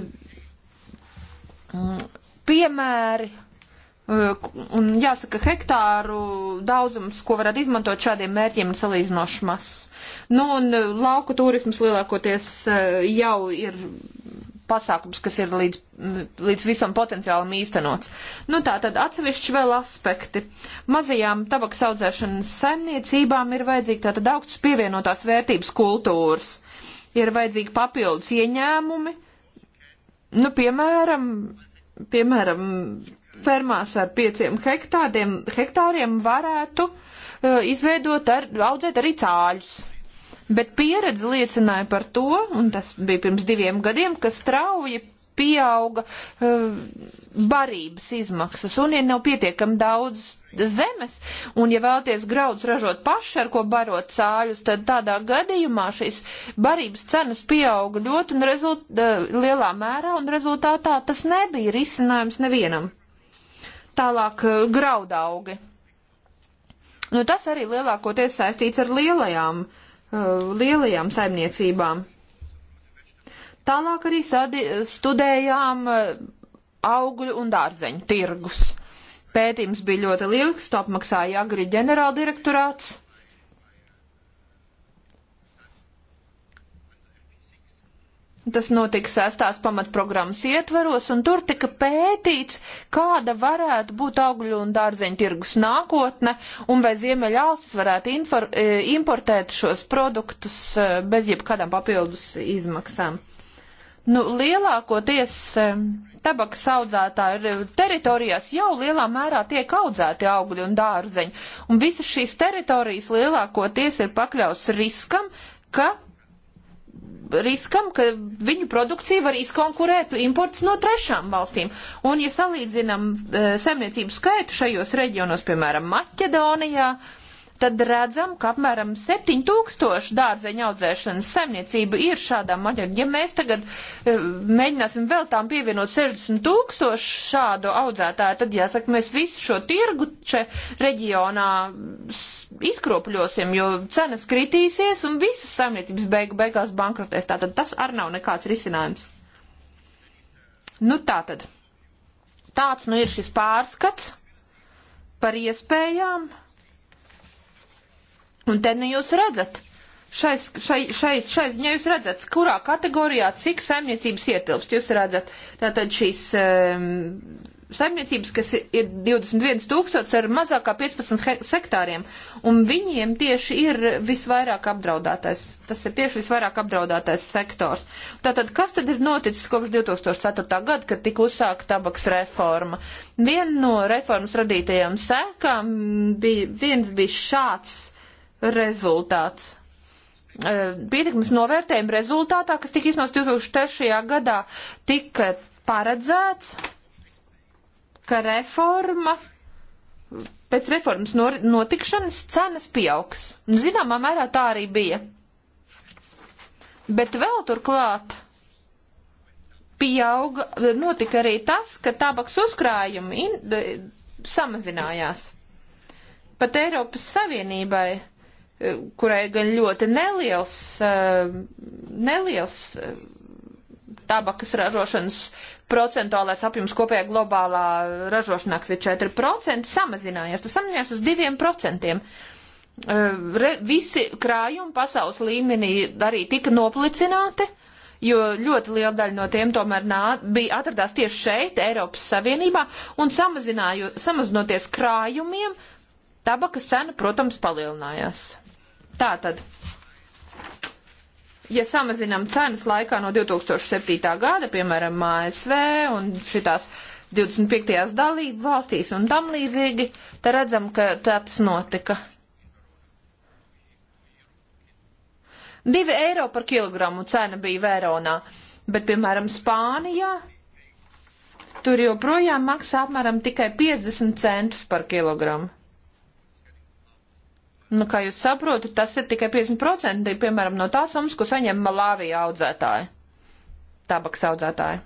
Speaker 3: piemēri, e, un jāsaka, hektāru daudzums, ko varat izmantot šādiem mērķiem, ir salīdzinoši mazs. Nu, un lauku turisms lielākoties jau ir pasākums, kas ir līdz, līdz visam potenciālam īstenots. Nu tā tad atsevišķi vēl aspekti. Mazajām tabaks audzēšanas saimniecībām ir vajadzīga tātad augsts pievienotās vērtības kultūras. Ir vajadzīgi papildus ieņēmumi, nu piemēram, piemēram, fermās ar pieciem hektāriem, hektāriem varētu uh, izveidot, ar, audzēt arī cāļus Bet pieredze liecināja par to, un tas bija pirms diviem gadiem, ka strauji pieauga uh, barības izmaksas, un ja nav pietiekami daudz zemes, un ja vēlties graudus ražot paši, ar ko barot cāļus, tad tādā gadījumā šīs barības cenas pieauga ļoti un rezult, uh, lielā mērā, un rezultātā tas nebija risinājums nevienam. Tālāk uh, graudaugi. Nu, tas arī lielākoties saistīts ar lielajām uh, Uh, lielajām saimniecībām. Tālāk arī sadi, studējām uh, augļu un dārzeņu tirgus. Pētījums bija ļoti ilgs, to apmaksāja Agri ģenerāldirektorāts. Tas notika sestās pamatprogrammas ietvaros, un tur tika pētīts, kāda varētu būt augļu un dārzeņu tirgus nākotne, un vai Ziemeļvalstis varētu e, importēt šos produktus e, bez jebkādām papildus izmaksām. Nu, lielākoties e, tabakas audzētāju teritorijās jau lielā mērā tiek audzēti augļi un dārzeņi, un visas šīs teritorijas lielākoties ir pakļauts riskam, ka riskam, ka viņu produkcija var izkonkurēt imports no trešām valstīm. Un, ja salīdzinam e, saimniecību skaitu šajos reģionos, piemēram, Maķedonijā, uh, tad redzam, ka apmēram 7000 dārzeņu audzēšanas saimniecība ir šādām maķēm. Ja mēs tagad e, mēģināsim vēl tām pievienot 60 tūkstoši šādu audzētāju, tad jāsaka, mēs visu šo tirgu še reģionā izkropļosim, jo cenas kritīsies un visas saimniecības beigu beigās bankrotēs. Tātad tas arī nav nekāds risinājums. Nu tātad. Tāds nu ir šis pārskats par iespējām, Un te nu jūs redzat, šai, šai, šai, šai ziņā jūs redzat, kurā kategorijā cik saimniecības ietilpst. Jūs redzat, tātad šīs um, saimniecības, kas ir 21 tūkstots ar mazākā 15 sektāriem, un viņiem tieši ir visvairāk apdraudātais, tas ir tieši visvairāk apdraudātais sektors. Tātad, kas tad ir noticis kopš 2004. gada, kad tika uzsākta tabaks reforma? Viena no reformas radītajām sēkām bija, viens bija šāds rezultāts e, pietekmes novērtējuma rezultātā, kas tika iznos 2003. gadā, tika paredzēts, ka reforma, pēc reformas notikšanas cenas pieaugs. Nu, zināmā mērā tā arī bija. Bet vēl turklāt pieauga, notika arī tas, ka tabaks uzkrājumi in, samazinājās. Pat Eiropas Savienībai kurai gan ļoti neliels, eh, neliels eh, tabakas ražošanas procentuālais apjoms kopējā globālā ražošanā, kas ir 4%, samazinājies. Tas samazinājās uz 2%. Eh, re, visi krājumi pasaules līmenī arī tika noplicināti, jo ļoti liela daļa no tiem tomēr nā, bija atradās tieši šeit, Eiropas Savienībā, un samazinoties krājumiem, tabakas cena, protams, palielinājās. Tātad, ja samazinām cenas laikā no 2007. gada, piemēram, ASV un šitās 25. dalību valstīs un tam līdzīgi, tad redzam, ka tāds notika. 2 eiro par kilogramu cena bija Veronā, bet, piemēram, Spānijā tur joprojām maksā apmēram tikai 50 centus par kilogramu. Nu, kā jūs saprotu, tas ir tikai 50% piemēram no tās summas, ko saņem Malāvija audzētāji, tabaks audzētāji.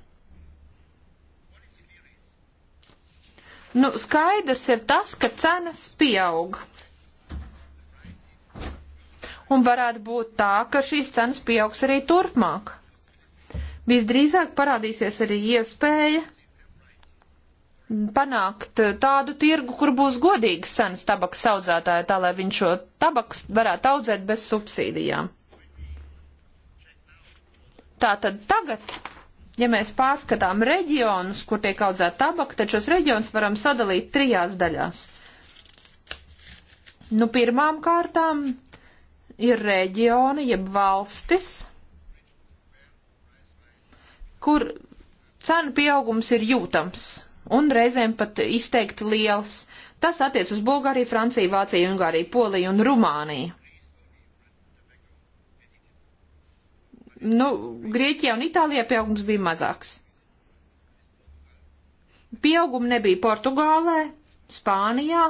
Speaker 3: Nu, skaidrs ir tas, ka cenas pieaug. Un varētu būt tā, ka šīs cenas pieaugs arī turpmāk. Visdrīzāk parādīsies arī iespēja panākt eh, tādu tirgu, kur būs godīgs cenas tabakas audzētāji, tā lai viņš šo tabaku varētu audzēt bez subsīdijām. Tātad tagad, ja mēs pārskatām reģionus, kur tiek audzēta tabaka, tad šos reģionus varam sadalīt trijās daļās. Nu, pirmām kārtām ir reģioni, jeb valstis, kur cenu pieaugums ir jūtams un reizēm pat izteikti liels. Tas attiec uz Bulgāriju, Franciju, Vāciju, Ungāriju, Poliju un Rumāniju. Nu, Grieķijā un Itālijā pieaugums bija mazāks. Pieauguma nebija Portugālē, Spānijā.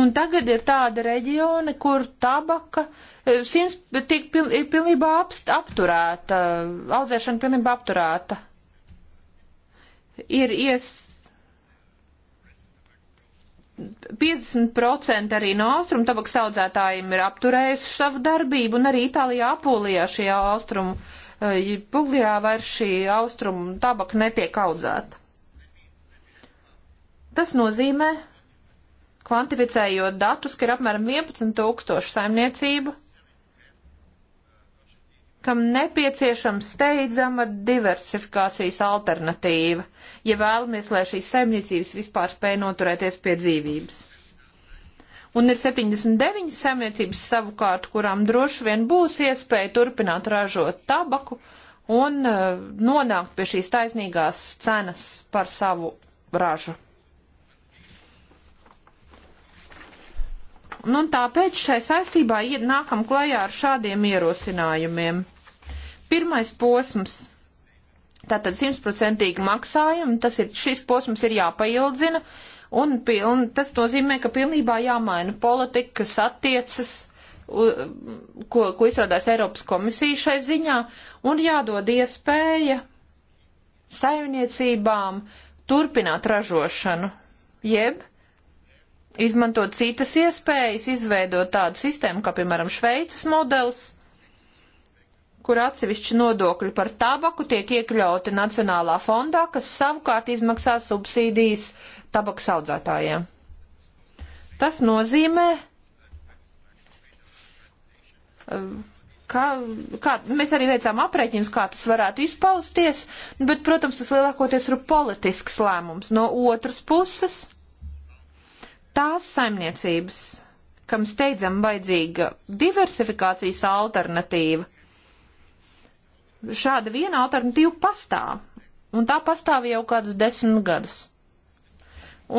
Speaker 3: Un tagad ir tāda reģiona, kur tabaka e, sims tiek pil, pilnībā apst, apturēta, audzēšana pilnībā apturēta ir ies 50% arī no austrumu tabaks audzētājiem ir apturējuši savu darbību, un arī Itālijā apūlijā šie austrumu, eh, Puglijā vairs šī austrumu tabaka netiek audzēta. Tas nozīmē, kvantificējot datus, ka ir apmēram 11 tūkstoši saimniecību, kam nepieciešama steidzama diversifikācijas alternatīva, ja vēlamies, lai šīs saimniecības vispār spēj noturēties pie dzīvības. Un ir 79 saimniecības savukārt, kurām droši vien būs iespēja turpināt ražot tabaku un uh, nonākt pie šīs taisnīgās cenas par savu ražu. Nu, tāpēc šai saistībā nākam klajā ar šādiem ierosinājumiem. Pirmais posms. Tātad simtprocentīgi maksājumi, tas ir, šis posms ir jāpaildzina, un piln, tas nozīmē, ka pilnībā jāmaina politika, kas attiecas ko, ko izstrādās Eiropas komisija šai ziņā, un jādod iespēja saimniecībām turpināt ražošanu, jeb izmantot citas iespējas, izveidot tādu sistēmu, kā piemēram Šveices modelis, kur atsevišķi nodokļi par tabaku tiek iekļauti Nacionālā fondā, kas savukārt izmaksā subsīdijas tabaks audzētājiem. Tas nozīmē, um, ka kā, mēs arī veicām aprēķinus, kā tas varētu izpausties, bet, protams, tas lielākoties ir politisks lēmums. No otras puses, tās saimniecības, kam steidzam vajadzīga diversifikācijas alternatīva, šāda viena alternatīva pastāv, un tā pastāv jau kādus desmit gadus.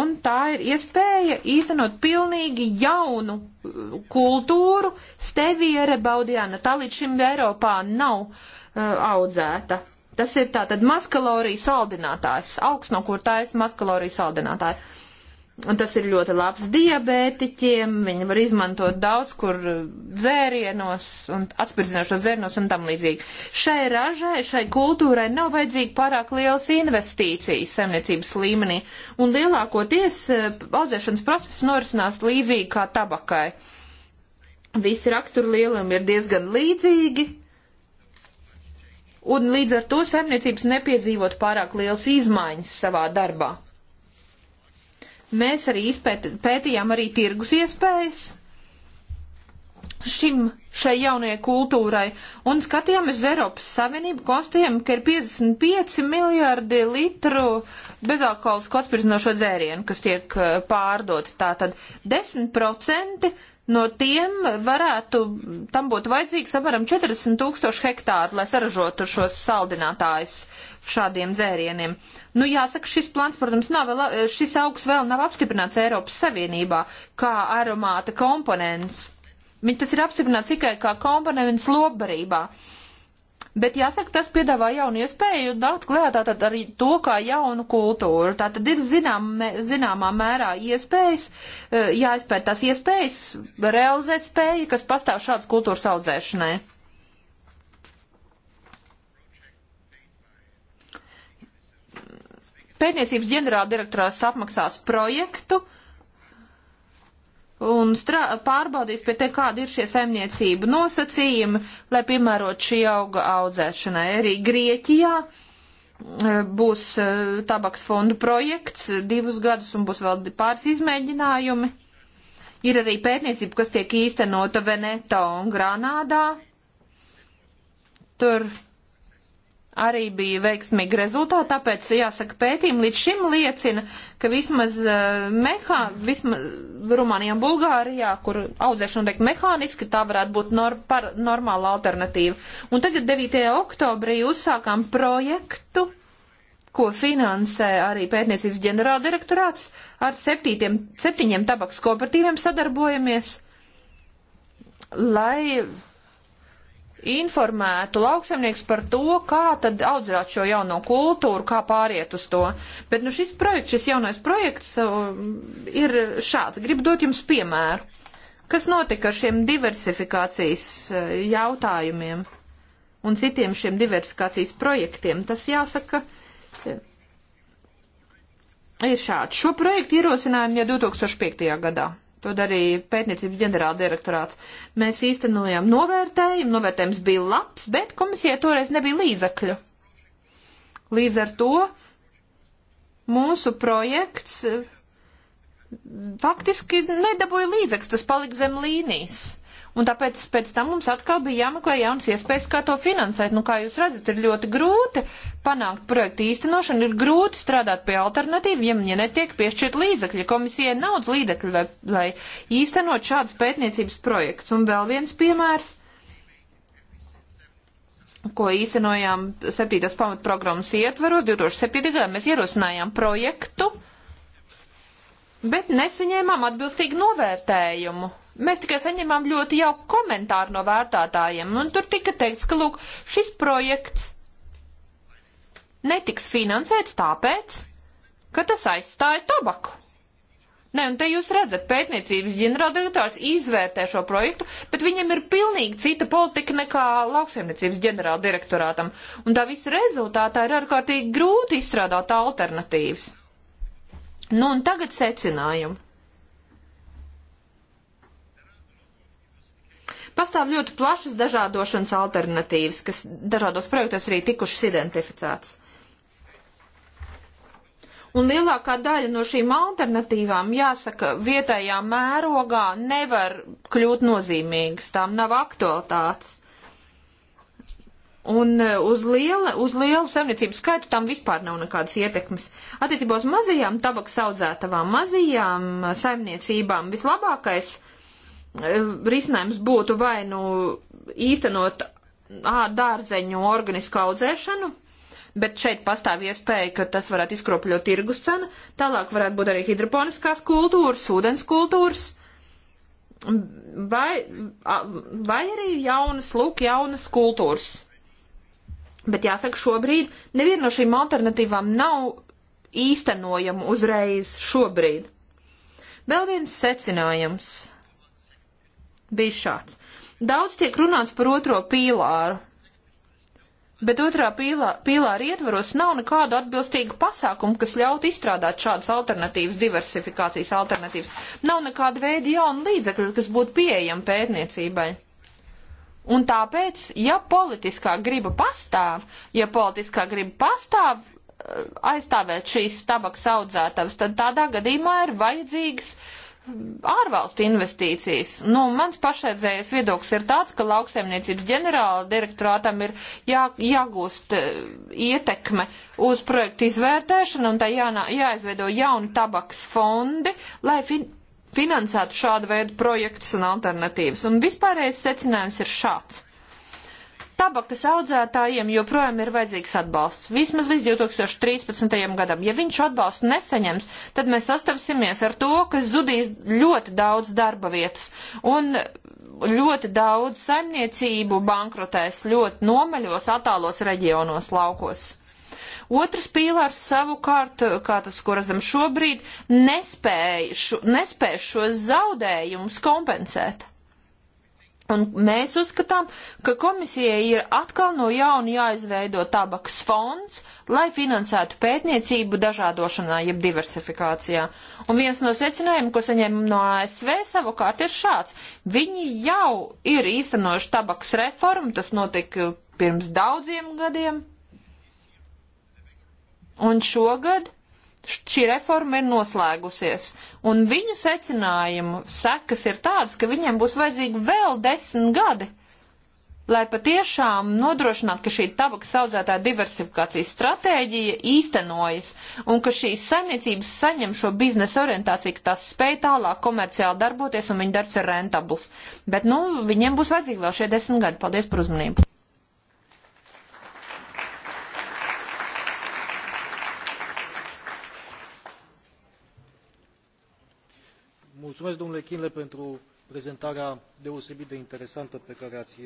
Speaker 3: Un tā ir iespēja īstenot pilnīgi jaunu uh, kultūru steviere baudījāna. Tā līdz šim Eiropā nav uh, audzēta. Tas ir tātad maskalorija saldinātājs, augs, no kur tā ir maskalorija saldinātāja. Un tas ir ļoti labs diabētiķiem, viņi var izmantot daudz kur eh, dzērienos un atspirdzināšos dzērienos un tam līdzīgi. Šai ražai, šai kultūrai nav vajadzīgi pārāk lielas investīcijas saimniecības līmenī, un lielākoties eh, audzēšanas process norisinās līdzīgi kā tabakai. Visi raksturu lielumi ir diezgan līdzīgi, un līdz ar to saimniecības nepiedzīvot pārāk liels izmaiņas savā darbā. Mēs arī izpēt, pētījām arī tirgus iespējas šim, šai jaunajai kultūrai, un skatījāmies uz Eiropas Savienību, konstatējām, ka ir 55 miljārdi litru bezalkoholisku atspirdzinošo dzērienu, kas tiek eh, pārdoti. Tātad 10% no tiem varētu, tam būtu vajadzīgs apmēram 40 tūkstoši hektāru, lai saražotu šos saldinātājus šādiem dzērieniem. Nu, jāsaka, šis plāns, protams, nav vēl, eh, šis augs vēl nav apstiprināts Eiropas Savienībā kā aromāta komponents. Viņš tas ir apstiprināts tikai kā komponents lobbarībā. Bet jāsaka, tas piedāvā jaunu iespēju nākt klajā tātad arī to kā jaunu kultūru. Tātad ir zinām, zināmā mērā iespējas, eh, jāizpēt tās iespējas, realizēt spēju, kas pastāv šādas kultūras audzēšanai. Pētniecības ģenerāldirektorās apmaksās projektu un pārbaudīs pie te, kāda ir šie saimniecību nosacījumi, lai piemērot šī auga audzēšanai. Arī Grieķijā e, būs e, tabaks fondu projekts e, divus gadus un būs vēl pāris izmēģinājumi. Ir arī pētniecība, kas tiek īstenota Veneto un Granādā. Tur arī bija veiksmīgi rezultāti, tāpēc jāsaka pētījumi līdz šim liecina, ka vismaz uh, eh, mehā, vismaz Rumānijā un Bulgārijā, kur audzēšana tiek mehāniski, tā varētu būt nor, par, normāla alternatīva. Un tagad 9. oktobrī uzsākām projektu, ko finansē arī pētniecības ģenerāldirektorāts, ar septītiem, septiņiem tabaks kooperatīviem sadarbojamies, lai informētu lauksemnieks par to, kā tad audzināt šo jauno kultūru, kā pāriet uz to. Bet nu šis projekts, šis jaunais projekts uh, ir šāds. Gribu dot jums piemēru. Kas notika ar šiem diversifikācijas uh, jautājumiem un citiem šiem diversifikācijas projektiem? Tas jāsaka. Uh, ir šāds. Šo projektu ierosinājumi jau 2005. gadā. To darīja pētniecības ģenerāldirektorāts. Mēs īstenojām novērtējumu, novērtējums bija labs, bet komisijai toreiz nebija līdzakļu. Līdz ar to mūsu projekts eh, faktiski nedabūja līdzekļus, tas palika zem līnijas. Un tāpēc pēc tam mums atkal bija jāmeklē jaunas iespējas, kā to finansēt. Nu, kā jūs redzat, ir ļoti grūti panākt projektu īstenošanu, ir grūti strādāt pie alternatīviem, ja netiek piešķirt līdzekļi. Komisijai naudas līdzekļi, lai, lai īstenot šādus pētniecības projektus. Un vēl viens piemērs ko īstenojām 7. pamatprogrammas ietvaros 2007. gadā. Mēs ierosinājām projektu, bet nesaņēmām atbilstīgu novērtējumu. Mēs tikai saņemām ļoti jauku komentāru no vērtātājiem, un tur tika teikts, ka, lūk, šis projekts netiks finansēts tāpēc, ka tas aizstāja tabaku. Nē, un te jūs redzat, pētniecības ģenerāldirektors izvērtē šo projektu, bet viņam ir pilnīgi cita politika nekā lauksaimniecības ģenerāldirektorātam, un tā visa rezultātā ir ārkārtīgi grūti izstrādāt alternatīvas. Nu, un tagad secinājumi. Pastāv ļoti plašas dažādošanas alternatīvas, kas dažādos projektos arī tikušas identificētas. Un lielākā daļa no šīm alternatīvām, jāsaka, vietējā mērogā nevar kļūt nozīmīgas, tām nav aktualitātes. Un e, uz, liela, uz lielu saimniecību skaitu tam vispār nav nekādas ietekmes. Attiecībā uz mazajām tabaks audzētavām, mazajām saimniecībām vislabākais Eh, risinājums būtu vai nu īstenot dārzeņu organisku audzēšanu, bet šeit pastāv iespēja, ka tas varētu izkropļot tirgus cenu. Tālāk varētu būt arī hidroponiskās kultūras, ūdens kultūras, vai, vai arī jaunas, lūk, jaunas kultūras. Bet jāsaka, šobrīd neviena no šīm alternatīvām nav īstenojama uzreiz šobrīd. Vēl viens secinājums bija šāds. Daudz tiek runāts par otro pīlāru, bet otrā pīlā, pīlāra ietvaros nav nekādu atbilstīgu pasākumu, kas ļautu izstrādāt šādas alternatīvas, diversifikācijas alternatīvas. Nav nekāda veida jauna līdzekļa, kas būtu pieejama pētniecībai. Un tāpēc, ja politiskā griba pastāv, ja politiskā griba pastāv eh, aizstāvēt šīs tabaks audzētavas, tad tādā gadījumā ir vajadzīgs uh, ārvalstu investīcijas. Nu, mans pašreizējais viedoklis ir tāds, ka lauksaimniecības ģenerāla direktorātam ir jā, jāgūst e, ietekme uz projektu izvērtēšanu un tā jānā, jāizveido jauni tabaks fondi, lai fin finansētu šādu veidu projektus un alternatīvas. Un vispārējais secinājums ir šāds. Tabakas audzētājiem joprojām ir vajadzīgs atbalsts, vismaz līdz 2013. gadam. Ja viņš atbalstu nesaņems, tad mēs sastapsimies ar to, ka zudīs ļoti daudz darba vietas un ļoti daudz saimniecību bankrotēs ļoti nomaļos, attālos reģionos, laukos. Otrs pīlārs savukārt, kā tas, ko redzam šobrīd, nespēj, šo, nespēj šos zaudējumus kompensēt. Un mēs uzskatām, ka komisijai ir atkal no jauna jāizveido tabaks fonds, lai finansētu pētniecību dažādošanā, jeb diversifikācijā. Un viens no secinājumiem, ko saņēmām no ASV savukārt, ir šāds. Viņi jau ir īstenojuši tabaks reformu, tas notika pirms daudziem gadiem. Un šogad šī reforma ir noslēgusies, un viņu secinājumu sekas ir tādas, ka viņiem būs vajadzīgi vēl desmit gadi, lai patiešām nodrošinātu, ka šī tabakas audzētāja diversifikācijas stratēģija īstenojas, un ka šīs saimniecības saņem šo biznesa orientāciju, ka tās spēj tālāk komerciāli darboties, un viņu darbs ir rentabls. Bet, nu, viņiem būs vajadzīgi vēl šie desmit gadi. Paldies par uzmanību!
Speaker 1: Mulțumesc, domnule Chinle, pentru prezentarea deosebit de interesantă pe care ați uh,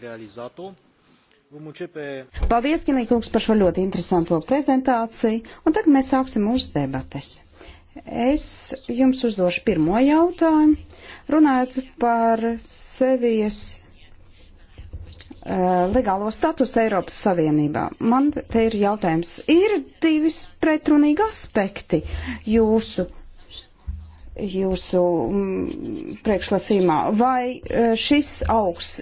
Speaker 1: realizat-o. Vom începe...
Speaker 4: Paldies, Kinīkungs, par šo ļoti interesanto prezentāciju. Un tagad mēs sāksim mūsu debates. Es jums uzdošu pirmo jautājumu, runājot par Sevijas uh, legālo statusu Eiropas Savienībā. Man te ir jautājums. Ir divi pretrunīgi aspekti jūsu jūsu mm, priekšlasījumā. Vai e, šis augs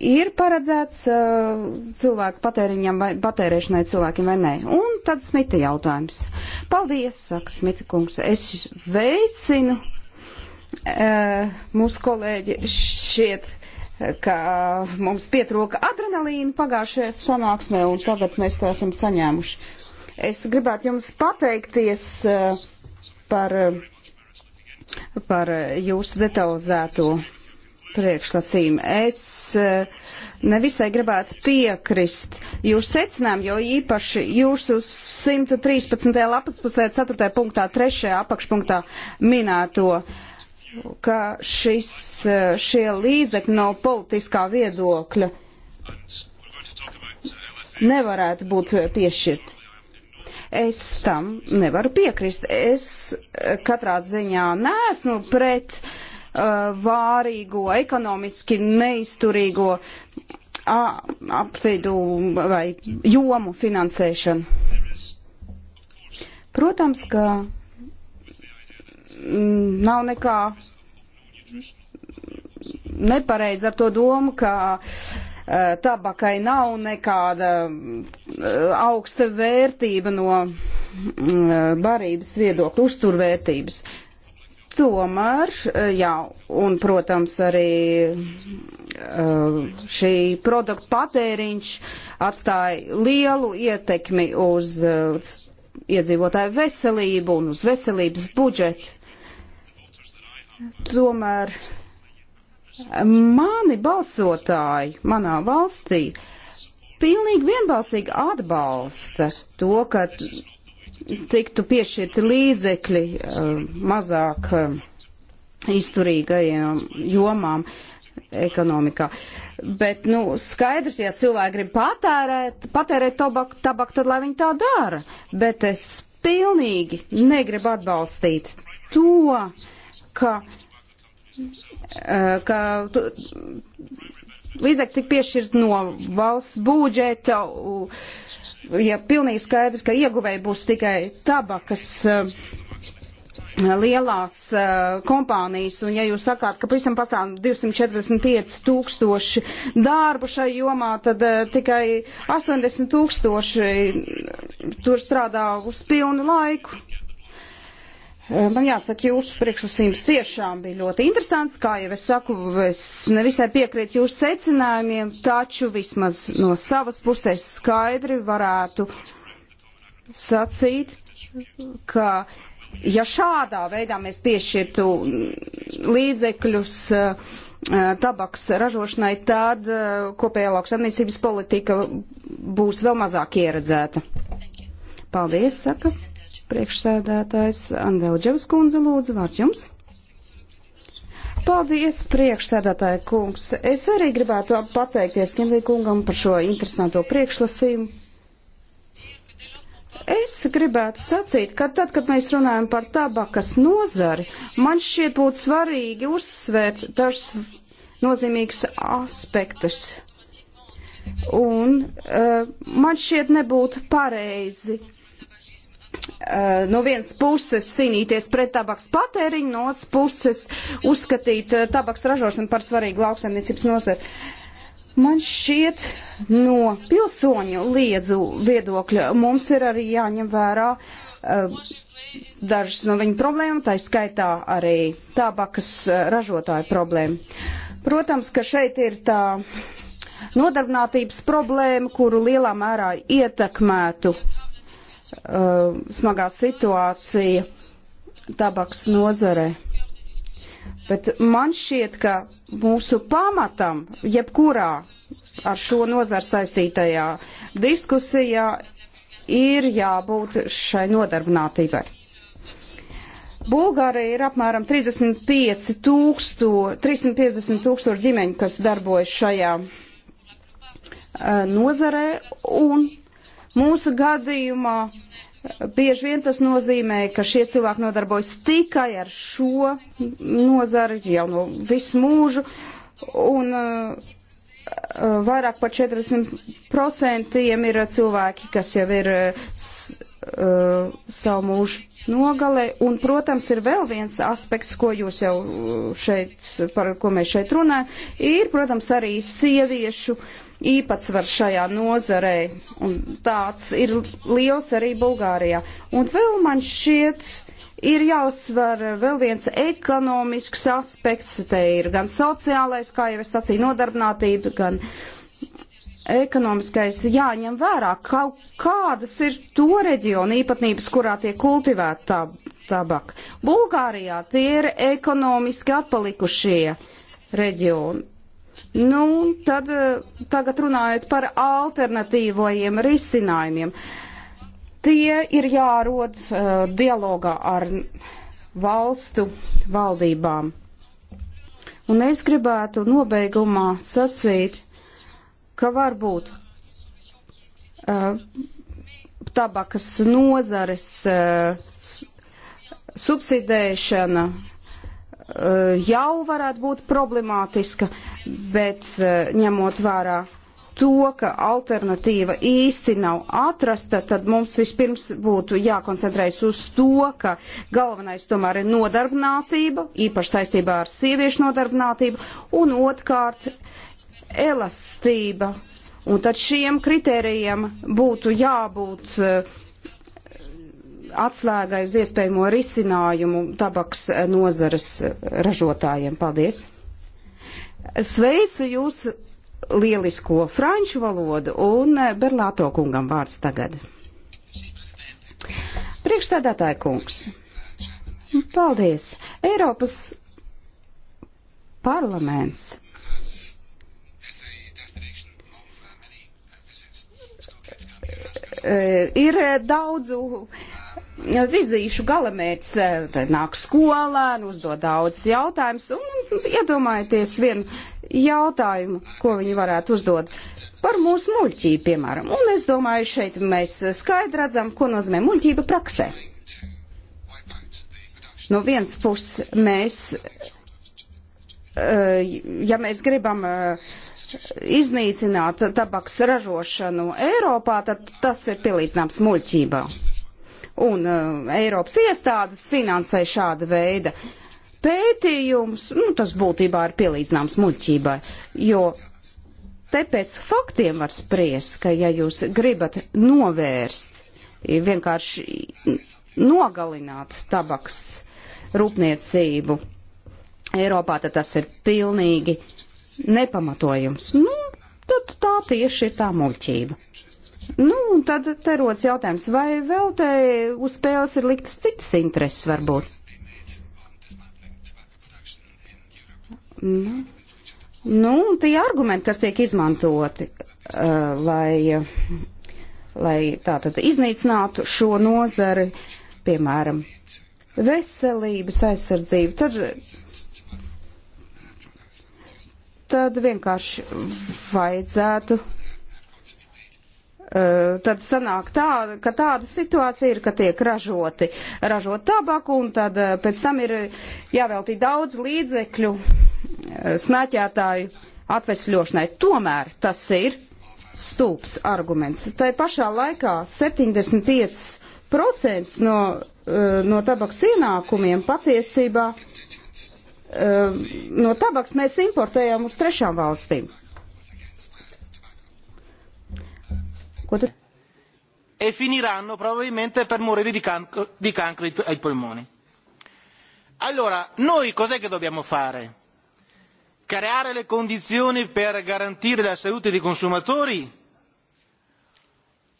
Speaker 4: ir paredzēts uh, cilvēku patēriņam vai patērēšanai cilvēkiem vai nē? Un tad Smita jautājums. Paldies, saka Smita kungs. Es veicinu uh, mūsu kolēģi šiet ka mums pietrūka adrenalīna pagājušajā sanāksmē, un tagad mēs to esam saņēmuši. Es gribētu jums pateikties uh, par uh, par eh, jūsu detalizēto priekšlasījumu. Es eh, nevisai gribētu piekrist jūs secinām, jo īpaši jūsu 113. lapas pusē, 4. punktā, 3. apakšpunktā minēto ka šis, eh, šie līdzekļi no politiskā viedokļa nevarētu būt piešķirti. Es tam nevaru piekrist. Es eh, katrā ziņā neesmu pret uh, vārīgo, ekonomiski neizturīgo apvidu vai jomu finansēšanu. Protams, ka mm, nav nekā nepareizi ar to domu, ka uh, Eh, tabakai nav nekāda eh, augsta vērtība no mm, eh, barības viedokļa, uzturvērtības. Tomēr, jā, un, protams, arī šī produkta patēriņš atstāja lielu ietekmi uz iedzīvotāju veselību un uz veselības budžetu. Tomēr Mani balsotāji manā valstī pilnīgi vienbalsīgi atbalsta to, ka tiktu piešķirti līdzekļi eh, mazāk eh, izturīgajām jomām ekonomikā. Bet, nu, skaidrs, ja cilvēki grib patērēt, patērēt tobaku, tabaku, tad lai viņi tā dara. Bet es pilnīgi negribu atbalstīt to, ka uh, ka līdzekļi tik piešķirt no valsts budžeta, ja pilnīgi skaidrs, ka ieguvēji būs tikai tabakas e, lielās uh, kompānijas, un ja jūs sakāt, ka pavisam pastāv 245 tūkstoši darbu šai jomā, tad uh, tikai 80 tūkstoši tur strādā uz pilnu laiku. Eh, man jāsaka, jūsu priekšlasījums tiešām bija ļoti interesants. Kā jau es saku, es nevisai piekrītu jūsu secinājumiem, taču vismaz no savas puses skaidri varētu sacīt, ka ja šādā veidā mēs piešķirtu līdzekļus eh, eh, tabaks ražošanai, tad kopējā lauksaimniecības politika būs vēl mazāk ieredzēta. Paldies, saka. Priekšsēdētājs Andelģevs kundze lūdzu, vārds jums. Paldies, priekšsēdētāja kungs. Es arī gribētu pateikties Kimlī kungam par šo interesanto priekšlasījumu. Es gribētu sacīt, ka tad, kad mēs runājam par tabakas nozari, man šķiet būtu svarīgi uzsvērt dažs nozīmīgs aspektus. Un uh, man šķiet nebūtu pareizi Eh, no vienas puses cīnīties pret tabaks patēriņu, no otras puses uzskatīt eh, tabaks ražošanu par svarīgu lauksaimniecības nozari. Man šķiet, no pilsoņu liedzu viedokļa mums ir arī jāņem vērā uh, dažas no viņu problēmu, tā skaitā arī tabakas ražotāju problēmu. Protams, ka šeit ir tā nodarbinātības problēma, kuru lielā mērā ietekmētu uh, uh, smagā situācija tabaks nozarē. Bet man šķiet, ka mūsu pamatam, jebkurā ar šo nozaru saistītajā diskusijā, ir jābūt šai nodarbinātībai. Bulgārija ir apmēram 35 tūkstu, 350 tūkstoši ģimeņu, kas darbojas šajā uh, nozarē, un Mūsu gadījumā bieži vien tas nozīmē, ka šie cilvēki nodarbojas tikai ar šo nozari jau no visu mūžu, un uh, uh vairāk par 40% ir cilvēki, kas jau ir s, uh, savu mūžu nogalē, un, protams, ir vēl viens aspekts, ko jūs jau uh, šeit, par ko mēs šeit runājam, ir, protams, arī sieviešu uh, īpatsvars šajā nozarē, un tāds ir liels arī Bulgārijā. Un vēl man šķiet, ir jāuzsver vēl viens ekonomisks aspekts, te ir gan sociālais, kā jau es sacīju, nodarbinātība, gan ekonomiskais jāņem vērā, kaut kādas ir to reģionu īpatnības, kurā tiek kultivēta tab tabaka. Bulgārijā tie ir ekonomiski atpalikušie reģioni. Nu, tad eh, tagad runājot par alternatīvajiem risinājumiem. Tie ir jārod uh, dialogā ar valstu valdībām. Un es gribētu nobeigumā sacīt, ka varbūt uh, tabakas nozares uh, subsidēšana uh, Eh, jau varētu būt problemātiska, bet eh, ņemot vērā to, ka alternatīva īsti nav atrasta, tad mums vispirms būtu jākoncentrējas uz to, ka galvenais tomēr ir nodarbinātība, īpaši saistībā ar sieviešu nodarbinātību, un otrkārt elastība. Un tad šiem kritērijiem būtu jābūt uh, atslēgai uz iespējamo risinājumu tabaks eh, nozares eh, ražotājiem. Paldies! Sveicu jūs lielisko franču valodu un eh, Berlāto kungam vārds tagad. Priekšstādātāja kungs. Paldies! Eiropas parlaments. ir daudzu vizīšu galamērķis eh, nāk skolā, nu, uzdod daudz jautājumus un iedomājieties vienu jautājumu, ko viņi varētu uzdot. Par mūsu muļķību, piemēram. Un es domāju, šeit mēs skaidri redzam, ko nozīmē muļķība praksē. No vienas puses mēs eh, ja mēs gribam eh, iznīcināt tabaks ražošanu Eiropā, tad tas ir pielīdzināms muļķībā un uh, Eiropas iestādes finansē šāda veida pētījums, nu, tas būtībā ir pielīdzināms muļķībai, jo te pēc faktiem var spriest, ka ja jūs gribat novērst, vienkārši nogalināt tabaks rūpniecību Eiropā, tad tas ir pilnīgi nepamatojums. Nu, tad tā tieši ir tā muļķība. Nu, un tad te rodas jautājums, vai vēl te uz spēles ir liktas citas intereses varbūt? Nu, nu tie argumenti, kas tiek izmantoti, uh, lai, lai tātad iznīcinātu šo nozari, piemēram, veselības aizsardzību, tad, tad vienkārši vajadzētu Eh, tad sanāk tā, ka tāda situācija ir, ka tiek ražoti, ražot tabaku, un tad eh, pēc tam ir jāveltī daudz līdzekļu eh, snaķētāju atvesļošanai. Tomēr tas ir stulbs arguments. Tā pašā laikā 75% no, no tabaks ienākumiem patiesībā no tabaks mēs importējam uz trešām valstīm.
Speaker 1: Ko tu... E finiranno probabilmente per morire di cancro, di cancro ai polmoni. Allora, noi cos'è che dobbiamo fare? Creare le condizioni per garantire la salute dei consumatori?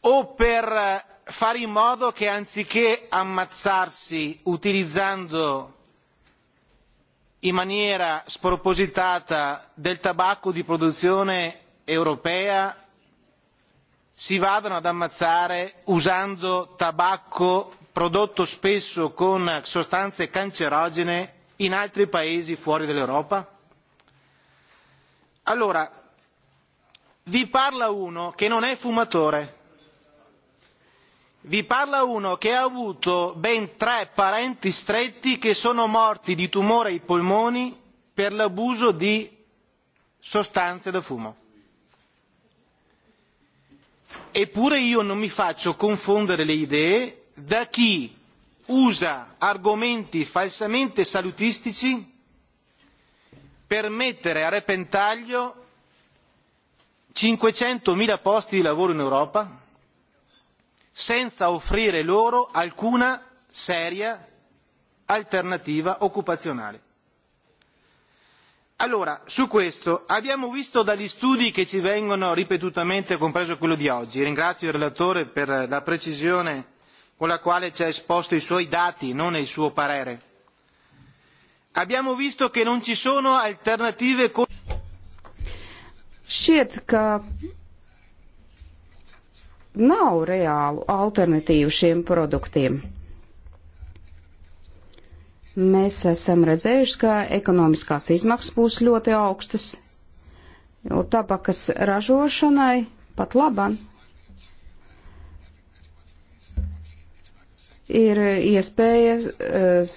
Speaker 1: O per fare in modo che anziché ammazzarsi utilizzando in maniera spropositata del tabacco di produzione europea si vadano ad ammazzare usando tabacco prodotto spesso con sostanze cancerogene in altri paesi fuori dall'Europa? Allora, vi parla uno che non è fumatore, vi parla uno che ha avuto ben tre parenti stretti che sono morti di tumore ai polmoni per l'abuso di sostanze da fumo. Eppure io non mi faccio confondere le idee da chi usa argomenti falsamente salutistici per mettere a repentaglio 500.000 posti di lavoro in Europa senza offrire loro alcuna seria alternativa occupazionale allora su questo abbiamo visto dagli studi che ci vengono ripetutamente compreso quello di oggi ringrazio il relatore per la precisione con la quale ci ha esposto i suoi dati non il suo parere abbiamo visto che non ci sono alternative
Speaker 4: Šķiet, ka nav reālu alternatīvu šiem produktiem. Mēs esam redzējuši, ka ekonomiskās izmaksas būs ļoti augstas, jo tabakas ražošanai pat laban ir iespēja uh,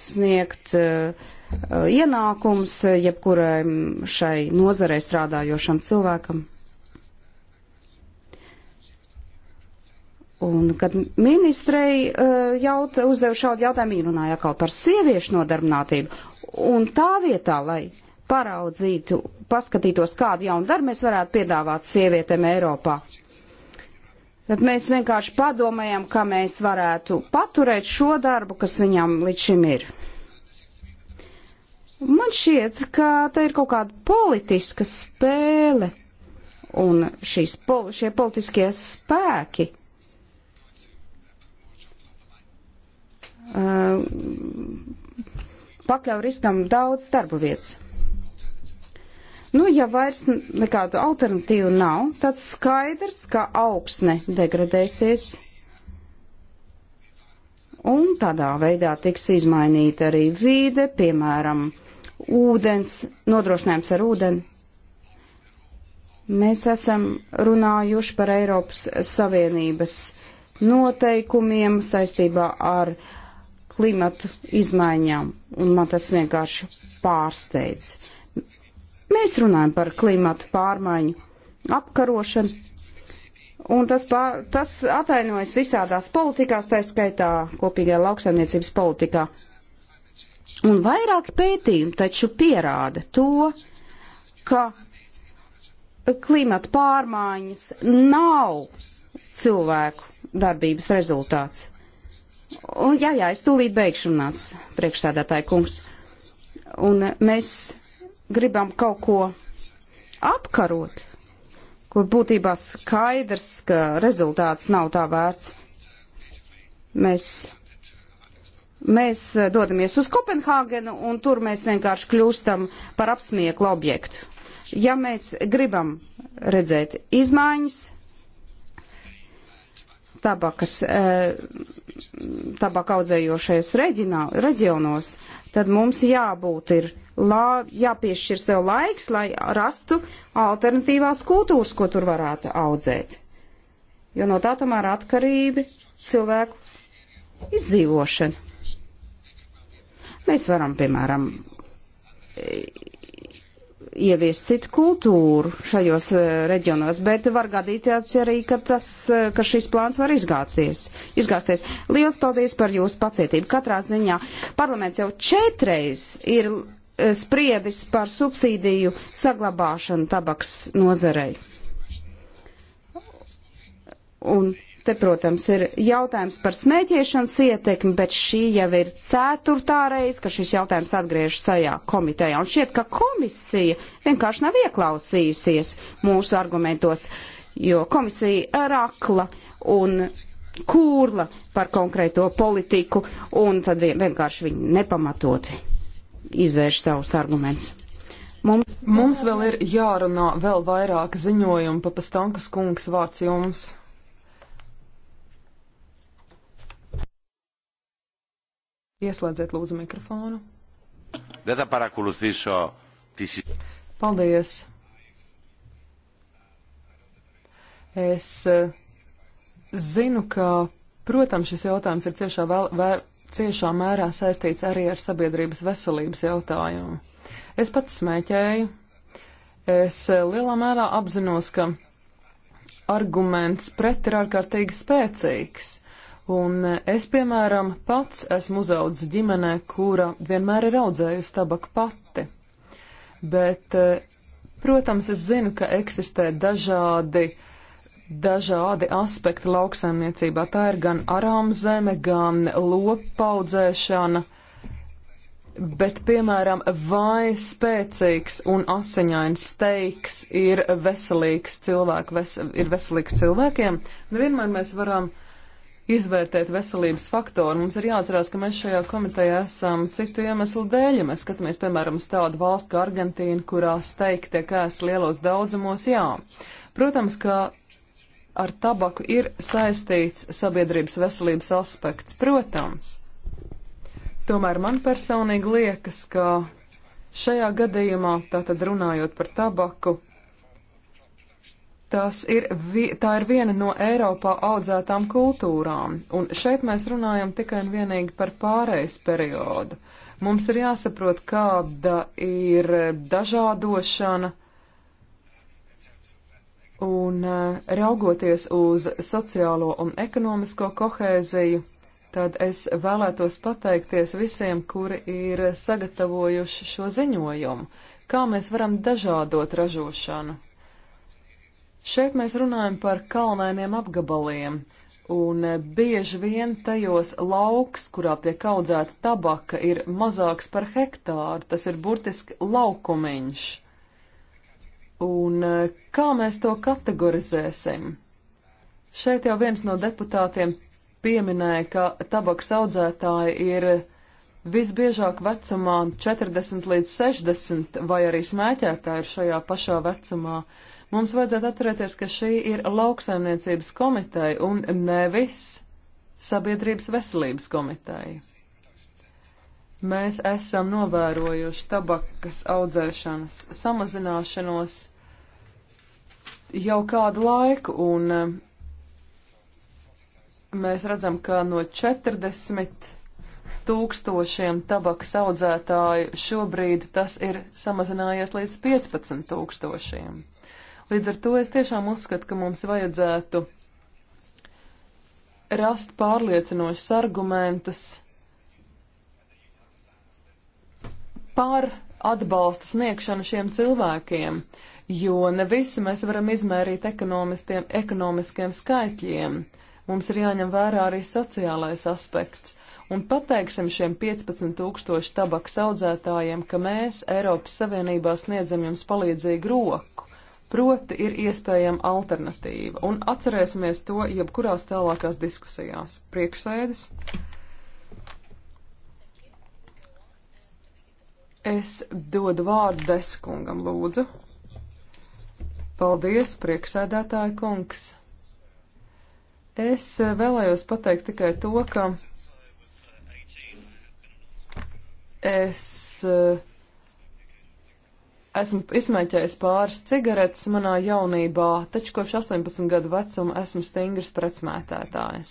Speaker 4: sniegt uh, ienākums jebkurai šai nozarei strādājošam cilvēkam. Un, kad ministrei e, jaut, uzdevu šādu jautājumu, viņa runāja atkal par sieviešu nodarbinātību. Un tā vietā, lai paraudzītu, paskatītos, kādu jaunu darbu mēs varētu piedāvāt sievietēm Eiropā. Tad mēs vienkārši padomājam, kā mēs varētu paturēt šo darbu, kas viņam līdz šim ir. Man šķiet, ka te ir kaut kāda politiska spēle, un šīs, pol šie politiskie spēki Uh, pakļauj riskam daudz darba vietas. Nu, ja vairs nekādu alternatīvu nav, tad skaidrs, ka augsne degradēsies. Un tādā veidā tiks izmainīta arī vīde, piemēram, ūdens, nodrošinājums ar ūdeni. Mēs esam runājuši par Eiropas Savienības noteikumiem saistībā ar uh, klimatu izmaiņām, un man tas vienkārši pārsteidz. Mēs runājam par klimatu pārmaiņu apkarošanu, un tas, pār, tas atainojas visādās politikās, tā skaitā kopīgajā lauksaimniecības politikā. Un vairāk pētījumi taču pierāda to, ka klimata pārmaiņas nav cilvēku darbības rezultāts. Un, jā, jā, es tūlīt beigšu runāts, priekšstādātāja kungs. Un mēs gribam kaut ko apkarot, kur būtībā skaidrs, ka rezultāts nav tā vērts. Mēs, mēs dodamies uz Kopenhāgenu un tur mēs vienkārši kļūstam par apsmieklu objektu. Ja mēs gribam redzēt izmaiņas, tabakas, e, tabaka audzējošajos reģionos, tad mums jābūt ir lā, jāpiešķir sev laiks, lai rastu alternatīvās kultūras, ko tur varētu audzēt. Jo no tā tomēr atkarība cilvēku izdzīvošana. Mēs varam, piemēram, ieviest citu kultūru šajos eh, reģionos, bet var gadīties arī, ka, tas, eh, ka šis plāns var izgāties. izgāsties. Liels paldies par jūsu pacietību. Katrā ziņā parlaments jau četreiz ir eh, spriedis par subsīdiju saglabāšanu tabaks nozarei. Un Te, protams, ir jautājums par smēķēšanas ietekmi, bet šī jau ir ceturtā reize, ka šis jautājums atgriežas tajā komitejā. Un šķiet, ka komisija vienkārši nav ieklausījusies mūsu argumentos, jo komisija ir akla un kūrla par konkrēto politiku, un tad vienkārši viņi nepamatoti izvērš savus argumentus.
Speaker 2: Mums, mums vēl ir jārunā vēl vairāk ziņojumu, papastankas kungs vārds jums. Ieslēdziet lūdzu mikrofonu. Paldies. Es zinu, ka, protams, šis jautājums ir ciešā, vēl, vēl, ciešā mērā saistīts arī ar sabiedrības veselības jautājumu. Es pats smēķēju. Es e, lielā mērā apzinos, ka arguments pret ir ārkārtīgi spēcīgs. Un eh, es, piemēram, pats esmu uzaudzis ģimenē, kura vienmēr ir audzējusi tabaku pati. Bet, eh, protams, es zinu, ka eksistē dažādi, dažādi aspekti lauksaimniecībā. Tā ir gan arāmzeme, gan lopaudzēšana. Bet, piemēram, vai spēcīgs un asiņains steiks ir veselīgs, cilvēku, ves, ir veselīgs cilvēkiem? Nevienmēr mēs varam uh, izvērtēt veselības faktoru. Mums ir jāatcerās, ka mēs šajā komitejā esam citu iemeslu dēļ. Ja mēs skatāmies, piemēram, uz tādu valstu kā Argentīnu, kurā steigti tiek ēst lielos daudzumos, jā. Protams, ka ar tabaku ir saistīts sabiedrības veselības aspekts, protams. Tomēr man personīgi liekas, ka šajā gadījumā, tātad runājot par tabaku, Tas ir, tā ir viena no Eiropā audzētām kultūrām, un šeit mēs runājam tikai un vienīgi par pārejas periodu. Mums ir jāsaprot, kāda ir dažādošana, un eh, raugoties uz sociālo un ekonomisko kohēziju, tad es vēlētos pateikties visiem, kuri ir sagatavojuši šo ziņojumu, kā mēs varam dažādot ražošanu Šeit mēs runājam par kalnainiem apgabaliem, un e, bieži vien tajos lauks, kurā tiek audzēta tabaka, ir mazāks par hektāru. Tas ir burtiski laukumiņš. Un e, kā mēs to kategorizēsim? Šeit jau viens no deputātiem pieminēja, ka tabaks audzētāji ir visbiežāk vecumā 40 līdz 60, vai arī smēķētāji ir šajā pašā vecumā. Uh, Mums vajadzētu atcerēties, ka šī ir lauksaimniecības komiteja un nevis sabiedrības veselības komiteja. Mēs esam novērojuši tabakas audzēšanas samazināšanos jau kādu laiku, un eh, mēs redzam, ka no 40 tūkstošiem tabakas audzētāju šobrīd tas ir samazinājies līdz 15 tūkstošiem. Līdz ar to es tiešām uzskatu, ka mums vajadzētu rast pārliecinošus argumentus par atbalsta sniegšanu šiem cilvēkiem, jo ne visu mēs varam izmērīt ekonomiskiem skaitļiem. Mums ir jāņem vērā arī sociālais aspekts. Un pateiksim šiem 15 tūkstoši tabaks audzētājiem, ka mēs Eiropas Savienībā sniedzam jums palīdzīgu roku. Proti ir iespējama alternatīva, un atcerēsimies to jebkurās tālākās diskusijās. Priekšsēdis. Es dodu vārdu Deskungam, lūdzu. Paldies, priekšsēdētāja kungs. Es vēlējos pateikt tikai to, ka es uh, Esmu izmēķējis pāris cigaretes manā jaunībā, taču kopš 18 gadu vecuma esmu stingrs pretsmētētājs.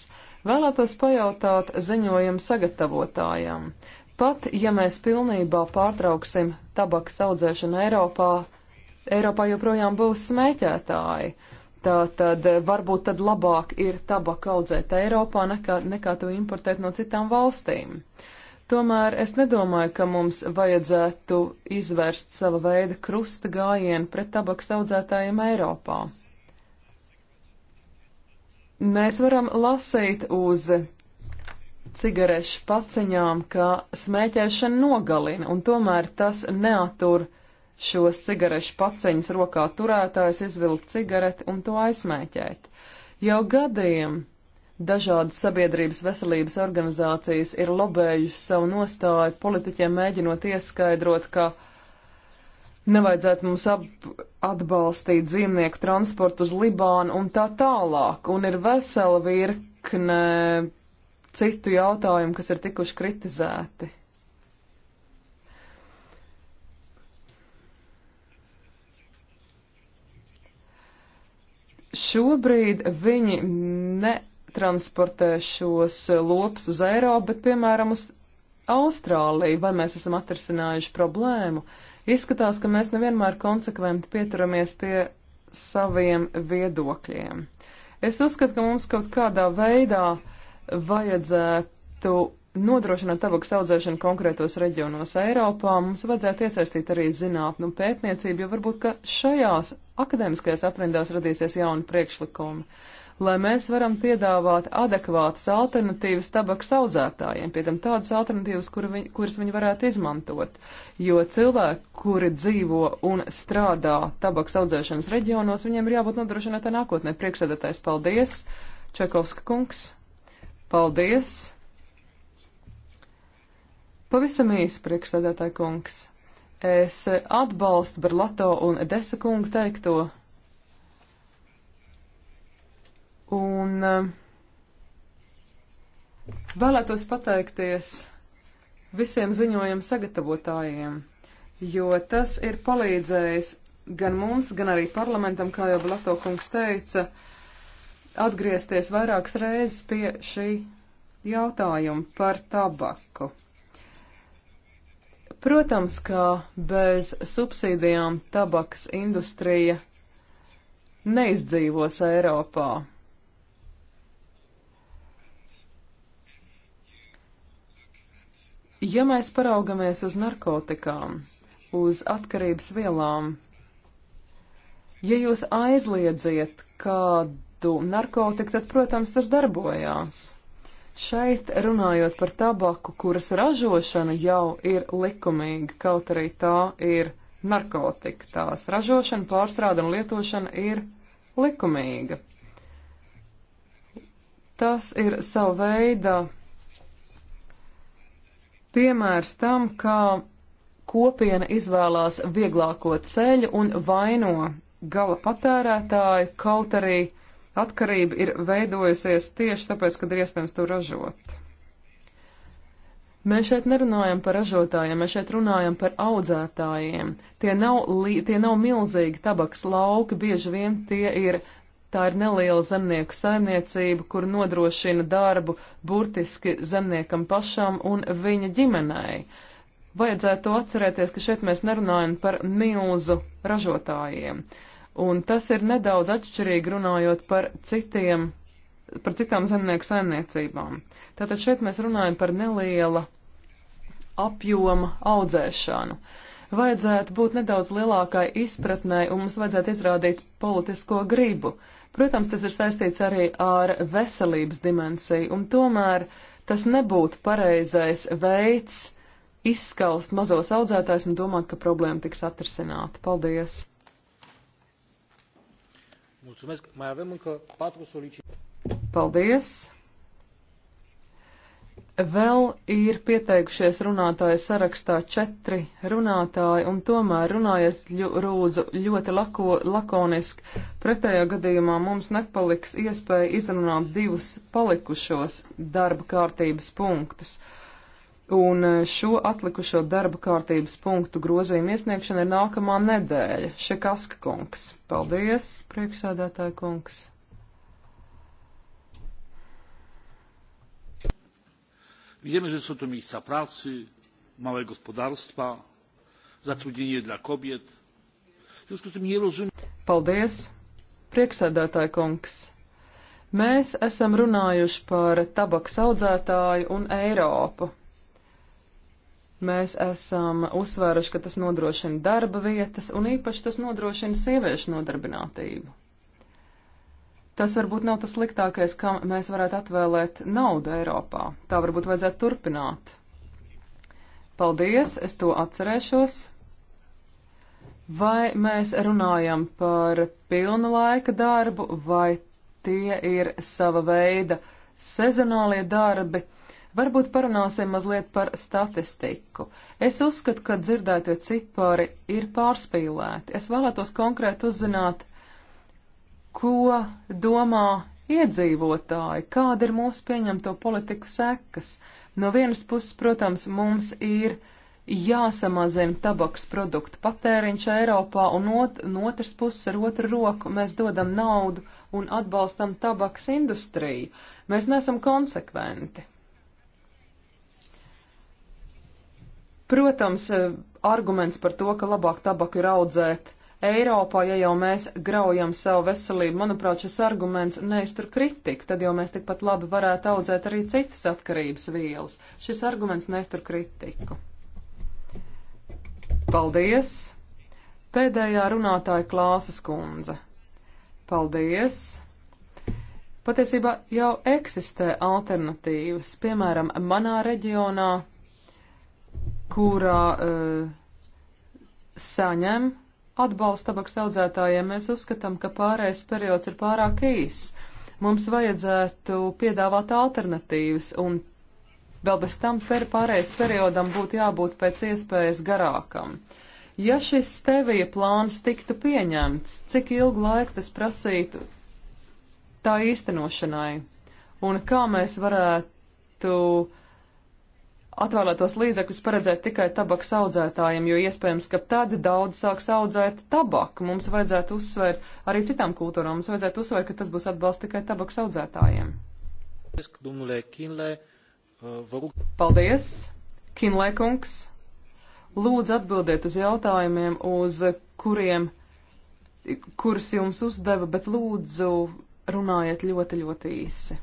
Speaker 2: Vēlētos pajautāt ziņojumu sagatavotājam. Pat ja mēs pilnībā pārtrauksim tabakas audzēšanu Eiropā, Eiropā joprojām būs smēķētāji. Tā tad eh, varbūt tad labāk ir tabaku audzēt Eiropā nekā, nekā to importēt no citām valstīm. Uh, Tomēr es nedomāju, ka mums vajadzētu izvērst sava veida krusta gājienu pret tabaks audzētājiem Eiropā. Mēs varam lasīt uz cigarešu paciņām, ka smēķēšana nogalina, un tomēr tas neatur šos cigarešu paciņas rokā turētājs izvilkt cigareti un to aizsmēķēt. Jau gadiem Dažādas sabiedrības veselības organizācijas ir lobējusi savu nostāju politiķiem, mēģinot ieskaidrot, ka nevajadzētu mums atbalstīt dzīvnieku transportu uz Libānu un tā tālāk. Un ir vesela virkne citu jautājumu, kas ir tikuši kritizēti. Šobrīd viņi ne transportē šos lopus uz Eiropu, bet, piemēram, uz Austrāliju, vai mēs esam atrisinājuši problēmu. Izskatās, ka mēs nevienmēr konsekventi pieturamies pie saviem viedokļiem. Es uzskatu, ka mums kaut kādā veidā vajadzētu nodrošināt tabakas audzēšanu konkrētos reģionos Eiropā. Mums vajadzētu iesaistīt arī zinātnu un pētniecību, jo varbūt, ka šajās akadēmiskajās aprindās radīsies jauni priekšlikumi. Uh, lai mēs varam piedāvāt adekvātas alternatīvas tabaks audzētājiem, pie tam tādas alternatīvas, kur viņ, kuras viņi varētu izmantot. Jo cilvēki, kuri dzīvo un strādā tabaks audzēšanas reģionos, viņiem ir jābūt nodrošinātai nākotnē. Priekšsēdētājs, paldies! Čekovska kungs, paldies! Pavisam īsi, priekšsēdētāja kungs! Es atbalstu Berlato un Desa kungu teikto, Un eh, vēlētos pateikties visiem ziņojumu sagatavotājiem, jo tas ir palīdzējis gan mums, gan arī parlamentam, kā jau Blato kungs teica, atgriezties vairākas reizes pie šī jautājuma par tabaku. Protams, ka bez subsīdijām tabakas industrija neizdzīvos Eiropā. Ja mēs paraugamies uz narkotikām, uz atkarības vielām, ja jūs aizliedziet kādu narkotiku, tad, protams, tas darbojās. Šeit runājot par tabaku, kuras ražošana jau ir likumīga, kaut arī tā ir narkotika. Tās ražošana, pārstrāde un lietošana ir likumīga. Tas ir sava veida piemērs tam, kā kopiena izvēlās vieglāko ceļu un vaino gala patērētāju, kaut arī atkarība ir veidojusies tieši tāpēc, kad ir iespējams to ražot. Mēs šeit nerunājam par ražotājiem, mēs šeit runājam par audzētājiem. Tie nav, tie nav milzīgi tabaks lauki, bieži vien tie ir Tā ir neliela zemnieku saimniecība, kur nodrošina darbu burtiski zemniekam pašam un viņa ģimenei. Vajadzētu atcerēties, ka šeit mēs nerunājam par milzu ražotājiem. Un tas ir nedaudz atšķirīgi runājot par citiem, par citām zemnieku saimniecībām. Tātad šeit mēs runājam par neliela apjoma audzēšanu. Vajadzētu būt nedaudz lielākai izpratnei un mums vajadzētu izrādīt politisko gribu. Protams, tas ir saistīts arī ar veselības dimensiju, un tomēr tas nebūtu pareizais veids izskaust mazos audzētājs un domāt, ka problēma tiks atrisināta. Paldies!
Speaker 1: Mulțumesc. Mai avem încă patru solicitări.
Speaker 2: Paldies! Vēl ir pieteikušies runātāju sarakstā četri runātāji, un tomēr runājiet ļu, rūdzu ļoti lako, lakoniski. Pretējā gadījumā mums nepaliks iespēja izrunāt divus palikušos darba kārtības punktus. Un e, šo atlikušo darba kārtības punktu grozījumu iesniegšana ir nākamā nedēļa. Šekaska kungs. Paldies, priekšsēdētāja kungs.
Speaker 1: wiemy że są to miejsca pracy małe gospodarstwa zatrudnienie dla kobiet
Speaker 2: w związku z tym nie rozumiem Paldies, prieksēdētāja kungs. Mēs esam runājuši par tabaks audzētāju un Eiropu. Mēs esam uzsvēruši, ka tas nodrošina darba vietas un īpaši tas nodrošina sieviešu nodarbinātību. Tas varbūt nav tas sliktākais, kam mēs varētu atvēlēt naudu Eiropā. Tā varbūt vajadzētu turpināt. Paldies, es to atcerēšos. Vai mēs runājam par pilnu laika darbu, vai tie ir sava veida sezonālie darbi? Varbūt parunāsim mazliet par statistiku. Es uzskatu, ka dzirdētie cipari ir pārspīlēti. Es vēlētos konkrēti uzzināt, ko domā iedzīvotāji, kāda ir mūsu pieņemto politiku sekas. No vienas puses, protams, mums ir jāsamazina tabaks produktu patēriņš Eiropā, un ot, no otras puses ar otru roku mēs dodam naudu un atbalstam tabaks industriju. Mēs neesam konsekventi. Protams, eh, arguments par to, ka labāk tabaku ir audzēt Eiropā, ja jau mēs graujam savu veselību. Manuprāt, šis arguments neiztur kritiku, tad jau mēs tikpat labi varētu audzēt arī citas atkarības vielas. Šis arguments neiztur kritiku. Paldies! Pēdējā runātāja klāsas kundze. Paldies! Patiesībā jau eksistē alternatīvas, piemēram, manā reģionā, kurā uh, saņem atbalsta tabaks audzētājiem. Mēs uzskatām, ka pārējais periods ir pārāk īs. Mums vajadzētu piedāvāt alternatīvas, un vēl bez tam per pārējais periodam būtu jābūt pēc iespējas garākam. Ja šis stevija plāns tiktu pieņemts, cik ilgu laiku tas prasītu tā īstenošanai? Un kā mēs varētu atvēlētos līdzekļus paredzēt tikai tabaks audzētājiem, jo iespējams, ka tad daudz sāks audzēt tabaku. Mums vajadzētu uzsvērt arī citām kultūrām, mums vajadzētu uzsvērt, ka tas būs atbalsts tikai tabaks audzētājiem. Paldies, Kinlē kungs! Lūdzu atbildiet uz jautājumiem, uz kuriem, kurus jums uzdeva, bet lūdzu runājiet ļoti, ļoti īsi.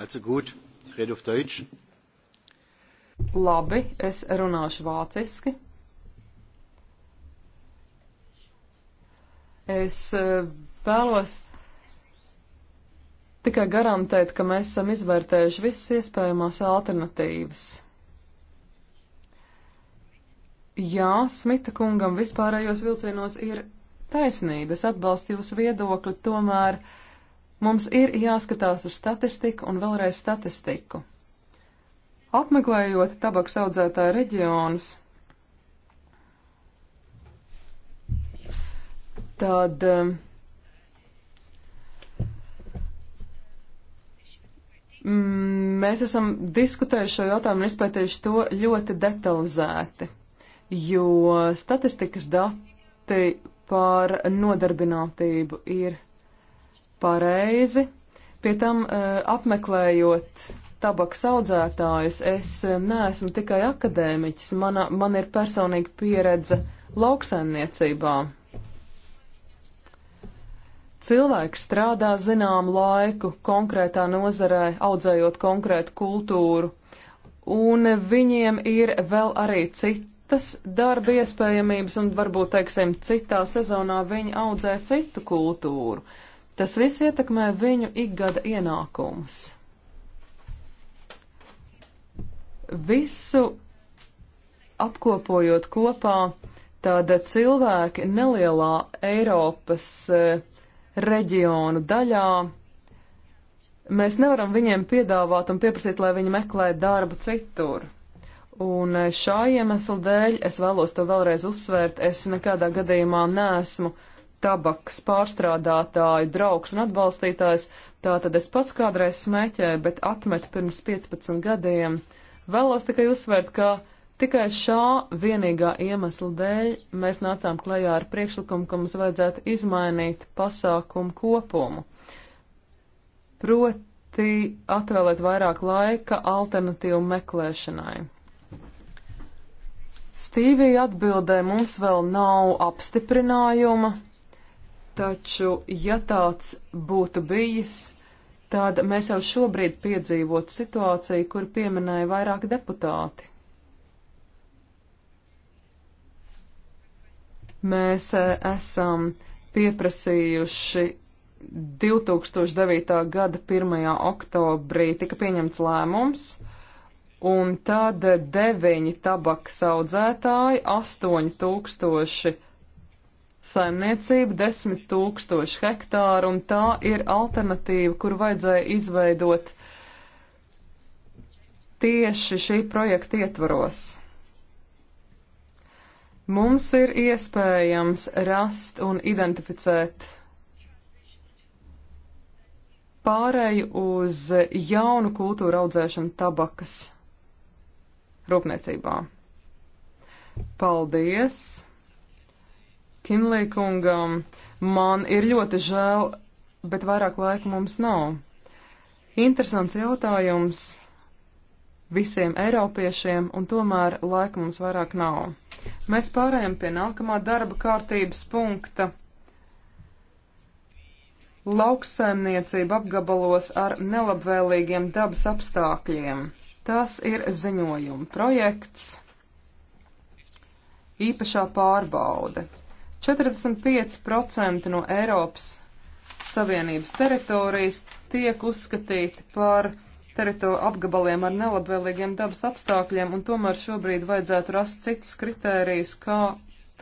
Speaker 1: Also gut, ich rede auf Deutsch.
Speaker 2: Labi, es runāšu vāciski. Es eh, vēlos tikai garantēt, ka mēs esam izvērtējuši visas iespējamās alternatīvas. Jā, Smita kungam vispārējos vilcienos ir taisnība, es atbalstu jūsu viedokli, tomēr mums ir jāskatās uz statistiku un vēlreiz statistiku. Apmeklējot tabaks audzētāju reģionus, tad mm, mēs esam diskutējuši šo jautājumu un izpētījuši to ļoti detalizēti, jo statistikas dati par nodarbinātību ir pareizi. Pie tam uh, apmeklējot tabaks audzētājus. Es eh, neesmu tikai akadēmiķis, Mana, man ir personīga pieredze lauksaimniecībā. Cilvēks strādā zināmu laiku konkrētā nozarē, audzējot konkrētu kultūru, un viņiem ir vēl arī citas darba iespējamības, un varbūt, teiksim, citā sezonā viņi audzē citu kultūru. Tas viss ietekmē viņu ikgada ienākumus. Visu apkopojot kopā, tad cilvēki nelielā Eiropas eh, reģionu daļā mēs nevaram viņiem piedāvāt un pieprasīt, lai viņi meklē darbu citur. Un eh, šā iemesla dēļ es vēlos to vēlreiz uzsvērt. Es nekādā gadījumā neesmu tabaks pārstrādātāju draugs un atbalstītājs. Tā tad es pats kādreiz smēķēju, bet atmetu pirms 15 gadiem. Uh, Vēlos tikai uzsvērt, ka tikai šā vienīgā iemesla dēļ mēs nācām klajā ar priekšlikumu, ka mums vajadzētu izmainīt pasākumu kopumu. Proti atvēlēt vairāk laika alternatīvu meklēšanai. Stīvija atbildē mums vēl nav apstiprinājuma, taču, ja tāds būtu bijis, tad mēs jau šobrīd piedzīvotu situāciju, kur pieminēja vairāki deputāti. Mēs e, esam pieprasījuši 2009. gada 1. oktobrī tika pieņemts lēmums, un tad deviņi tabaks audzētāji, 8000 saimniecība, 10 tūkstoši hektāru, un tā ir alternatīva, kuru vajadzēja izveidot tieši šī projekta ietvaros. Mums ir iespējams rast un identificēt pārēju uz jaunu kultūru audzēšanu tabakas rūpniecībā. Paldies! Kimlīkungam. Man ir ļoti žēl, bet vairāk laika mums nav. Interesants jautājums visiem eiropiešiem, un tomēr laika mums vairāk nav. Mēs pārējām pie nākamā darba kārtības punkta - lauksaimniecība apgabalos ar nelabvēlīgiem dabas apstākļiem. Tas ir ziņojuma projekts īpašā pārbaude. 45% no Eiropas Savienības teritorijas tiek uzskatīti par teritoriju apgabaliem ar nelabvēlīgiem dabas apstākļiem, un tomēr šobrīd vajadzētu rast citus kritērijus, kā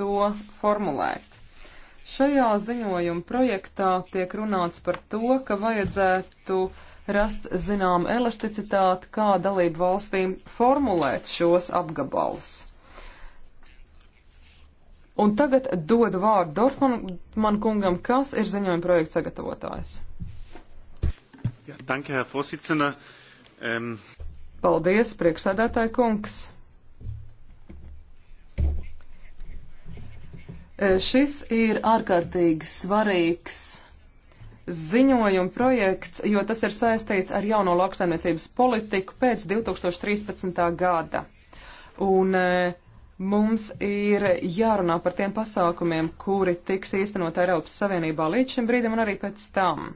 Speaker 2: to formulēt. Šajā ziņojuma projektā tiek runāts par to, ka vajadzētu rast zinām elasticitāti, kā dalību valstīm formulēt šos apgabalus. Un tagad dodu vārdu Dorfman kungam, kas ir ziņojuma projekta sagatavotājs.
Speaker 3: Ja, danke, Herr Vorsitzender. Um...
Speaker 2: Paldies, priekšsēdētāji kungs. Äh, šis ir ārkārtīgi svarīgs ziņojuma projekts, jo tas ir saistīts ar jauno lauksaimniecības politiku pēc 2013. gada. Un, uh, Mums ir jārunā par tiem pasākumiem, kuri tiks īstenot Eiropas Savienībā līdz šim brīdim un arī pēc tam.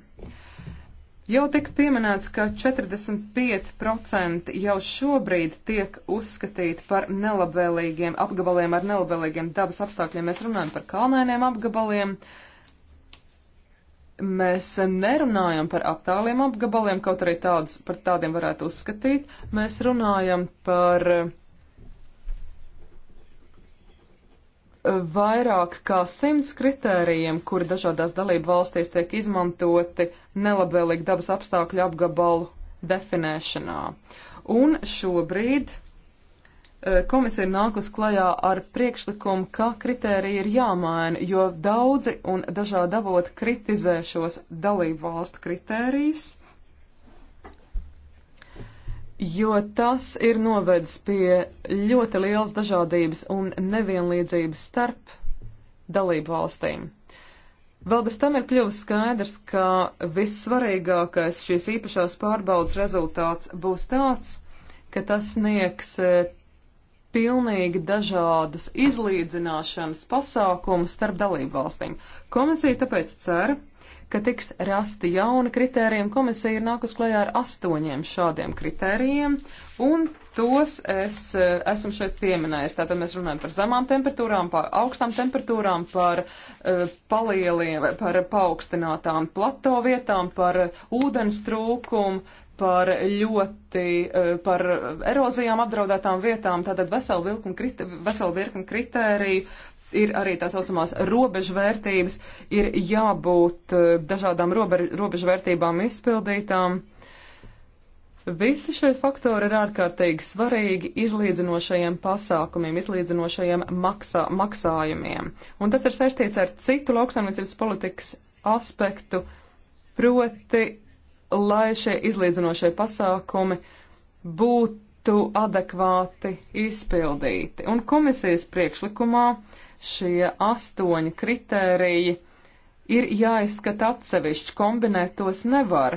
Speaker 2: Jau tika pieminēts, ka 45% jau šobrīd tiek uzskatīti par nelabvēlīgiem apgabaliem ar nelabvēlīgiem dabas apstākļiem. Mēs runājam par kalnainiem apgabaliem. Mēs nerunājam par aptāliem apgabaliem, kaut arī tādus, par tādiem varētu uzskatīt. Mēs runājam par uh, vairāk kā simts kritērijiem, kuri dažādās dalību valstīs tiek izmantoti nelabvēlīgi dabas apstākļu apgabalu definēšanā. Un šobrīd eh, komisija ir nākus klajā ar priekšlikumu, ka kritērija ir jāmaina, jo daudzi un dažādi avoti kritizē šos dalību valstu kritērijus jo tas ir novedis pie ļoti lielas dažādības un nevienlīdzības starp dalību valstīm. Vēl bez tam ir kļuvis skaidrs, ka vissvarīgākais šīs īpašās pārbaudas rezultāts būs tāds, ka tas sniegs e, pilnīgi dažādus izlīdzināšanas pasākumus starp dalību valstīm. Komisija tāpēc cer, ka tiks rasti jauni kritērijiem. Komisija ir nākus klajā ar astoņiem šādiem kritērijiem, un tos es eh, esmu šeit pieminējis. Tātad mēs runājam par zemām temperatūrām, par augstām temperatūrām, par eh, palieliem, par paaugstinātām plato vietām, par ūdens trūkumu, par ļoti, eh, par erozijām apdraudētām vietām, tātad veselu virkni kritēriju, ir arī tā saucamās robežvērtības, ir jābūt eh, dažādām robežvērtībām izpildītām. Visi šie faktori ir ārkārtīgi svarīgi izlīdzinošajiem pasākumiem, izlīdzinošajiem maksā, maksājumiem. Un tas ir saistīts ar citu lauksaimniecības politikas aspektu, proti, lai šie izlīdzinošie pasākumi būtu adekvāti izpildīti. Un komisijas priekšlikumā uh, šie astoņi kritēriji ir jāizskata atsevišķi, kombinēt tos nevar,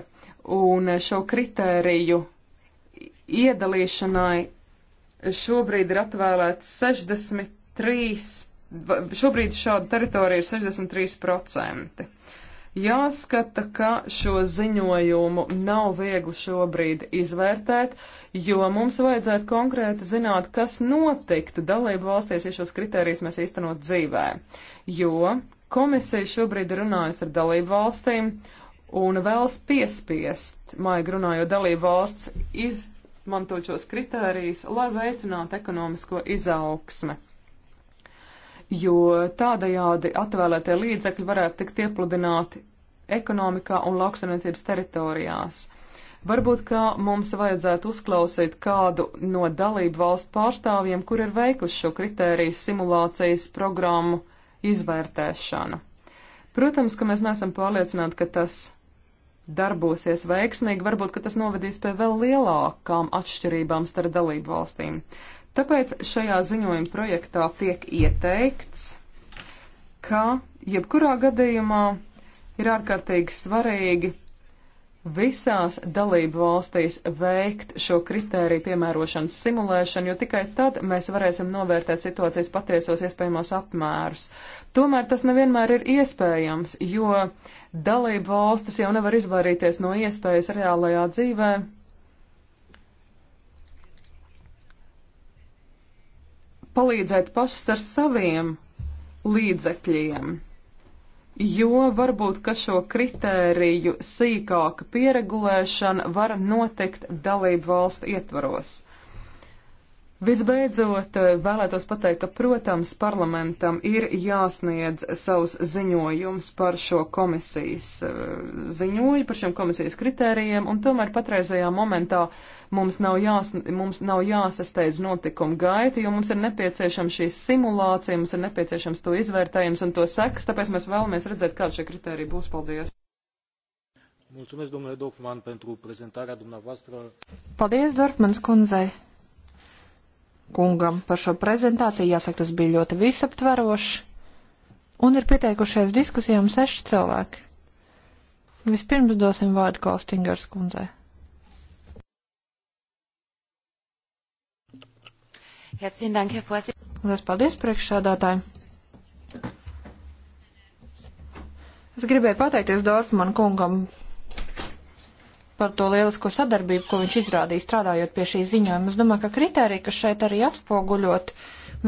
Speaker 2: un šo kritēriju iedalīšanai šobrīd ir atvēlēts 63, šobrīd šāda teritorija ir 63%. Jāskata, ka šo ziņojumu nav viegli šobrīd izvērtēt, jo mums vajadzētu konkrēti zināt, kas notiktu dalību valstīs, ja šos kritērijus mēs īstenot dzīvē. Jo komisija šobrīd runājas ar dalību valstīm un vēlas piespiest, maigi runājot, dalību valsts izmantot šos kritērijus, lai veicinātu ekonomisko izaugsmi jo tādajādi atvēlētie līdzekļi varētu tikt iepludināti ekonomikā un lauksaimniecības teritorijās. Varbūt, ka mums vajadzētu uzklausīt kādu no dalību valstu pārstāvjiem, kur ir veikuši šo kritēriju simulācijas programmu izvērtēšanu. Protams, ka mēs neesam pārliecināti, ka tas darbosies veiksmīgi, varbūt, ka tas novedīs pie vēl lielākām atšķirībām starp dalību valstīm. Tāpēc šajā ziņojuma projektā tiek ieteikts, ka jebkurā gadījumā ir ārkārtīgi svarīgi visās dalību valstīs veikt šo kritēriju piemērošanas simulēšanu, jo tikai tad mēs varēsim novērtēt situācijas patiesos iespējamos apmērus. Tomēr tas nevienmēr ir iespējams, jo dalību valstis jau nevar izvairīties no iespējas reālajā dzīvē palīdzēt pašas ar saviem līdzekļiem, jo varbūt, ka šo kritēriju sīkāka pieregulēšana var notikt dalību valstu ietvaros. Visbeidzot, eh, vēlētos pateikt, ka, protams, parlamentam ir jāsniedz savus ziņojums par šo komisijas eh, ziņoju, par šiem komisijas kritērijiem, un tomēr patreizajā momentā mums nav, jās, mums nav jāsasteidz notikuma gaita, jo mums ir nepieciešama šī simulācija, mums ir nepieciešams to izvērtējums un to sekas, tāpēc mēs vēlamies redzēt, kāda šie kritērija būs. Paldies!
Speaker 1: Mulțumesc, domnule Dorfman, pentru prezentarea dumneavoastră.
Speaker 2: Paldies,
Speaker 3: Dorfmans kundzei! kungam par šo prezentāciju. Jāsaka, tas bija ļoti visaptveroši. Un ir pieteikušies diskusijām seši cilvēki. Vispirms dosim vārdu Kostingers kundzei. Lielas paldies priekšsādātāji. Es gribēju pateikties Dorfman kungam par to lielisko sadarbību, ko viņš izrādīja strādājot pie šī ziņojuma. Es domāju, ka kriteriji, kas šeit arī atspoguļot,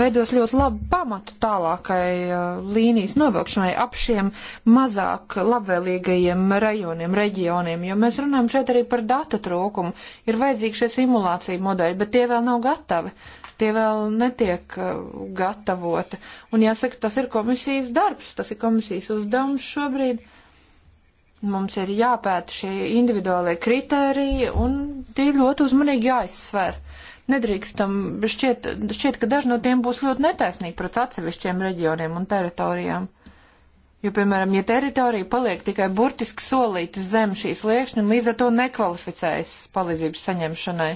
Speaker 3: veidos ļoti labu pamatu tālākai uh, līnijas novilkšanai ap šiem mazāk labvēlīgajiem rajoniem, reģioniem, jo mēs runājam šeit arī par data trūkumu. Ir vajadzīgi šie simulācija modeļi, bet tie vēl nav gatavi. Tie vēl netiek uh, gatavoti. Un jāsaka, tas ir komisijas darbs, tas ir komisijas uzdevums šobrīd. Uh, Mums ir jāpēta šie individuālie kritēriji un tie ļoti uzmanīgi jāizsver. Nedrīkstam, šķiet, šķiet, ka daži no tiem būs ļoti netaisnīgi pret atsevišķiem reģioniem un teritorijām. Jo, piemēram, ja teritorija paliek tikai burtiski solītas zem šīs liekšņa un līdz ar to nekvalificējas palīdzības saņemšanai,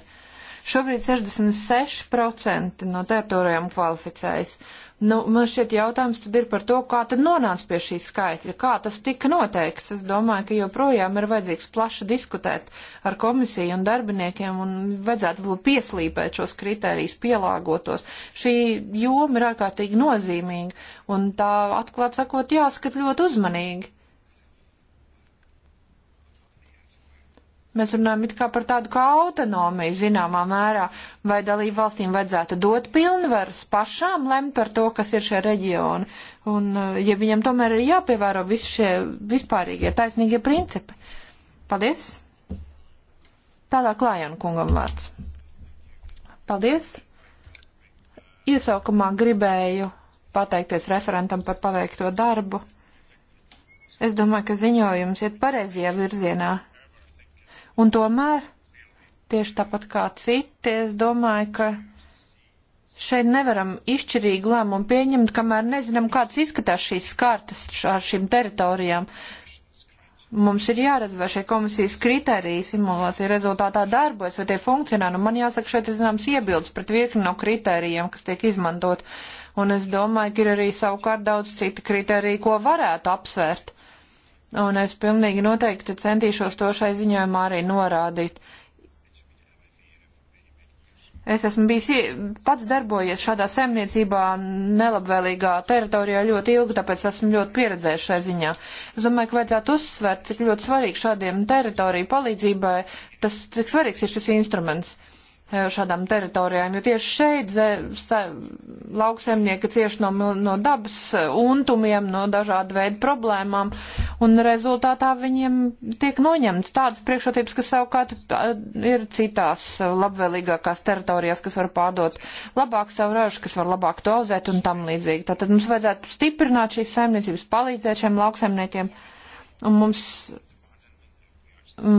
Speaker 3: šobrīd 66% no teritorijām kvalificējas, Nu, man šķiet jautājums tad ir par to, kā tad nonāca pie šī skaitļa, kā tas tika noteikts. Es domāju, ka joprojām ir vajadzīgs plaši diskutēt ar komisiju un darbiniekiem un vajadzētu vēl pieslīpēt šos kritērijus, pielāgotos. Šī joma ir ārkārtīgi nozīmīga un tā atklāt sakot jāskat ļoti uzmanīgi. Mēs runājam it kā par tādu kā autonomiju zināmā mērā, vai dalību valstīm vajadzētu dot pilnvaras pašām lemt par to, kas ir šie reģioni, un eh, ja viņam tomēr ir jāpievēro visi šie vispārīgie taisnīgie principi. Paldies! Tālāk Lājana kungam vārds. Paldies! Iesaukumā gribēju pateikties referentam par paveikto darbu. Es domāju, ka ziņojums iet pareizajā virzienā Un tomēr, tieši tāpat kā citi, es domāju, ka šeit nevaram izšķirīgi lēmumu pieņemt, kamēr nezinām, kāds izskatās šīs kartas ar šīm teritorijām. Mums ir jāredz, vai šie komisijas kriteriji simulācija rezultātā darbojas, vai tie funkcionē. Nu, man jāsaka, šeit ir zināms iebildes pret virkni no kritērijiem, kas tiek izmantot. Un es domāju, ka ir arī savukārt daudz citu kriteriju, ko varētu apsvērt un es pilnīgi noteikti centīšos to šai ziņojumā arī norādīt. Es esmu bijis pats darbojies šādā saimniecībā nelabvēlīgā teritorijā ļoti ilgi, tāpēc esmu ļoti pieredzējis šai ziņā. Es domāju, ka vajadzētu uzsvērt, cik ļoti svarīgi šādiem teritoriju palīdzībai, tas, cik svarīgs ir šis instruments. Uh, E, šādām teritorijām, jo tieši šeit lauksemnieki cieši no, no dabas e, untumiem, no dažādu veidu problēmām, un rezultātā viņiem tiek noņemts tādas priekšrocības, kas savukārt e, ir citās labvēlīgākās teritorijās, kas var pārdot labāk savu ražu, kas var labāk to audzēt un tam līdzīgi. Tātad mums vajadzētu stiprināt šīs saimniecības, palīdzēt šiem lauksemniekiem, un mums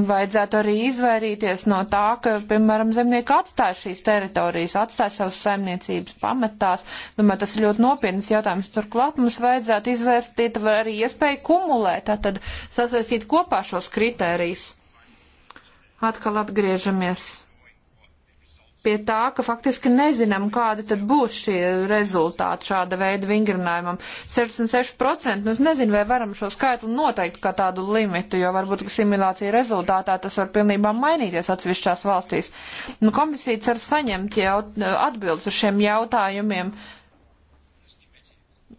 Speaker 3: vajadzētu arī izvairīties no tā, ka, piemēram, zemnieki atstāja šīs teritorijas, atstāja savas saimniecības pamatās. Domāju, tas ir ļoti nopietnas jautājums. Turklāt mums vajadzētu izvērstīt arī iespēju kumulēt, tātad sasaistīt kopā šos kritērijus. Atkal atgriežamies pie tā, ka faktiski nezinām, kādi tad būs šie rezultāti šāda veida vingrinājumam. 66%, nu es nezinu, vai varam šo skaitli noteikt kā tādu limitu, jo varbūt, ka simulācija rezultātā tas var pilnībā mainīties atsevišķās valstīs. Nu, komisija cer saņemt jau atbildes uz šiem jautājumiem. Uh,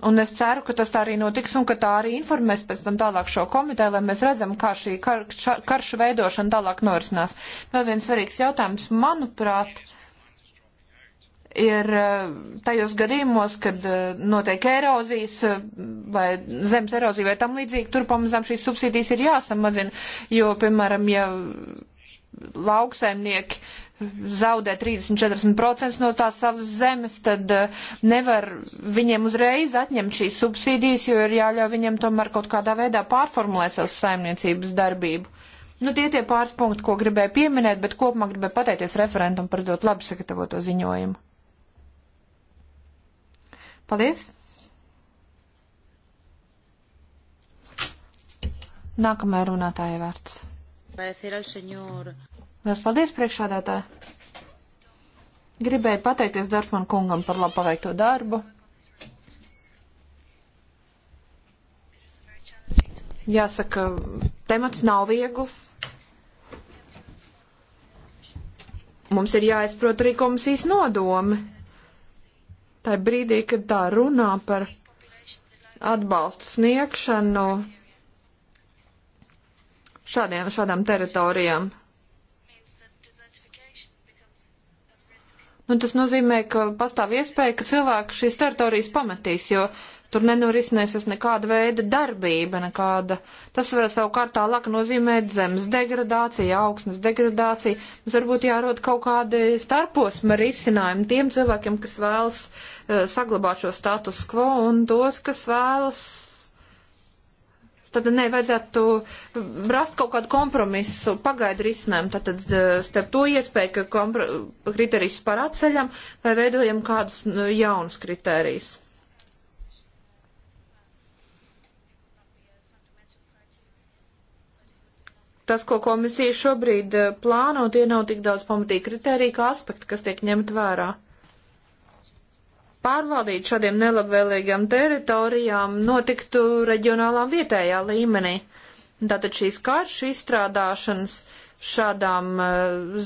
Speaker 3: Un es ceru, ka tas tā arī notiks un ka tā arī informēs pēc tam tālāk šo komiteju, lai mēs redzam, kā šī kar, ša, karšu veidošana tālāk norisinās. Vēl viens svarīgs jautājums, manuprāt, ir eh, tajos gadījumos, kad eh, notiek erozijas eh, vai zemes erozija vai tam līdzīgi, tur pamazām šīs subsīdijas ir jāsamazina, jo, piemēram, ja lauksaimnieki zaudē 30-40% no tās savas zemes, tad eh, nevar viņiem uzreiz atņemt šīs subsīdijas, jo ir jāļauj viņiem tomēr kaut kādā veidā pārformulēt savas saimniecības darbību. Nu, tie tie pāris punkti, ko gribēju pieminēt, bet kopumā gribēju pateikties referentam par ļoti labi sagatavoto ziņojumu. Paldies! Nākamajā runātāja vārds.
Speaker 4: Agradecer al señor
Speaker 3: Lielas paldies, priekšādātāji! Gribēju pateikties Dārfman kungam par labu paveikto darbu. Jāsaka, temats nav viegls. Mums ir jāizprot arī komisijas nodomi. Tā brīdī, kad tā runā par atbalstu sniegšanu šādiem, šādām teritorijām. nu, tas nozīmē, ka pastāv iespēja, ka cilvēki šīs teritorijas pametīs, jo tur nenorisinēsies nekāda veida darbība, nekāda. Tas var savukārt tālāk nozīmēt zemes degradāciju, augsnes degradāciju. Mums varbūt jārod kaut kādi starposma risinājumi tiem cilvēkiem, kas vēlas uh, saglabāt šo status quo un tos, kas vēlas Tad nevajadzētu rast kaut kādu kompromisu, pagaidu risinājumu, tad, tad eh, starp to iespēju, ka kriterijus par atceļam vai veidojam kādus jaunus kriterijus. Tas, ko komisija šobrīd eh, plāno, tie nav tik daudz pamatīgi kriteriji kā aspekti, kas tiek ņemt vērā pārvaldīt šādiem nelabvēlīgām teritorijām notiktu reģionālā vietējā līmenī. Tātad šīs karšu izstrādāšanas šādām uh,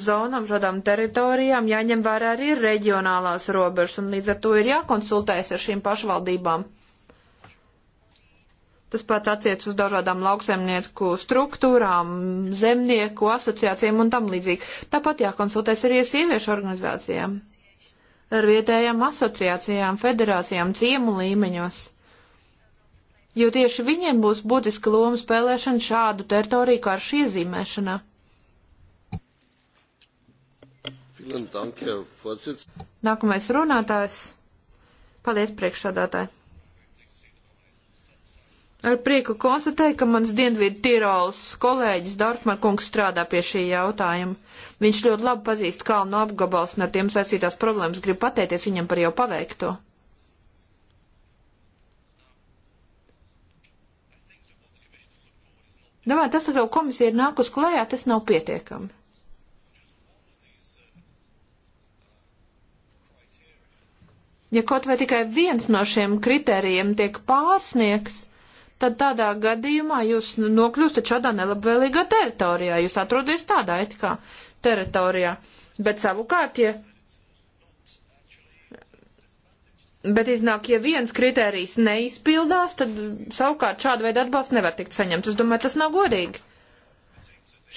Speaker 3: zonām, šādām teritorijām jāņem vērā arī reģionālās robežas, un līdz ar to ir jākonsultējas ar šīm pašvaldībām. Tas pats attiec uz dažādām lauksaimnieku struktūrām, zemnieku asociācijām un tam līdzīgi. Tāpat jākonsultēs arī sieviešu organizācijām ar vietējām asociācijām, federācijām, ciemu līmeņos, jo tieši viņiem būs būtiska loma spēlēšana šādu teritoriju karšu iezīmēšanā. Nākamais runātājs. Paldies priekšsādātāji. Ar prieku konstatēju, ka mans dienvidu Tirols kolēģis Dārfmarkungs strādā pie šī jautājuma. Viņš ļoti labi pazīst kalnu apgabals un ar tiem saistītās problēmas grib pateikties viņam par jau paveikto. Domāju, nu tas, ka jau komisija ir nākus klajā, tas nav pietiekami. Ja kaut vai tikai viens no šiem kritērijiem tiek pārsniegts, tad tādā gadījumā jūs nokļūstat šādā nelabvēlīgā teritorijā, jūs atrodaties tādā it kā teritorijā. Bet savukārt, ja Bet iznāk, ja viens kritērijs neizpildās, tad savukārt šāda veida atbalsts nevar tikt saņemts. Es domāju, tas nav godīgi.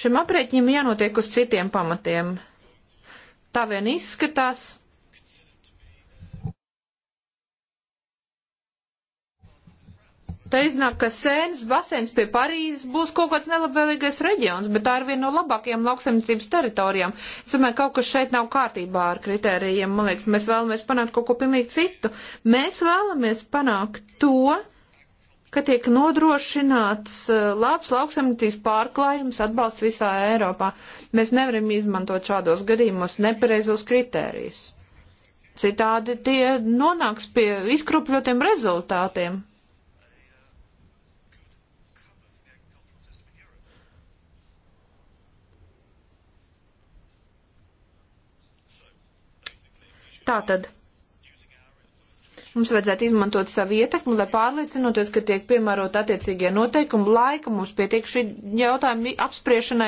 Speaker 3: Šim aprēķinam jānotiek uz citiem pamatiem. Tā vien izskatās, Te iznāk, ka Sēnes basēns pie Parīzes būs kaut kāds nelabvēlīgais reģions, bet tā ir viena no labākajām lauksaimniecības teritorijām. Es domāju, kaut kas šeit nav kārtībā ar kritērijiem. Man liekas, mēs vēlamies panākt kaut ko pilnīgi citu. Mēs vēlamies panākt to, ka tiek nodrošināts eh, labs lauksaimniecības pārklājums atbalsts visā Eiropā. Mēs nevaram izmantot šādos gadījumos nepareizos kritērijus. Citādi tie nonāks pie izkropļotiem rezultātiem. Tātad mums vajadzētu izmantot savu ietekmi, lai pārliecinoties, ka tiek piemērot attiecīgie noteikumi laika. Mums pietiek šī jautājuma apspriešanai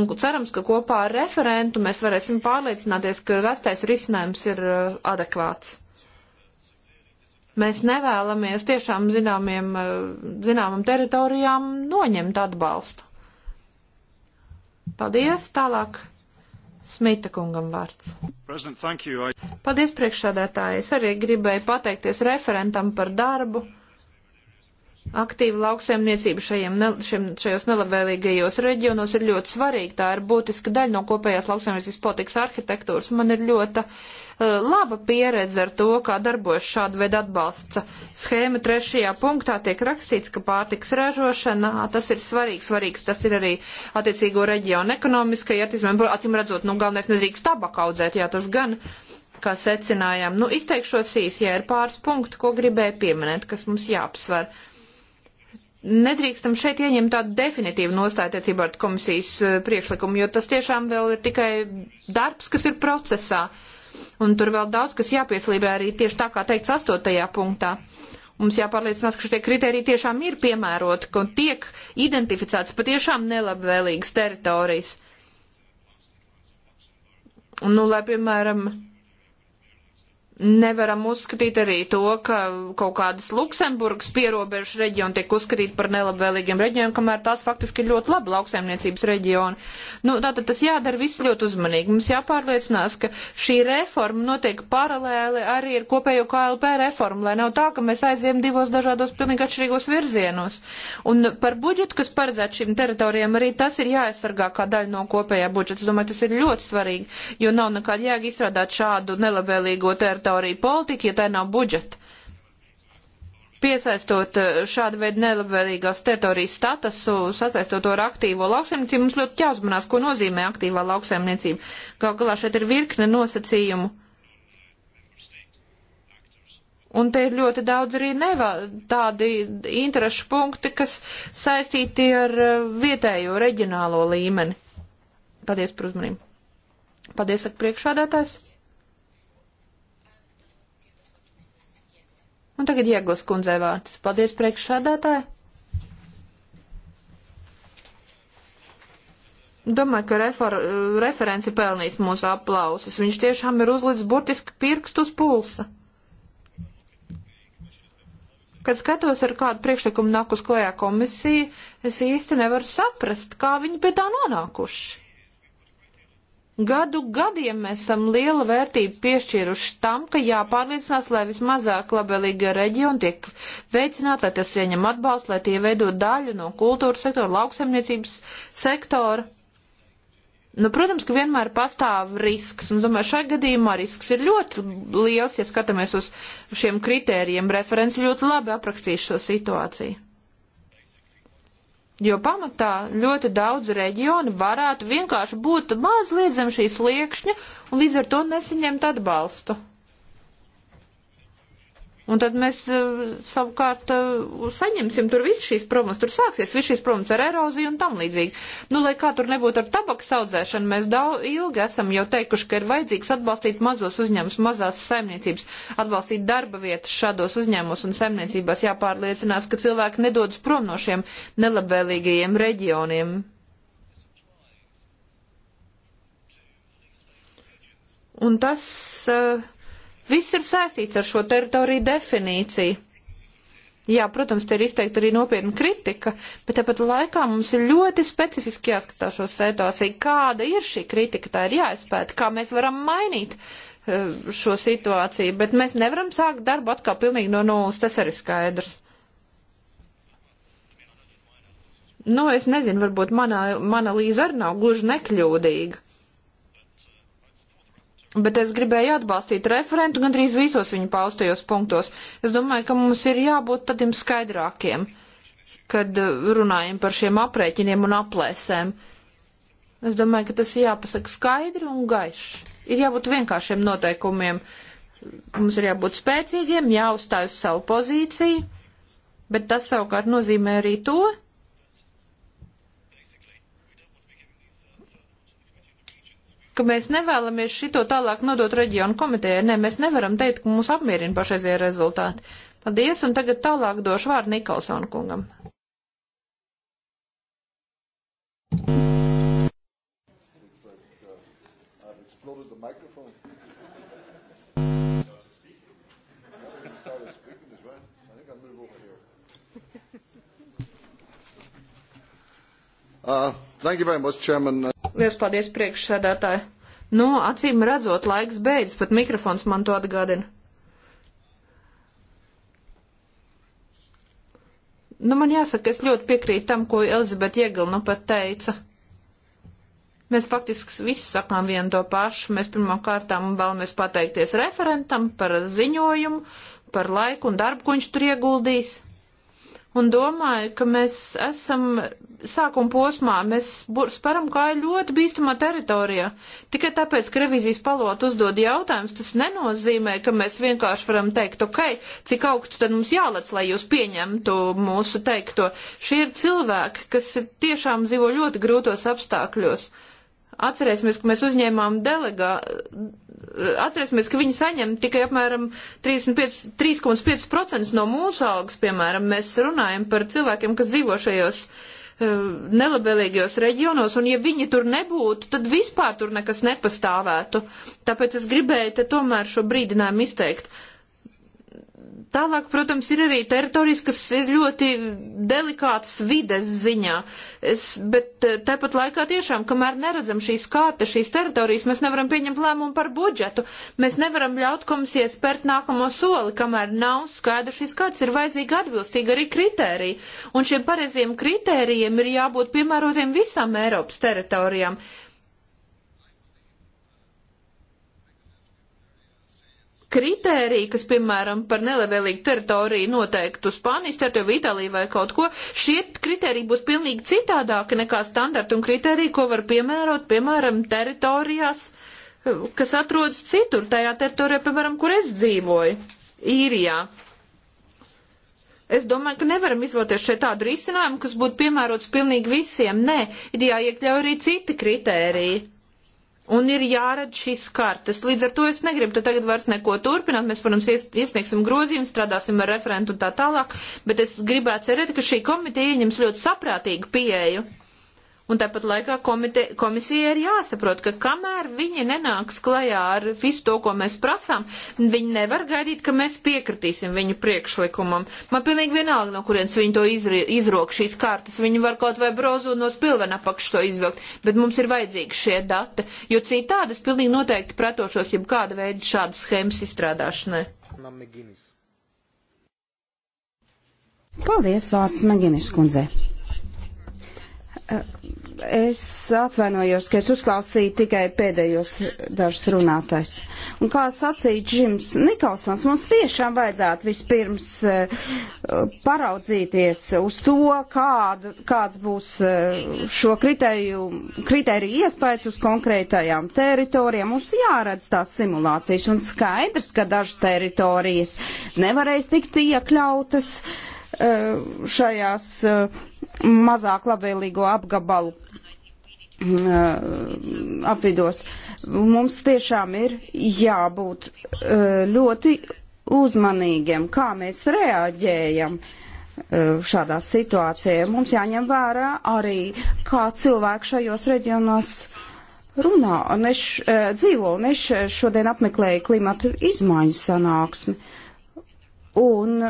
Speaker 3: un cerams, ka kopā ar referentu mēs varēsim pārliecināties, ka rastais risinājums ir uh, adekvāts. Mēs nevēlamies tiešām zināmiem, uh, zināmam teritorijām noņemt atbalstu. Paldies, tālāk Smita kungam vārds. I... Paldies priekšsādātāji. Es arī gribēju pateikties referentam par darbu. Aktīva lauksaimniecība šajiem, ne, šiem, šajos nelabvēlīgajos reģionos ir ļoti svarīga. Tā ir būtiska daļa no kopējās lauksaimniecības politikas arhitektūras. Man ir ļoti Eh, laba pieredze ar to, kā darbojas šāda veida atbalsta schēma. Trešajā punktā tiek rakstīts, ka pārtiks ražošana, tas ir svarīgs, svarīgs, tas ir arī attiecīgo reģionu ekonomiskai attīstībai. Acīm redzot, nu galvenais nedrīkst tabaka audzēt, jā, tas gan kā secinājām. Nu, izteikšos īsi, ja ir pāris punktu, ko gribēju pieminēt, kas mums jāapsver. Nedrīkstam šeit ieņemt tādu definitīvu nostājotiecībā ar komisijas eh, priekšlikumu, jo tas tiešām vēl ir tikai darbs, kas ir procesā. Uh, Un tur vēl daudz, kas jāpieslīdē arī tieši tā, kā teikts astotajā punktā. Mums jāpārliecinās, ka šie kriteriji tiešām ir piemēroti, ka tiek identificēts patiešām nelabvēlīgas teritorijas. Un, nu, lai, piemēram, Nevaram uzskatīt arī to, ka kaut kādas Luksemburgas pierobežas reģioni tiek uzskatīti par nelabvēlīgiem reģioniem, kamēr tās faktiski ir ļoti labi lauksaimniecības reģioni. Nu, tātad tas jādara viss ļoti uzmanīgi. Mums jāpārliecinās, ka šī reforma notiek paralēli arī ar kopējo KLP reformu, lai nav tā, ka mēs aiziem divos dažādos pilnīgi atšķirīgos virzienos. Un par budžetu, kas paredzēts šīm teritorijām, arī tas ir jāaizsargā kā daļa no kopējā budžeta. Es domāju, tas ir ļoti svarīgi, jo nav nekāda jēga izstrādāt šādu nelabvēlīgo teritoriju teritoriju politika, ja tai nav budžeta. Piesaistot eh, šādu veidu nelabvēlīgās teritorijas statusu, sasaistot to ar aktīvo lauksaimniecību, mums ļoti jāuzmanās, ko nozīmē aktīvā lauksaimniecība. Gal galā šeit ir virkne nosacījumu. Un te ir ļoti daudz arī nevā, tādi interešu punkti, kas saistīti ar eh, vietējo reģionālo līmeni. Paldies par uzmanību. Paldies, saka priekšādātājs. Un tagad Jēglas kundzei vārds. Paldies priekšsēdētāji. Domāju, ka refer, referenci pelnīs mūsu aplausus. Viņš tiešām ir uzlicis burtiski pirkstu uz pulsa. Kad skatos, ar kādu priekšlikumu nāk uz klējā komisija, es īsti nevaru saprast, kā viņi pie tā nonākuši. Gadu gadiem mēs esam liela vērtība piešķīruši tam, ka jāpārliecinās, lai vismazāk labelīga reģiona tiek veicināta, lai tas saņem atbalstu, lai tie veido daļu no kultūras sektora, lauksaimniecības sektora. Nu, protams, ka vienmēr pastāv risks, un domāju, šai gadījumā risks ir ļoti liels, ja skatāmies uz šiem kritērijiem. Referents ļoti labi aprakstīs šo situāciju. Jo pamatā ļoti daudz reģionu varētu vienkārši būt mazliet zem šīs liekšņa un līdz ar to nesaņemt atbalstu. Un tad mēs eh, savukārt eh, saņemsim tur visu šīs problēmas, tur sāksies visu šīs problēmas ar eroziju un tam līdzīgi. Nu, lai kā tur nebūtu ar tabakas audzēšanu, mēs daudz ilgi esam jau teikuši, ka ir vajadzīgs atbalstīt mazos uzņēmumus, mazās saimniecības, atbalstīt darba vietas šādos uzņēmumos un saimniecībās jāpārliecinās, ka cilvēki nedodas prom no šiem nelabvēlīgajiem reģioniem. un tas uh, Viss ir saistīts ar šo teritoriju definīciju. Jā, protams, te ir izteikti arī nopietna kritika, bet tāpat laikā mums ir ļoti specifiski jāskatās šo situāciju. Kāda ir šī kritika? Tā ir jāizpēta, kā mēs varam mainīt eh, šo situāciju, bet mēs nevaram sākt darbu atkal pilnīgi no nulles, tas arī skaidrs. Nu, es nezinu, varbūt mana, mana līza arī nav gluži nekļūdīga. Bet es gribēju atbalstīt referentu gandrīz visos viņa paustajos punktos. Es domāju, ka mums ir jābūt tādiem skaidrākiem, kad uh, runājam par šiem aprēķiniem un aplēsēm. Es domāju, ka tas jāpasaka skaidri un gaiši. Ir jābūt vienkāršiem noteikumiem. Mums ir jābūt spēcīgiem, jāuzstāj uz savu pozīciju, bet tas savukārt nozīmē arī to, ka mēs nevēlamies šito tālāk nodot reģionu komitejai. Nē, mēs nevaram teikt, ka mūs apmierina pašreizie rezultāti. Paldies, un tagad tālāk došu vārdu Nikolsonu kungam.
Speaker 5: Uh, thank you very much, Chairman.
Speaker 3: Lielas paldies priekšsēdētāji. Nu, acīm redzot, laiks beidz, pat mikrofons man to atgādina. Nu, man jāsaka, es ļoti piekrītu tam, ko Elizabete Iegla nu pat teica. Mēs faktiski visi sakām vienu to pašu. Mēs pirmām kārtām vēlamies pateikties referentam par ziņojumu, par laiku un darbu, ko viņš tur ieguldīs un domāju, ka mēs esam sākuma posmā, mēs speram kāju ļoti bīstamā teritorijā. Tikai tāpēc, ka revizijas palota uzdod jautājumus, tas nenozīmē, ka mēs vienkārši varam teikt, ok, cik augstu tad mums jālec, lai jūs pieņemtu mūsu teikto. Šie ir cilvēki, kas tiešām dzīvo ļoti grūtos apstākļos. Atcerēsimies, ka mēs uzņēmām delegā, atcerēsimies, ka viņi saņem tikai apmēram 3,5% no mūsu algas, piemēram, mēs runājam par cilvēkiem, kas dzīvo šajos uh, nelabvēlīgajos reģionos, un ja viņi tur nebūtu, tad vispār tur nekas nepastāvētu. Tāpēc es gribēju te tomēr šo brīdinājumu izteikt. Uh, Tālāk, protams, ir arī teritorijas, kas ir ļoti delikātas vides ziņā, es, bet eh, tāpat laikā tiešām, kamēr neredzam šīs kārtas, šīs teritorijas, mēs nevaram pieņemt lēmumu par budžetu. Mēs nevaram ļaut komisijai spērt nākamo soli, kamēr nav skaidra šīs kārtas, ir vajadzīga atbilstīga arī kritērija. Un šiem pareiziem kritērijiem ir jābūt piemērotiem visām Eiropas teritorijām. kritēriji, kas, piemēram, par nelabvēlīgu teritoriju noteiktu Spānijas teritoriju vai Itāliju vai kaut ko, šie kritēriji būs pilnīgi citādāki nekā standarti un kritēriji, ko var piemērot, piemēram, teritorijās, kas atrodas citur, tajā teritorijā, piemēram, kur es dzīvoju, īrijā. Es domāju, ka nevaram izvēlēties šeit tādu risinājumu, kas būtu piemērots pilnīgi visiem. Nē, ir jāiekļauj arī citi kritēriji un ir jārada šīs kartes. Līdz ar to es negribu te tagad vairs neko turpināt. Mēs, protams, ies, iesniegsim grozījumu, strādāsim ar referentu un tā tālāk, bet es gribētu cerēt, ka šī komiteja ieņems ļoti saprātīgu pieeju. Un tāpat laikā komite, komisija ir jāsaprot, ka kamēr viņi nenāks klajā ar visu to, ko mēs prasām, viņi nevar gaidīt, ka mēs piekritīsim viņu priekšlikumam. Man pilnīgi vienalga, no kurienes viņi to izri, izrok šīs kartas. Viņi var kaut vai brozot no spilvena apakš to izvilkt, bet mums ir vajadzīgi šie dati, jo citādi es pilnīgi noteikti pretošos jau kāda veida šādas schēmas izstrādāšanai.
Speaker 4: Paldies, vārds Maginis kundzei. Uh Es atvainojos, ka es uzklausīju tikai pēdējos dažus runātājus. Un kā sacīja Džims Nikolsons, mums tiešām vajadzētu vispirms eh, paraudzīties uz to, kāda, kāds būs eh, šo kritēriju, kritēriju iespējas uz konkrētajām teritorijām. Mums jāredz tās simulācijas un skaidrs, ka dažas teritorijas nevarēs tikt iekļautas eh, šajās mazāk labvēlīgo apgabalu Mm, apvidos. Mums tiešām ir jābūt ļoti uzmanīgiem, kā mēs reaģējam šādā situācijā. Mums jāņem vērā arī, kā cilvēki šajos reģionos runā un es dzīvo, un es šodien apmeklēju klimatu izmaiņu sanāksmi. Un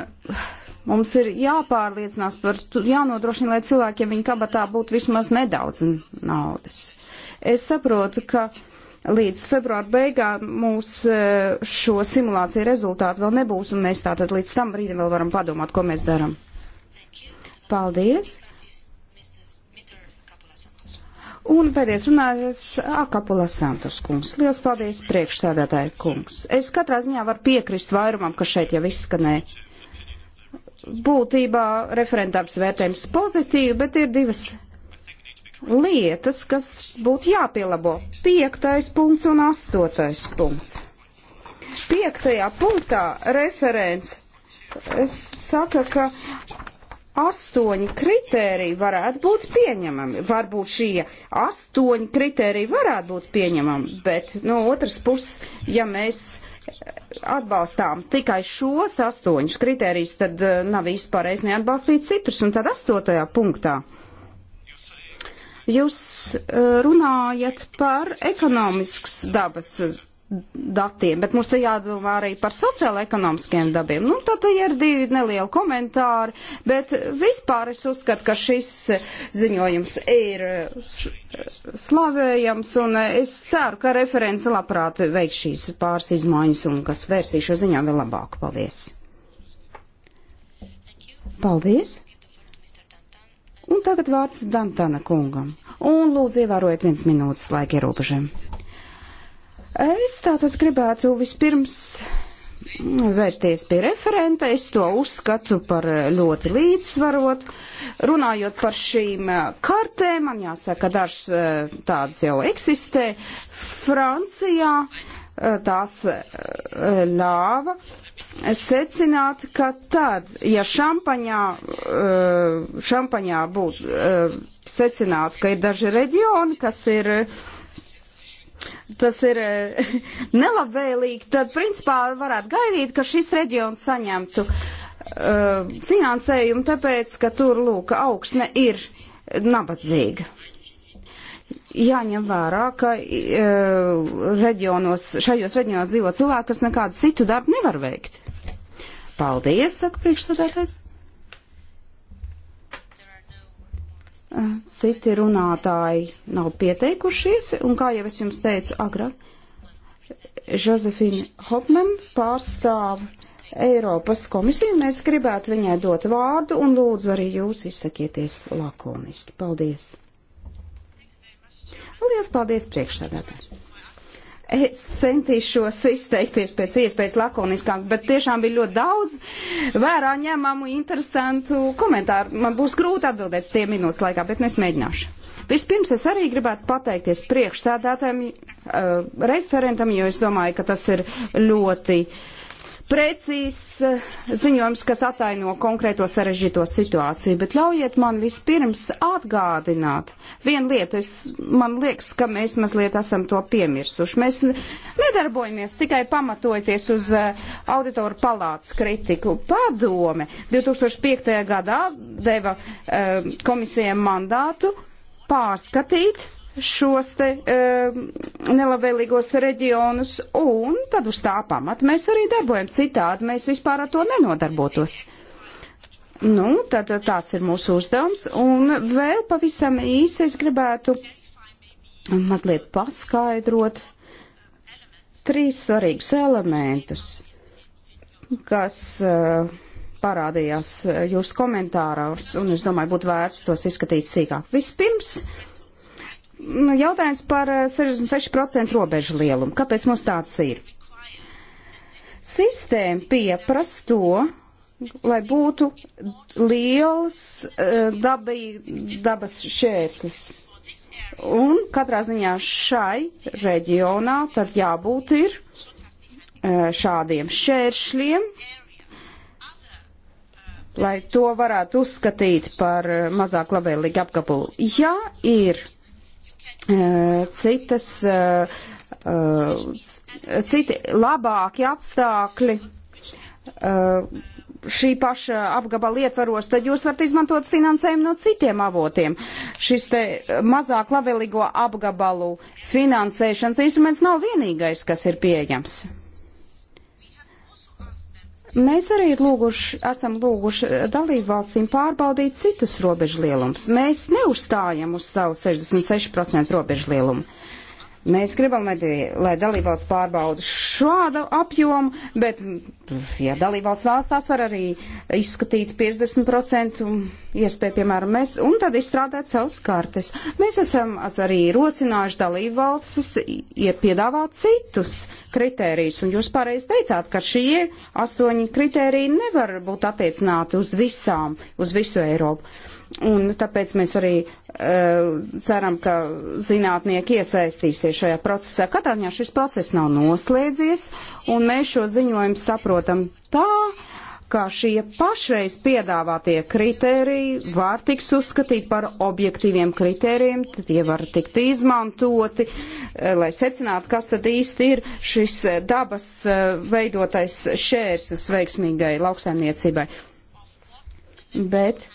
Speaker 4: Mums ir jāpārliecinās par, jānodrošina, lai cilvēkiem viņa kabatā būtu vismaz nedaudz naudas. Es saprotu, ka līdz februāra beigām mūs e, šo simulāciju rezultātu vēl nebūs, un mēs tātad līdz tam brīdim vēl varam padomāt, ko mēs darām. Paldies! Un pēdējais runājas Akapula Santos kungs. Lielas paldies priekšsēdētāju kungs. Es katrā ziņā varu piekrist vairumam, kas šeit jau izskanēja būtībā referendāms vērtējums pozitīvi, bet ir divas lietas, kas būtu jāpielabo. Piektais punkts un astotais punkts. Piektajā punktā referents saka, ka astoņi kritēriji varētu būt pieņemami. Varbūt šie astoņi kritēriji varētu būt pieņemami, bet no otras puses, ja mēs atbalstām tikai šos astoņus kritērijus, tad eh, nav īsti pareizi neatbalstīt citus. Un tad astotajā punktā jūs eh, runājat par ekonomiskas dabas datiem, bet mums te jādomā arī par sociāla-ekonomiskiem dabiem. Nu, tad ja ir divi nelieli komentāri, bet vispār es uzskatu, ka šis ziņojums ir slavējams, un es ceru, ka referents labprāt veiks šīs pāris izmaiņas, un kas vērsīs šo ziņā vēl labāk. Paldies! Paldies! Un tagad vārds Dantana kungam. Un lūdzu ievērojiet viens minūtes laika ierobežojumu. Es tātad gribētu vispirms vērsties pie referenta. Es to uzskatu par ļoti līdzsvarot. Runājot par šīm eh, kartēm, man jāsaka, dažas eh, tādas jau eksistē. Francijā eh, tās ļāva secināt, ka tad, ja šampaņā, šampaņā būtu secināt, ka ir daži reģioni, kas ir tas ir eh, nelabvēlīgi, tad principā varētu gaidīt, ka šis reģions saņemtu uh, finansējumu, tāpēc, ka tur, lūk, augsne ir nabadzīga. Jāņem vērā, ka uh, reģionos, šajos reģionos dzīvo cilvēki, kas nekādu citu darbu nevar veikt. Paldies, saka priekšstādātais. Eh, citi runātāji nav pieteikušies, un kā jau es jums teicu agrāk, Žozefina Hopman pārstāv Eiropas komisiju. Mēs gribētu viņai dot vārdu un lūdzu arī jūs izsakieties lakoniski. Paldies! Lielas paldies priekšsēdētāji! Es centīšos izteikties pēc iespējas lakoniskāk, bet tiešām bija ļoti daudz vērā ņemamu interesantu komentāru. Man būs grūti atbildēt tie minūtes laikā, bet nu es mēģināšu. Vispirms es arī gribētu pateikties priekšsēdētājiem, uh, referentam, jo es domāju, ka tas ir ļoti. Uh, precīzs eh, ziņojums, kas ataino konkrēto sarežģīto situāciju, bet ļaujiet man vispirms atgādināt vienu lietu. Es, man liekas, ka mēs mazliet esam to piemirsuši. Mēs nedarbojamies tikai pamatojoties uz eh, auditoru palātas kritiku. Padome 2005. gadā deva um, komisijai mandātu pārskatīt šos te uh, nelabvēlīgos reģionus, un tad uz tā pamata mēs arī darbojam. Citādi mēs vispār ar to nenodarbotos. Nu, tad tāds ir mūsu uzdevums, un vēl pavisam īsi es gribētu mazliet paskaidrot trīs svarīgus elementus, kas uh, parādījās eh, jūsu komentāros, un es domāju, būtu vērts tos izskatīt sīkāk. Vispirms, uh, nu, jautājums par 66% eh, robežu lielumu. Kāpēc mums tāds ir? Sistēma pieprasa to, lai būtu liels eh, dabī, dabas šķērslis. Un katrā ziņā šai reģionā tad jābūt ir eh, šādiem šķēršļiem, lai to varētu uzskatīt par mazāk labvēlīgu apgabalu. Ja ir citas, eh, citi labāki apstākļi eh, šī paša apgabala ietvaros, tad jūs varat izmantot finansējumu no citiem avotiem. Šis te mazāk labvēlīgo apgabalu finansēšanas instruments nav vienīgais, kas ir pieejams. Mēs arī lūguši, esam lūguši dalību valstīm pārbaudīt citus robežu lielumus. Mēs neuzstājam uz savu 66% robežu lielumu. Mēs gribam, lai dalībvalsts pārbauda šādu apjomu, bet, ja dalībvalsts vēlas, tās var arī izskatīt 50% iespēju, piemēram, mēs, un tad izstrādāt savus kartes. Mēs esam arī rosinājuši dalībvalstis piedāvāt citus kritērijus, un jūs pareizi teicāt, ka šie astoņi kritēriji nevar būt attiecināti uz visām, uz visu Eiropu. Un tāpēc mēs arī uh, ceram, ka zinātnieki iesaistīsies šajā procesā. Katrā ziņā šis process nav noslēdzies, un mēs šo ziņojumu saprotam tā, ka šie pašreiz piedāvātie kritēriji var tiks uzskatīt par objektīviem kritērijiem, tie var tikt izmantoti, eh, lai secinātu, kas tad īsti ir šis eh, dabas veidotais šērslis veiksmīgai lauksaimniecībai. Bet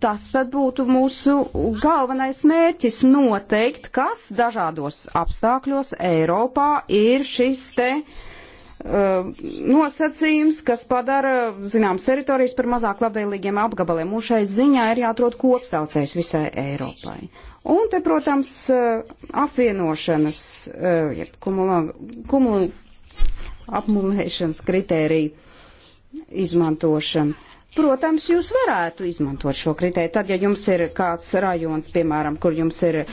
Speaker 4: tas tad būtu mūsu galvenais mērķis noteikt, kas dažādos apstākļos Eiropā ir šis te uh, nosacījums, kas padara, zināms, teritorijas par mazāk labvēlīgiem apgabaliem. Mūsu šai ziņā ir jāatrod kopsaucējs visai Eiropai. Un te, protams, uh, apvienošanas, uh, kumula, kumula apmulēšanas kritērija izmantošana Protams, jūs varētu izmantot šo kritēju. Tad, ja jums ir kāds rajons, piemēram, kur jums ir, eh,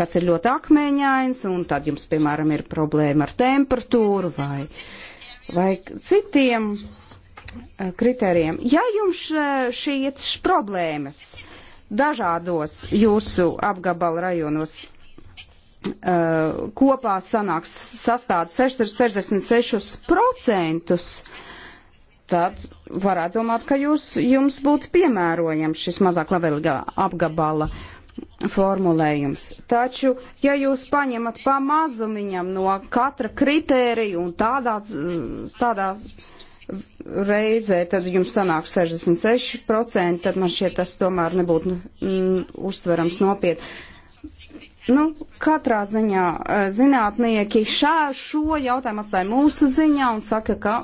Speaker 4: kas ir ļoti akmeņains, un tad jums, piemēram, ir problēma ar temperatūru vai, vai citiem eh, kritērijiem. Ja jums eh, šīs problēmas dažādos jūsu apgabala rajonos kopā sanāks sastāda 66%, tad varētu domāt, ka jūs, jums būtu piemērojams šis mazāk labvēlīgā apgabala formulējums. Taču, ja jūs paņemat pa mazumiņam no katra kritērija un tādā, tādā reizē, tad jums sanāk 66%, tad man šķiet tas tomēr nebūtu mm, uztverams nopietni. Nu, katrā ziņā zinātnieki šā, šo jautājumu atstāja mūsu ziņā un saka, ka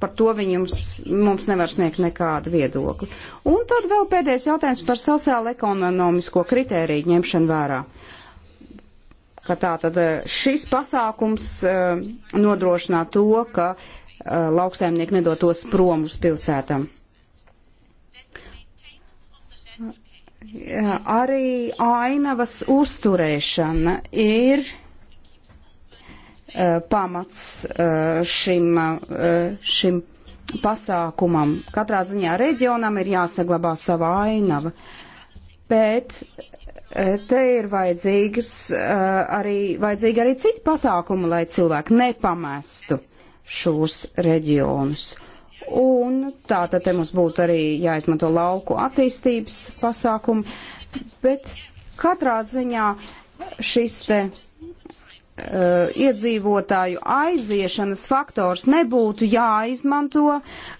Speaker 4: par to viņums, mums nevar sniegt nekādu viedokli. Un tad vēl pēdējais jautājums par sociālo-ekonomisko kritēriju ņemšanu vērā. Ka tā tad eh, šis pasākums eh, nodrošinā to, ka eh, lauksaimnieki nedotos prom uz pilsētām. Arī ainavas uzturēšana ir Eh, pamats eh, šim, eh, šim pasākumam. Katrā ziņā reģionam ir jāsaglabā sava ainava, bet te ir vajadzīgas arī, vajadzīgi arī citi pasākumi, lai cilvēki nepamestu šos reģionus. Un tā tad te mums būtu arī jāizmanto lauku attīstības pasākumi, bet katrā ziņā šis te Eh, iedzīvotāju aiziešanas faktors nebūtu jāizmanto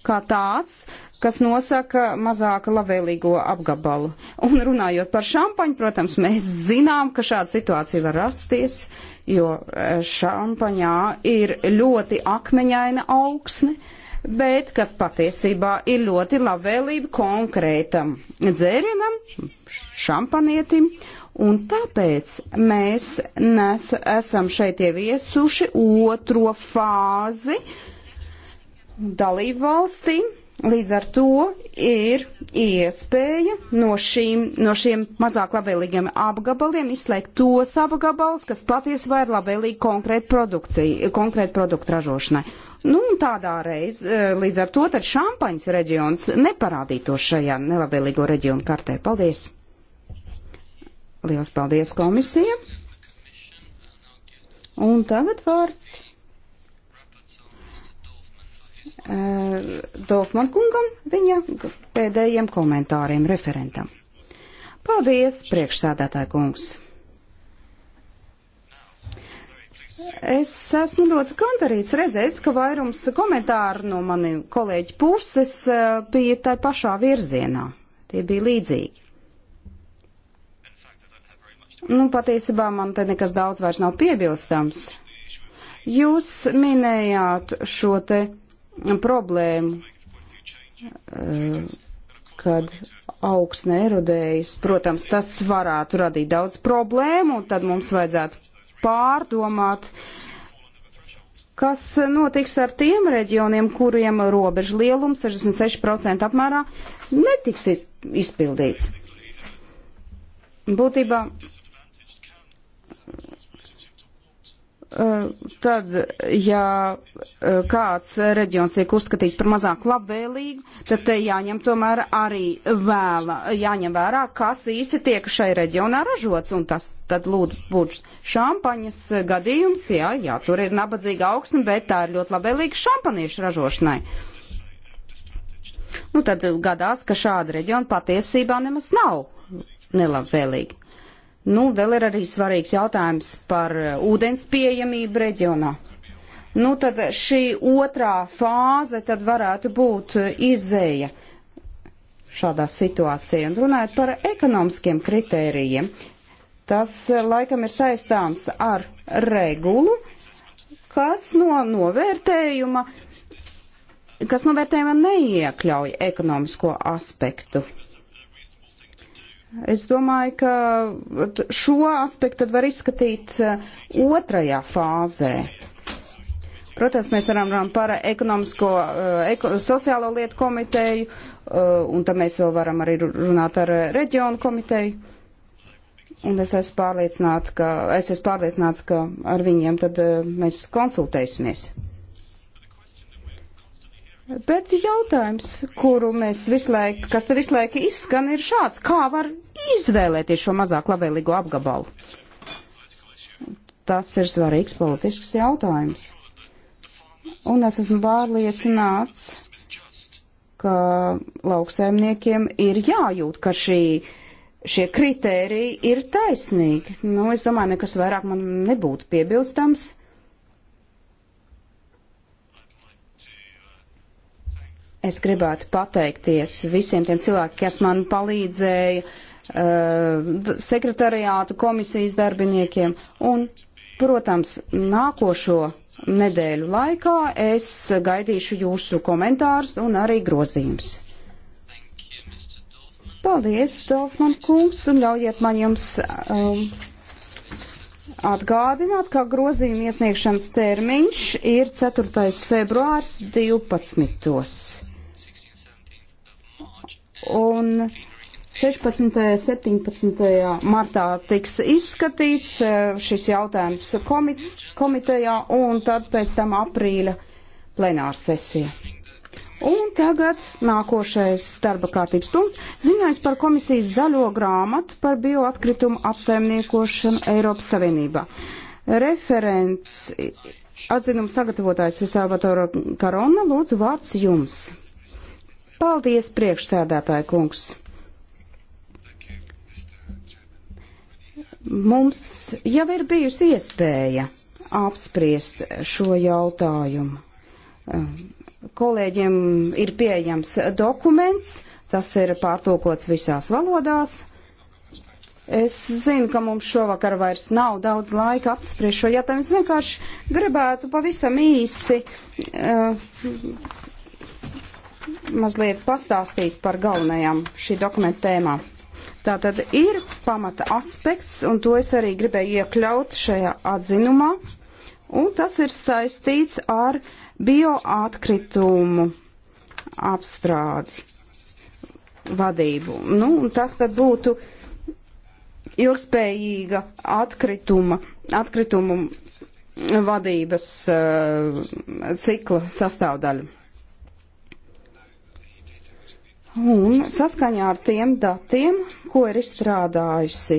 Speaker 4: kā tāds, kas nosaka mazāka labvēlīgo apgabalu. Un runājot par šampaņu, protams, mēs zinām, ka šāda situācija var rasties, jo eh, šampaņā ir ļoti akmeņaina augsne, bet kas patiesībā ir ļoti labvēlība konkrētam dzērienam, šampanietim, Un tāpēc mēs nes, esam šeit ieviesuši otro fāzi dalību valstī. Līdz ar to ir iespēja no, šīm, no šiem mazāk labvēlīgiem apgabaliem izslēgt tos apgabals, kas patiesībā ir labvēlīgi konkrēti produkcija, konkrēti produktu ražošanai. Nu, un tādā reiz, e, līdz ar to tad šampaņas reģions neparādītos šajā nelabvēlīgo reģionu kartē. Paldies! Liels paldies komisija. Un tagad vārds uh, eh, Dofman kungam, viņa pēdējiem komentāriem referentam. Paldies, priekšsādātāja kungs. Es esmu ļoti gandarīts redzēt, ka vairums komentāru no mani kolēģi puses eh, bija tai pašā virzienā. Tie bija līdzīgi. Nu, patiesībā man te nekas daudz vairs nav piebilstams. Jūs minējāt šo te problēmu, eh, kad augsne erodējas. Protams, tas varētu radīt daudz problēmu, un tad mums vajadzētu pārdomāt, kas notiks ar tiem reģioniem, kuriem robežu lielums 66% apmērā netiks izpildīts. Būtībā Eh, tad, ja eh, kāds reģions tiek uzskatīts par mazāk labvēlīgu, tad te jāņem tomēr arī vēla, jāņem vērā, kas īsti tiek šai reģionā ražots, un tas tad lūdzu būtu šampaņas gadījums, jā, jā, tur ir nabadzīga augsne, bet tā ir ļoti labvēlīga šampaniešu ražošanai. Nu, tad gadās, ka šāda reģiona patiesībā nemaz nav nelabvēlīga. Nu, vēl ir arī svarīgs jautājums par uh, ūdens pieejamību reģionā. Nu, tad šī otrā fāze tad varētu būt uh, izēja šādā situācijā. Un runājot par ekonomiskiem kritērijiem, tas uh, laikam ir saistāms ar regulu, kas no novērtējuma, kas novērtējuma neiekļauj ekonomisko aspektu. Es domāju, ka šo aspektu tad var izskatīt eh, otrajā fāzē. Protams, mēs varam runāt par ekonomisko, eh, eko, sociālo lietu komiteju, eh, un tad mēs vēl varam arī runāt ar reģionu komiteju. Un es esmu pārliecināta, ka, es esmu pārliecināts, ka ar viņiem tad mēs konsultēsimies. Bet jautājums, kuru mēs visu laiku, kas te visu laiku izskan, ir šāds. Kā var izvēlēties šo mazāk labvēlīgo apgabalu? Tas ir svarīgs politisks jautājums. Un es esmu pārliecināts, ka lauksaimniekiem ir jājūt, ka šī, šie kritēriji ir taisnīgi. Nu, es domāju, nekas vairāk man nebūtu piebilstams. Es gribētu pateikties visiem tiem cilvēkiem, kas man palīdzēja, eh, sekretariātu komisijas darbiniekiem. Un, protams, nākošo nedēļu laikā es gaidīšu jūsu komentārus un arī grozījumus. Paldies, Dolfman kungs, un ļaujiet man jums um, atgādināt, ka grozījuma iesniegšanas termiņš ir 4. februārs 12. Un 16. un 17. martā tiks izskatīts eh, šis jautājums komits, komitejā un tad pēc tam aprīļa plenārsesija. Un tagad nākošais darba kārtības punkts - ziņājums par komisijas zaļo grāmatu par bioatkritumu apsaimniekošanu Eiropas Savienībā. Referents atzinums sagatavotājs ir Salvatore Karona, lūdzu vārds jums. Paldies, priekšsēdētāja kungs! Mums jau ir bijusi iespēja apspriest šo jautājumu. Kolēģiem ir pieejams dokuments, tas ir pārtulkots visās valodās. Es zinu, ka mums šovakar vairs nav daudz laika apspriest šo jautājumu. Es vienkārši gribētu pavisam īsi uh, mazliet pastāstīt par galvenajām šī dokumenta tēmām. Tā tad ir pamata aspekts, un to es arī gribēju iekļaut šajā atzinumā, un tas ir saistīts ar bioatkritumu apstrādi vadību. Nu, un tas tad būtu ilgspējīga atkrituma, atkritumu vadības uh, cikla sastāvdaļa. Un saskaņā ar tiem datiem, ko ir izstrādājusi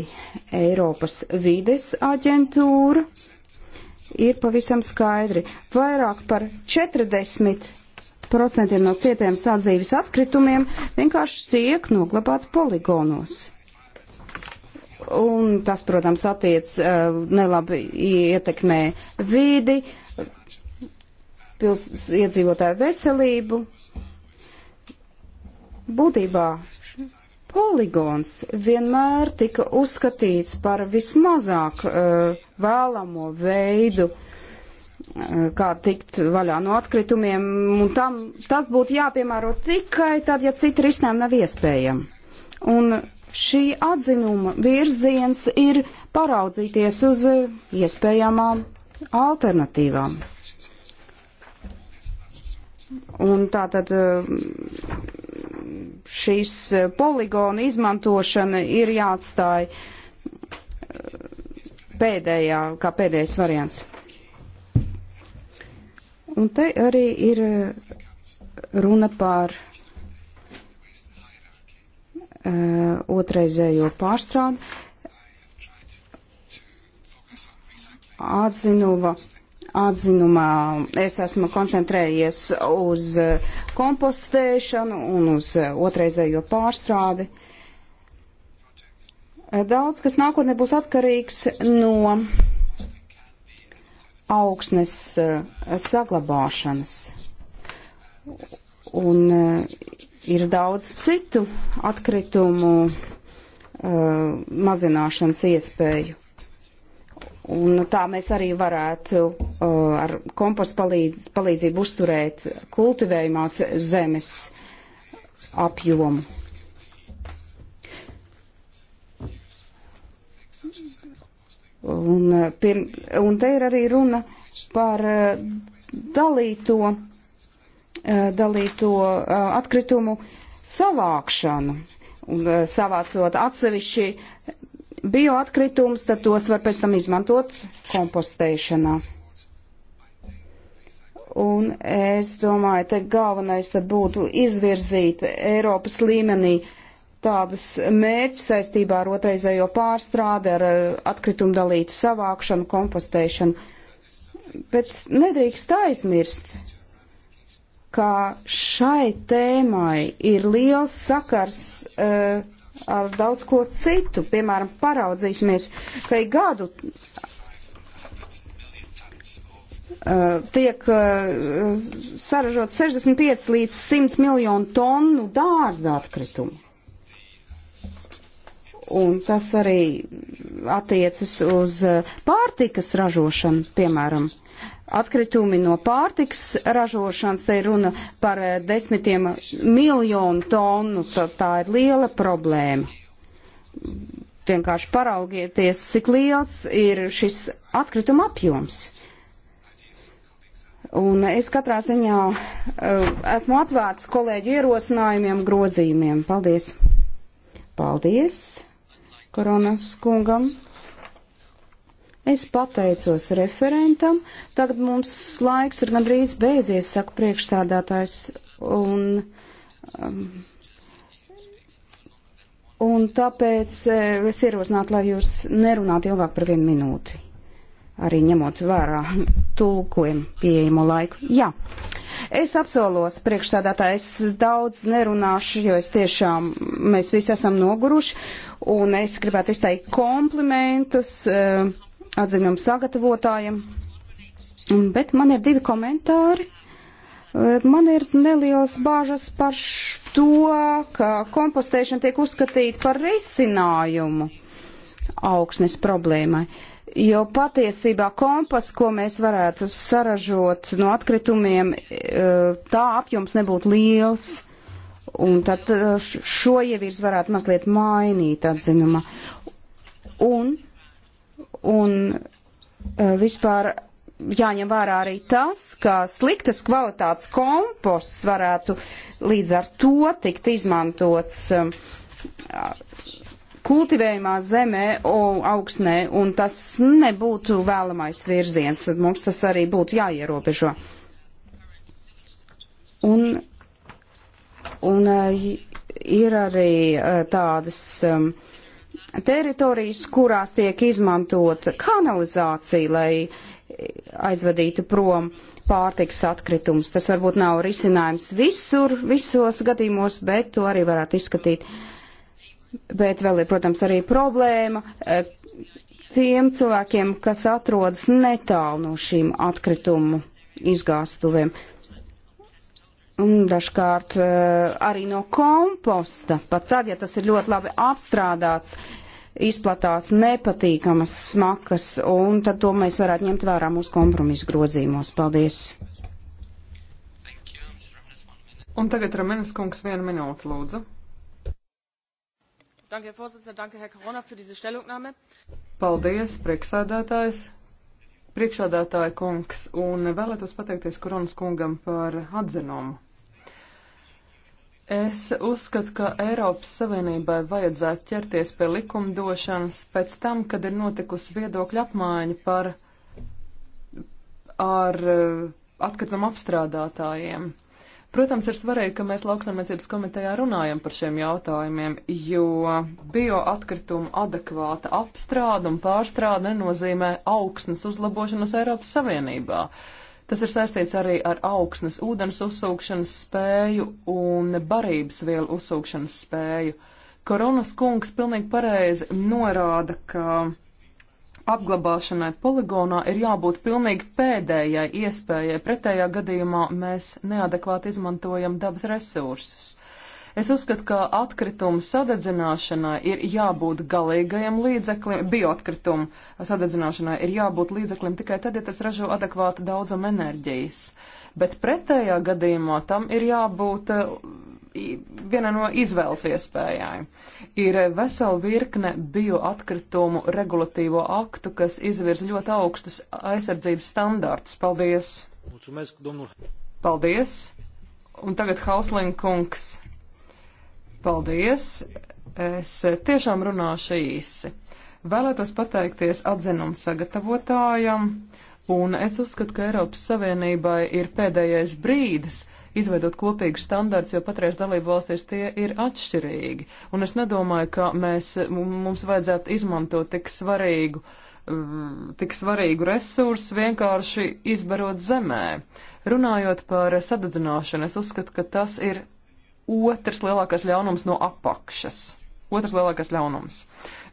Speaker 4: Eiropas vides aģentūra, ir pavisam skaidri. Vairāk par 40% no cietiem sadzīves atkritumiem vienkārši tiek noglabāti poligonos. Un tas, protams, attiec eh, nelabi ietekmē vidi, pils, iedzīvotāju veselību Būtībā poligons vienmēr tika uzskatīts par vismazāk uh, vēlamo veidu, uh, kā tikt vaļā no atkritumiem, un tam, tas būtu jāpiemēro tikai tad, ja citi risinājumi nav iespējami. Un šī atzinuma virziens ir paraudzīties uz eh, iespējamām alternatīvām. Un tā tad uh, šīs eh, poligona izmantošana ir jāatstāj eh, pēdējā, kā pēdējais variants. Un te arī ir eh, runa par uh, otraizējo pārstrādi. Atzinuva atzinumā es esmu koncentrējies uz eh, kompostēšanu un uz eh, otrreizējo pārstrādi. Eh, daudz, kas nākotnē būs atkarīgs no augsnes saglabāšanas. Un ir daudz citu atkritumu mazināšanas iespēju Un tā mēs arī varētu uh, ar kompostu palīdz, palīdzību uzturēt kultivējumās zemes apjomu. Un, uh, pirm, un te ir arī runa par uh, dalīto, uh, dalīto atkritumu savākšanu un savācot atsevišķi bioatkritumus, tad tos var pēc tam izmantot kompostēšanā. Un es domāju, te galvenais tad būtu izvirzīt Eiropas līmenī tādus mērķus saistībā ar otraizējo pārstrādi, ar eh, atkritumu dalītu savākšanu, kompostēšanu. Bet nedrīkst aizmirst, ka šai tēmai ir liels sakars uh, ar daudz ko citu. Piemēram, paraudzīsimies, ka ik gadu Uh, tiek uh, saražot 65 līdz 100 miljonu tonu dārza atkritumu. Un tas arī attiecas uz uh, pārtikas ražošanu, piemēram atkritumi no pārtiks ražošanas, te ir runa par eh, desmitiem miljonu tonu, tā, tā ir liela problēma. Vienkārši paraugieties, cik liels ir šis atkrituma apjoms. Un es katrā ziņā uh, esmu atvērts kolēģu ierosinājumiem, grozījumiem. Paldies! Paldies, Koronas kungam! Es pateicos referentam, tagad mums laiks ir gandrīz beidzies, saka priekšsādātājs, un, um, un tāpēc eh, es ierosinātu, lai jūs nerunātu ilgāk par vienu minūti, arī ņemot vērā tulkojumu pieejamo laiku. Jā, es apsolos priekšsādātājs, daudz nerunāšu, jo es tiešām, mēs visi esam noguruši, un es gribētu izteikt komplimentus. Uh, atzinumu sagatavotājiem. Bet man ir divi komentāri. E, man ir nelielas bāžas par to, ka kompostēšana tiek uzskatīta par risinājumu augsnes problēmai. Jo patiesībā kompas, ko mēs varētu saražot no atkritumiem, e, tā apjoms nebūtu liels. Un tad e, šo ievirs varētu mazliet mainīt atzinumā. Un Un e, vispār jāņem vērā arī tas, ka sliktas kvalitātes komposts varētu līdz ar to tikt izmantots e, kultivējumā zemē, augsnē, un tas nebūtu vēlamais virziens, tad mums tas arī būtu jāierobežo. Un, un e, ir arī tādas. Um, teritorijas, kurās tiek izmantota kanalizācija, lai aizvadītu prom pārtiks atkritumus. Tas varbūt nav risinājums visur, visos gadījumos, bet to arī varētu izskatīt. Bet vēl ir, protams, arī problēma eh, tiem cilvēkiem, kas atrodas netālu no šīm atkritumu izgāstuvēm. Un dažkārt eh, arī no komposta, pat tad, ja tas ir ļoti labi apstrādāts, uh, izplatās nepatīkamas smakas, un tad to mēs varētu ņemt vērā mūsu kompromisu grozīmos. Paldies!
Speaker 2: Un tagad Ramenes kungs vienu minūtu lūdzu. Paldies, priekšsādātājs, priekšsādātāja kungs, un vēlētos pateikties Koronas kungam par atzinumu. Es uzskatu, ka Eiropas Savienībai vajadzētu ķerties pie likumdošanas pēc tam, kad ir notikusi viedokļa apmaiņa par ar eh, atkritumu apstrādātājiem. Protams, ir svarīgi, ka mēs lauksaimniecības komitejā runājam par šiem jautājumiem, jo bioatkritumu adekvāta apstrāde un pārstrāde nenozīmē augsnes uzlabošanas Eiropas Savienībā. Uh, Tas ir saistīts arī ar augsnes ūdens uzsūkšanas spēju un barības vielu uzsūkšanas spēju. Koronas kungs pilnīgi pareizi norāda, ka apglabāšanai poligonā ir jābūt pilnīgi pēdējai iespējai, pretējā gadījumā mēs neadekvāti izmantojam dabas resursus. Es uzskatu, ka atkritumu sadedzināšanai ir jābūt galīgajam līdzeklim, bioatkritumu sadedzināšanai ir jābūt līdzeklim tikai tad, ja tas ražo adekvātu daudzumu enerģijas. Bet pretējā gadījumā tam ir jābūt uh, viena no izvēles iespējām. Ir vesela virkne bioatkritumu regulatīvo aktu, kas izvirz ļoti augstus aizsardzības standārtus. Paldies! Paldies! Un tagad Hauslinkungs. Paldies! Es tiešām runāšu īsi. Vēlētos pateikties atzinumu sagatavotājam, un es uzskatu, ka Eiropas Savienībai ir pēdējais brīdis, izveidot kopīgus standarts, jo patreiz dalību valstīs tie ir atšķirīgi. Un es nedomāju, ka mēs, mums vajadzētu izmantot tik svarīgu, tik svarīgu resursu vienkārši izbarot zemē. Runājot par sadedzināšanu, es uzskatu, ka tas ir otrs lielākais ļaunums no apakšas. Otrs lielākais ļaunums.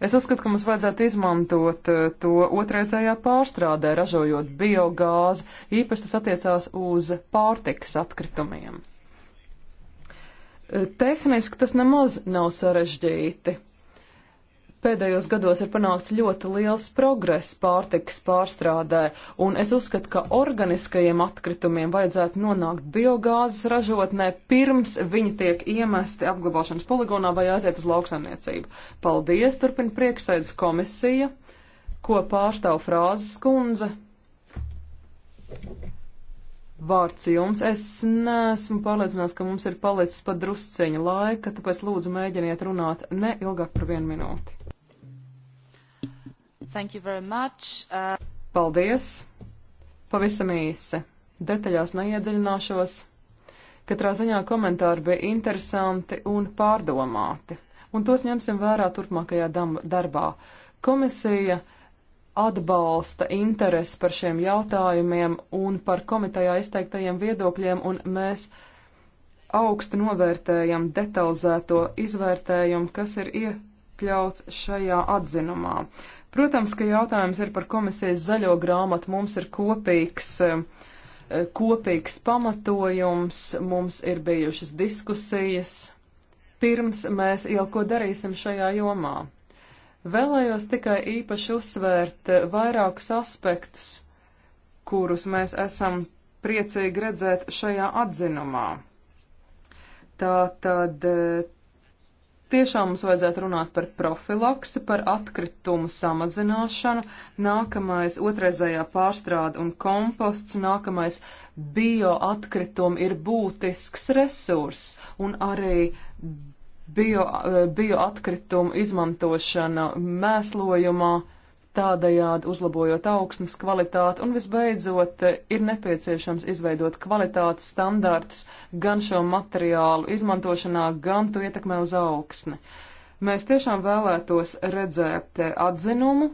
Speaker 2: Es uzskatu, ka mums vajadzētu izmantot eh, to otrreizējā pārstrādē, ražojot biogāzi, īpaši tas attiecās uz pārtikas atkritumiem. Eh, tehniski tas nemaz nav sarežģīti. Pēdējos gados ir panākts ļoti liels progress pārtikas pārstrādē, un es uzskatu, ka organiskajiem atkritumiem vajadzētu nonākt biogāzes ražotnē pirms viņi tiek iemesti apglabāšanas poligonā vai aiziet uz lauksaimniecību. Paldies, turpina priekšsēdus komisija, ko pārstāv frāzes kundze. Vārds jums. Es neesmu pārliecināts, ka mums ir palicis pat drusceņa laika, tāpēc lūdzu mēģiniet runāt ne ilgāk par vienu minūti. Thank you very much. Uh... Paldies! Pavisam īsi. Detaļās neiedziļināšos. Katrā ziņā komentāri bija interesanti un pārdomāti, un tos ņemsim vērā turpmākajā darbā. Komisija atbalsta interesi par šiem jautājumiem un par komitejā izteiktajiem viedokļiem, un mēs augstu novērtējam detalizēto izvērtējumu, kas ir ie iekļauts šajā atzinumā. Protams, ka jautājums ir par komisijas zaļo grāmatu. Mums ir kopīgs, eh, eh, kopīgs pamatojums, mums ir bijušas diskusijas, pirms mēs jau ko darīsim šajā jomā. Vēlējos tikai īpaši uzsvērt eh, vairākus aspektus, kurus mēs esam priecīgi redzēt šajā atzinumā. Tā tad Tiešām mums vajadzētu runāt par profilaksi, par atkritumu samazināšanu, nākamais otrreizējā pārstrāde un komposts, nākamais bioatkritumi ir būtisks resurss un arī bio, eh, bioatkritumu izmantošana mēslojumā tādējādi uzlabojot augsnes kvalitāti, un visbeidzot eh, ir nepieciešams izveidot kvalitātes standartus gan šo materiālu izmantošanā, gan to ietekmē uz augsni. Mēs tiešām vēlētos redzēt eh, atzinumu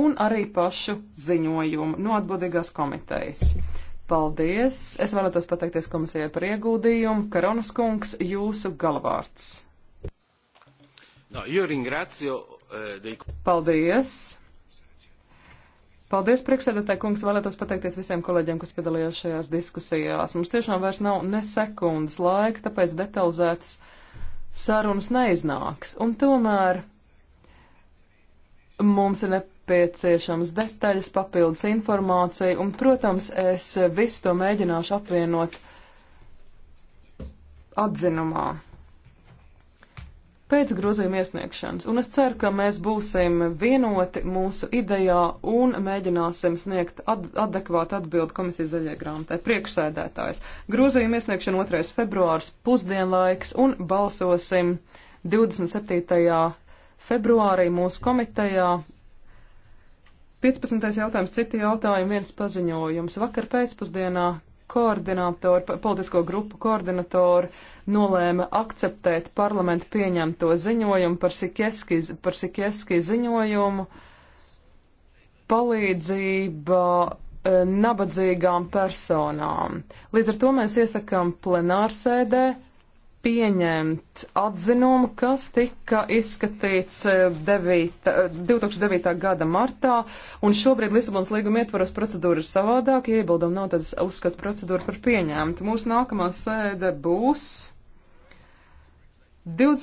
Speaker 2: un arī pašu ziņojumu no atbildīgās komitejas. Paldies! Es vēlētos pateikties komisijai par ieguldījumu. Karonas kungs, jūsu galvārds.
Speaker 1: No, eh,
Speaker 2: Paldies! Paldies, priekšsēdētāji kungs, vēlētos pateikties visiem kolēģiem, kas piedalījās šajās diskusijās. Mums tiešām vairs nav ne sekundes laika, tāpēc detalizētas sarunas neiznāks. Un tomēr mums ir nepieciešams detaļas, papildus informācija, un, protams, es visu to mēģināšu apvienot atzinumā pēc grozījuma iesniegšanas, un es ceru, ka mēs būsim vienoti mūsu idejā un mēģināsim sniegt ad adekvātu atbildi komisijas zaļajai grāmatai. Priekšsēdētājs. Grozījuma iesniegšana 2. februārs pusdienlaiks un balsosim 27. februārī mūsu komitejā. 15. jautājums, citi jautājumi, viens paziņojums. Vakar pēcpusdienā koordinātori, politisko grupu koordinatori nolēma akceptēt parlamentu pieņemto ziņojumu par Sikieski, par Sikieski ziņojumu palīdzība e, nabadzīgām personām. Līdz ar to mēs iesakām plenārsēdē pieņemt atzinumu, kas tika izskatīts 9, eh, 2009. Eh, gada martā, un šobrīd Lisabonas līguma ietvaros procedūra ir savādāk, ja iebildam nav, tad es uzskatu procedūru par pieņemtu. Mūsu nākamā sēde būs 20.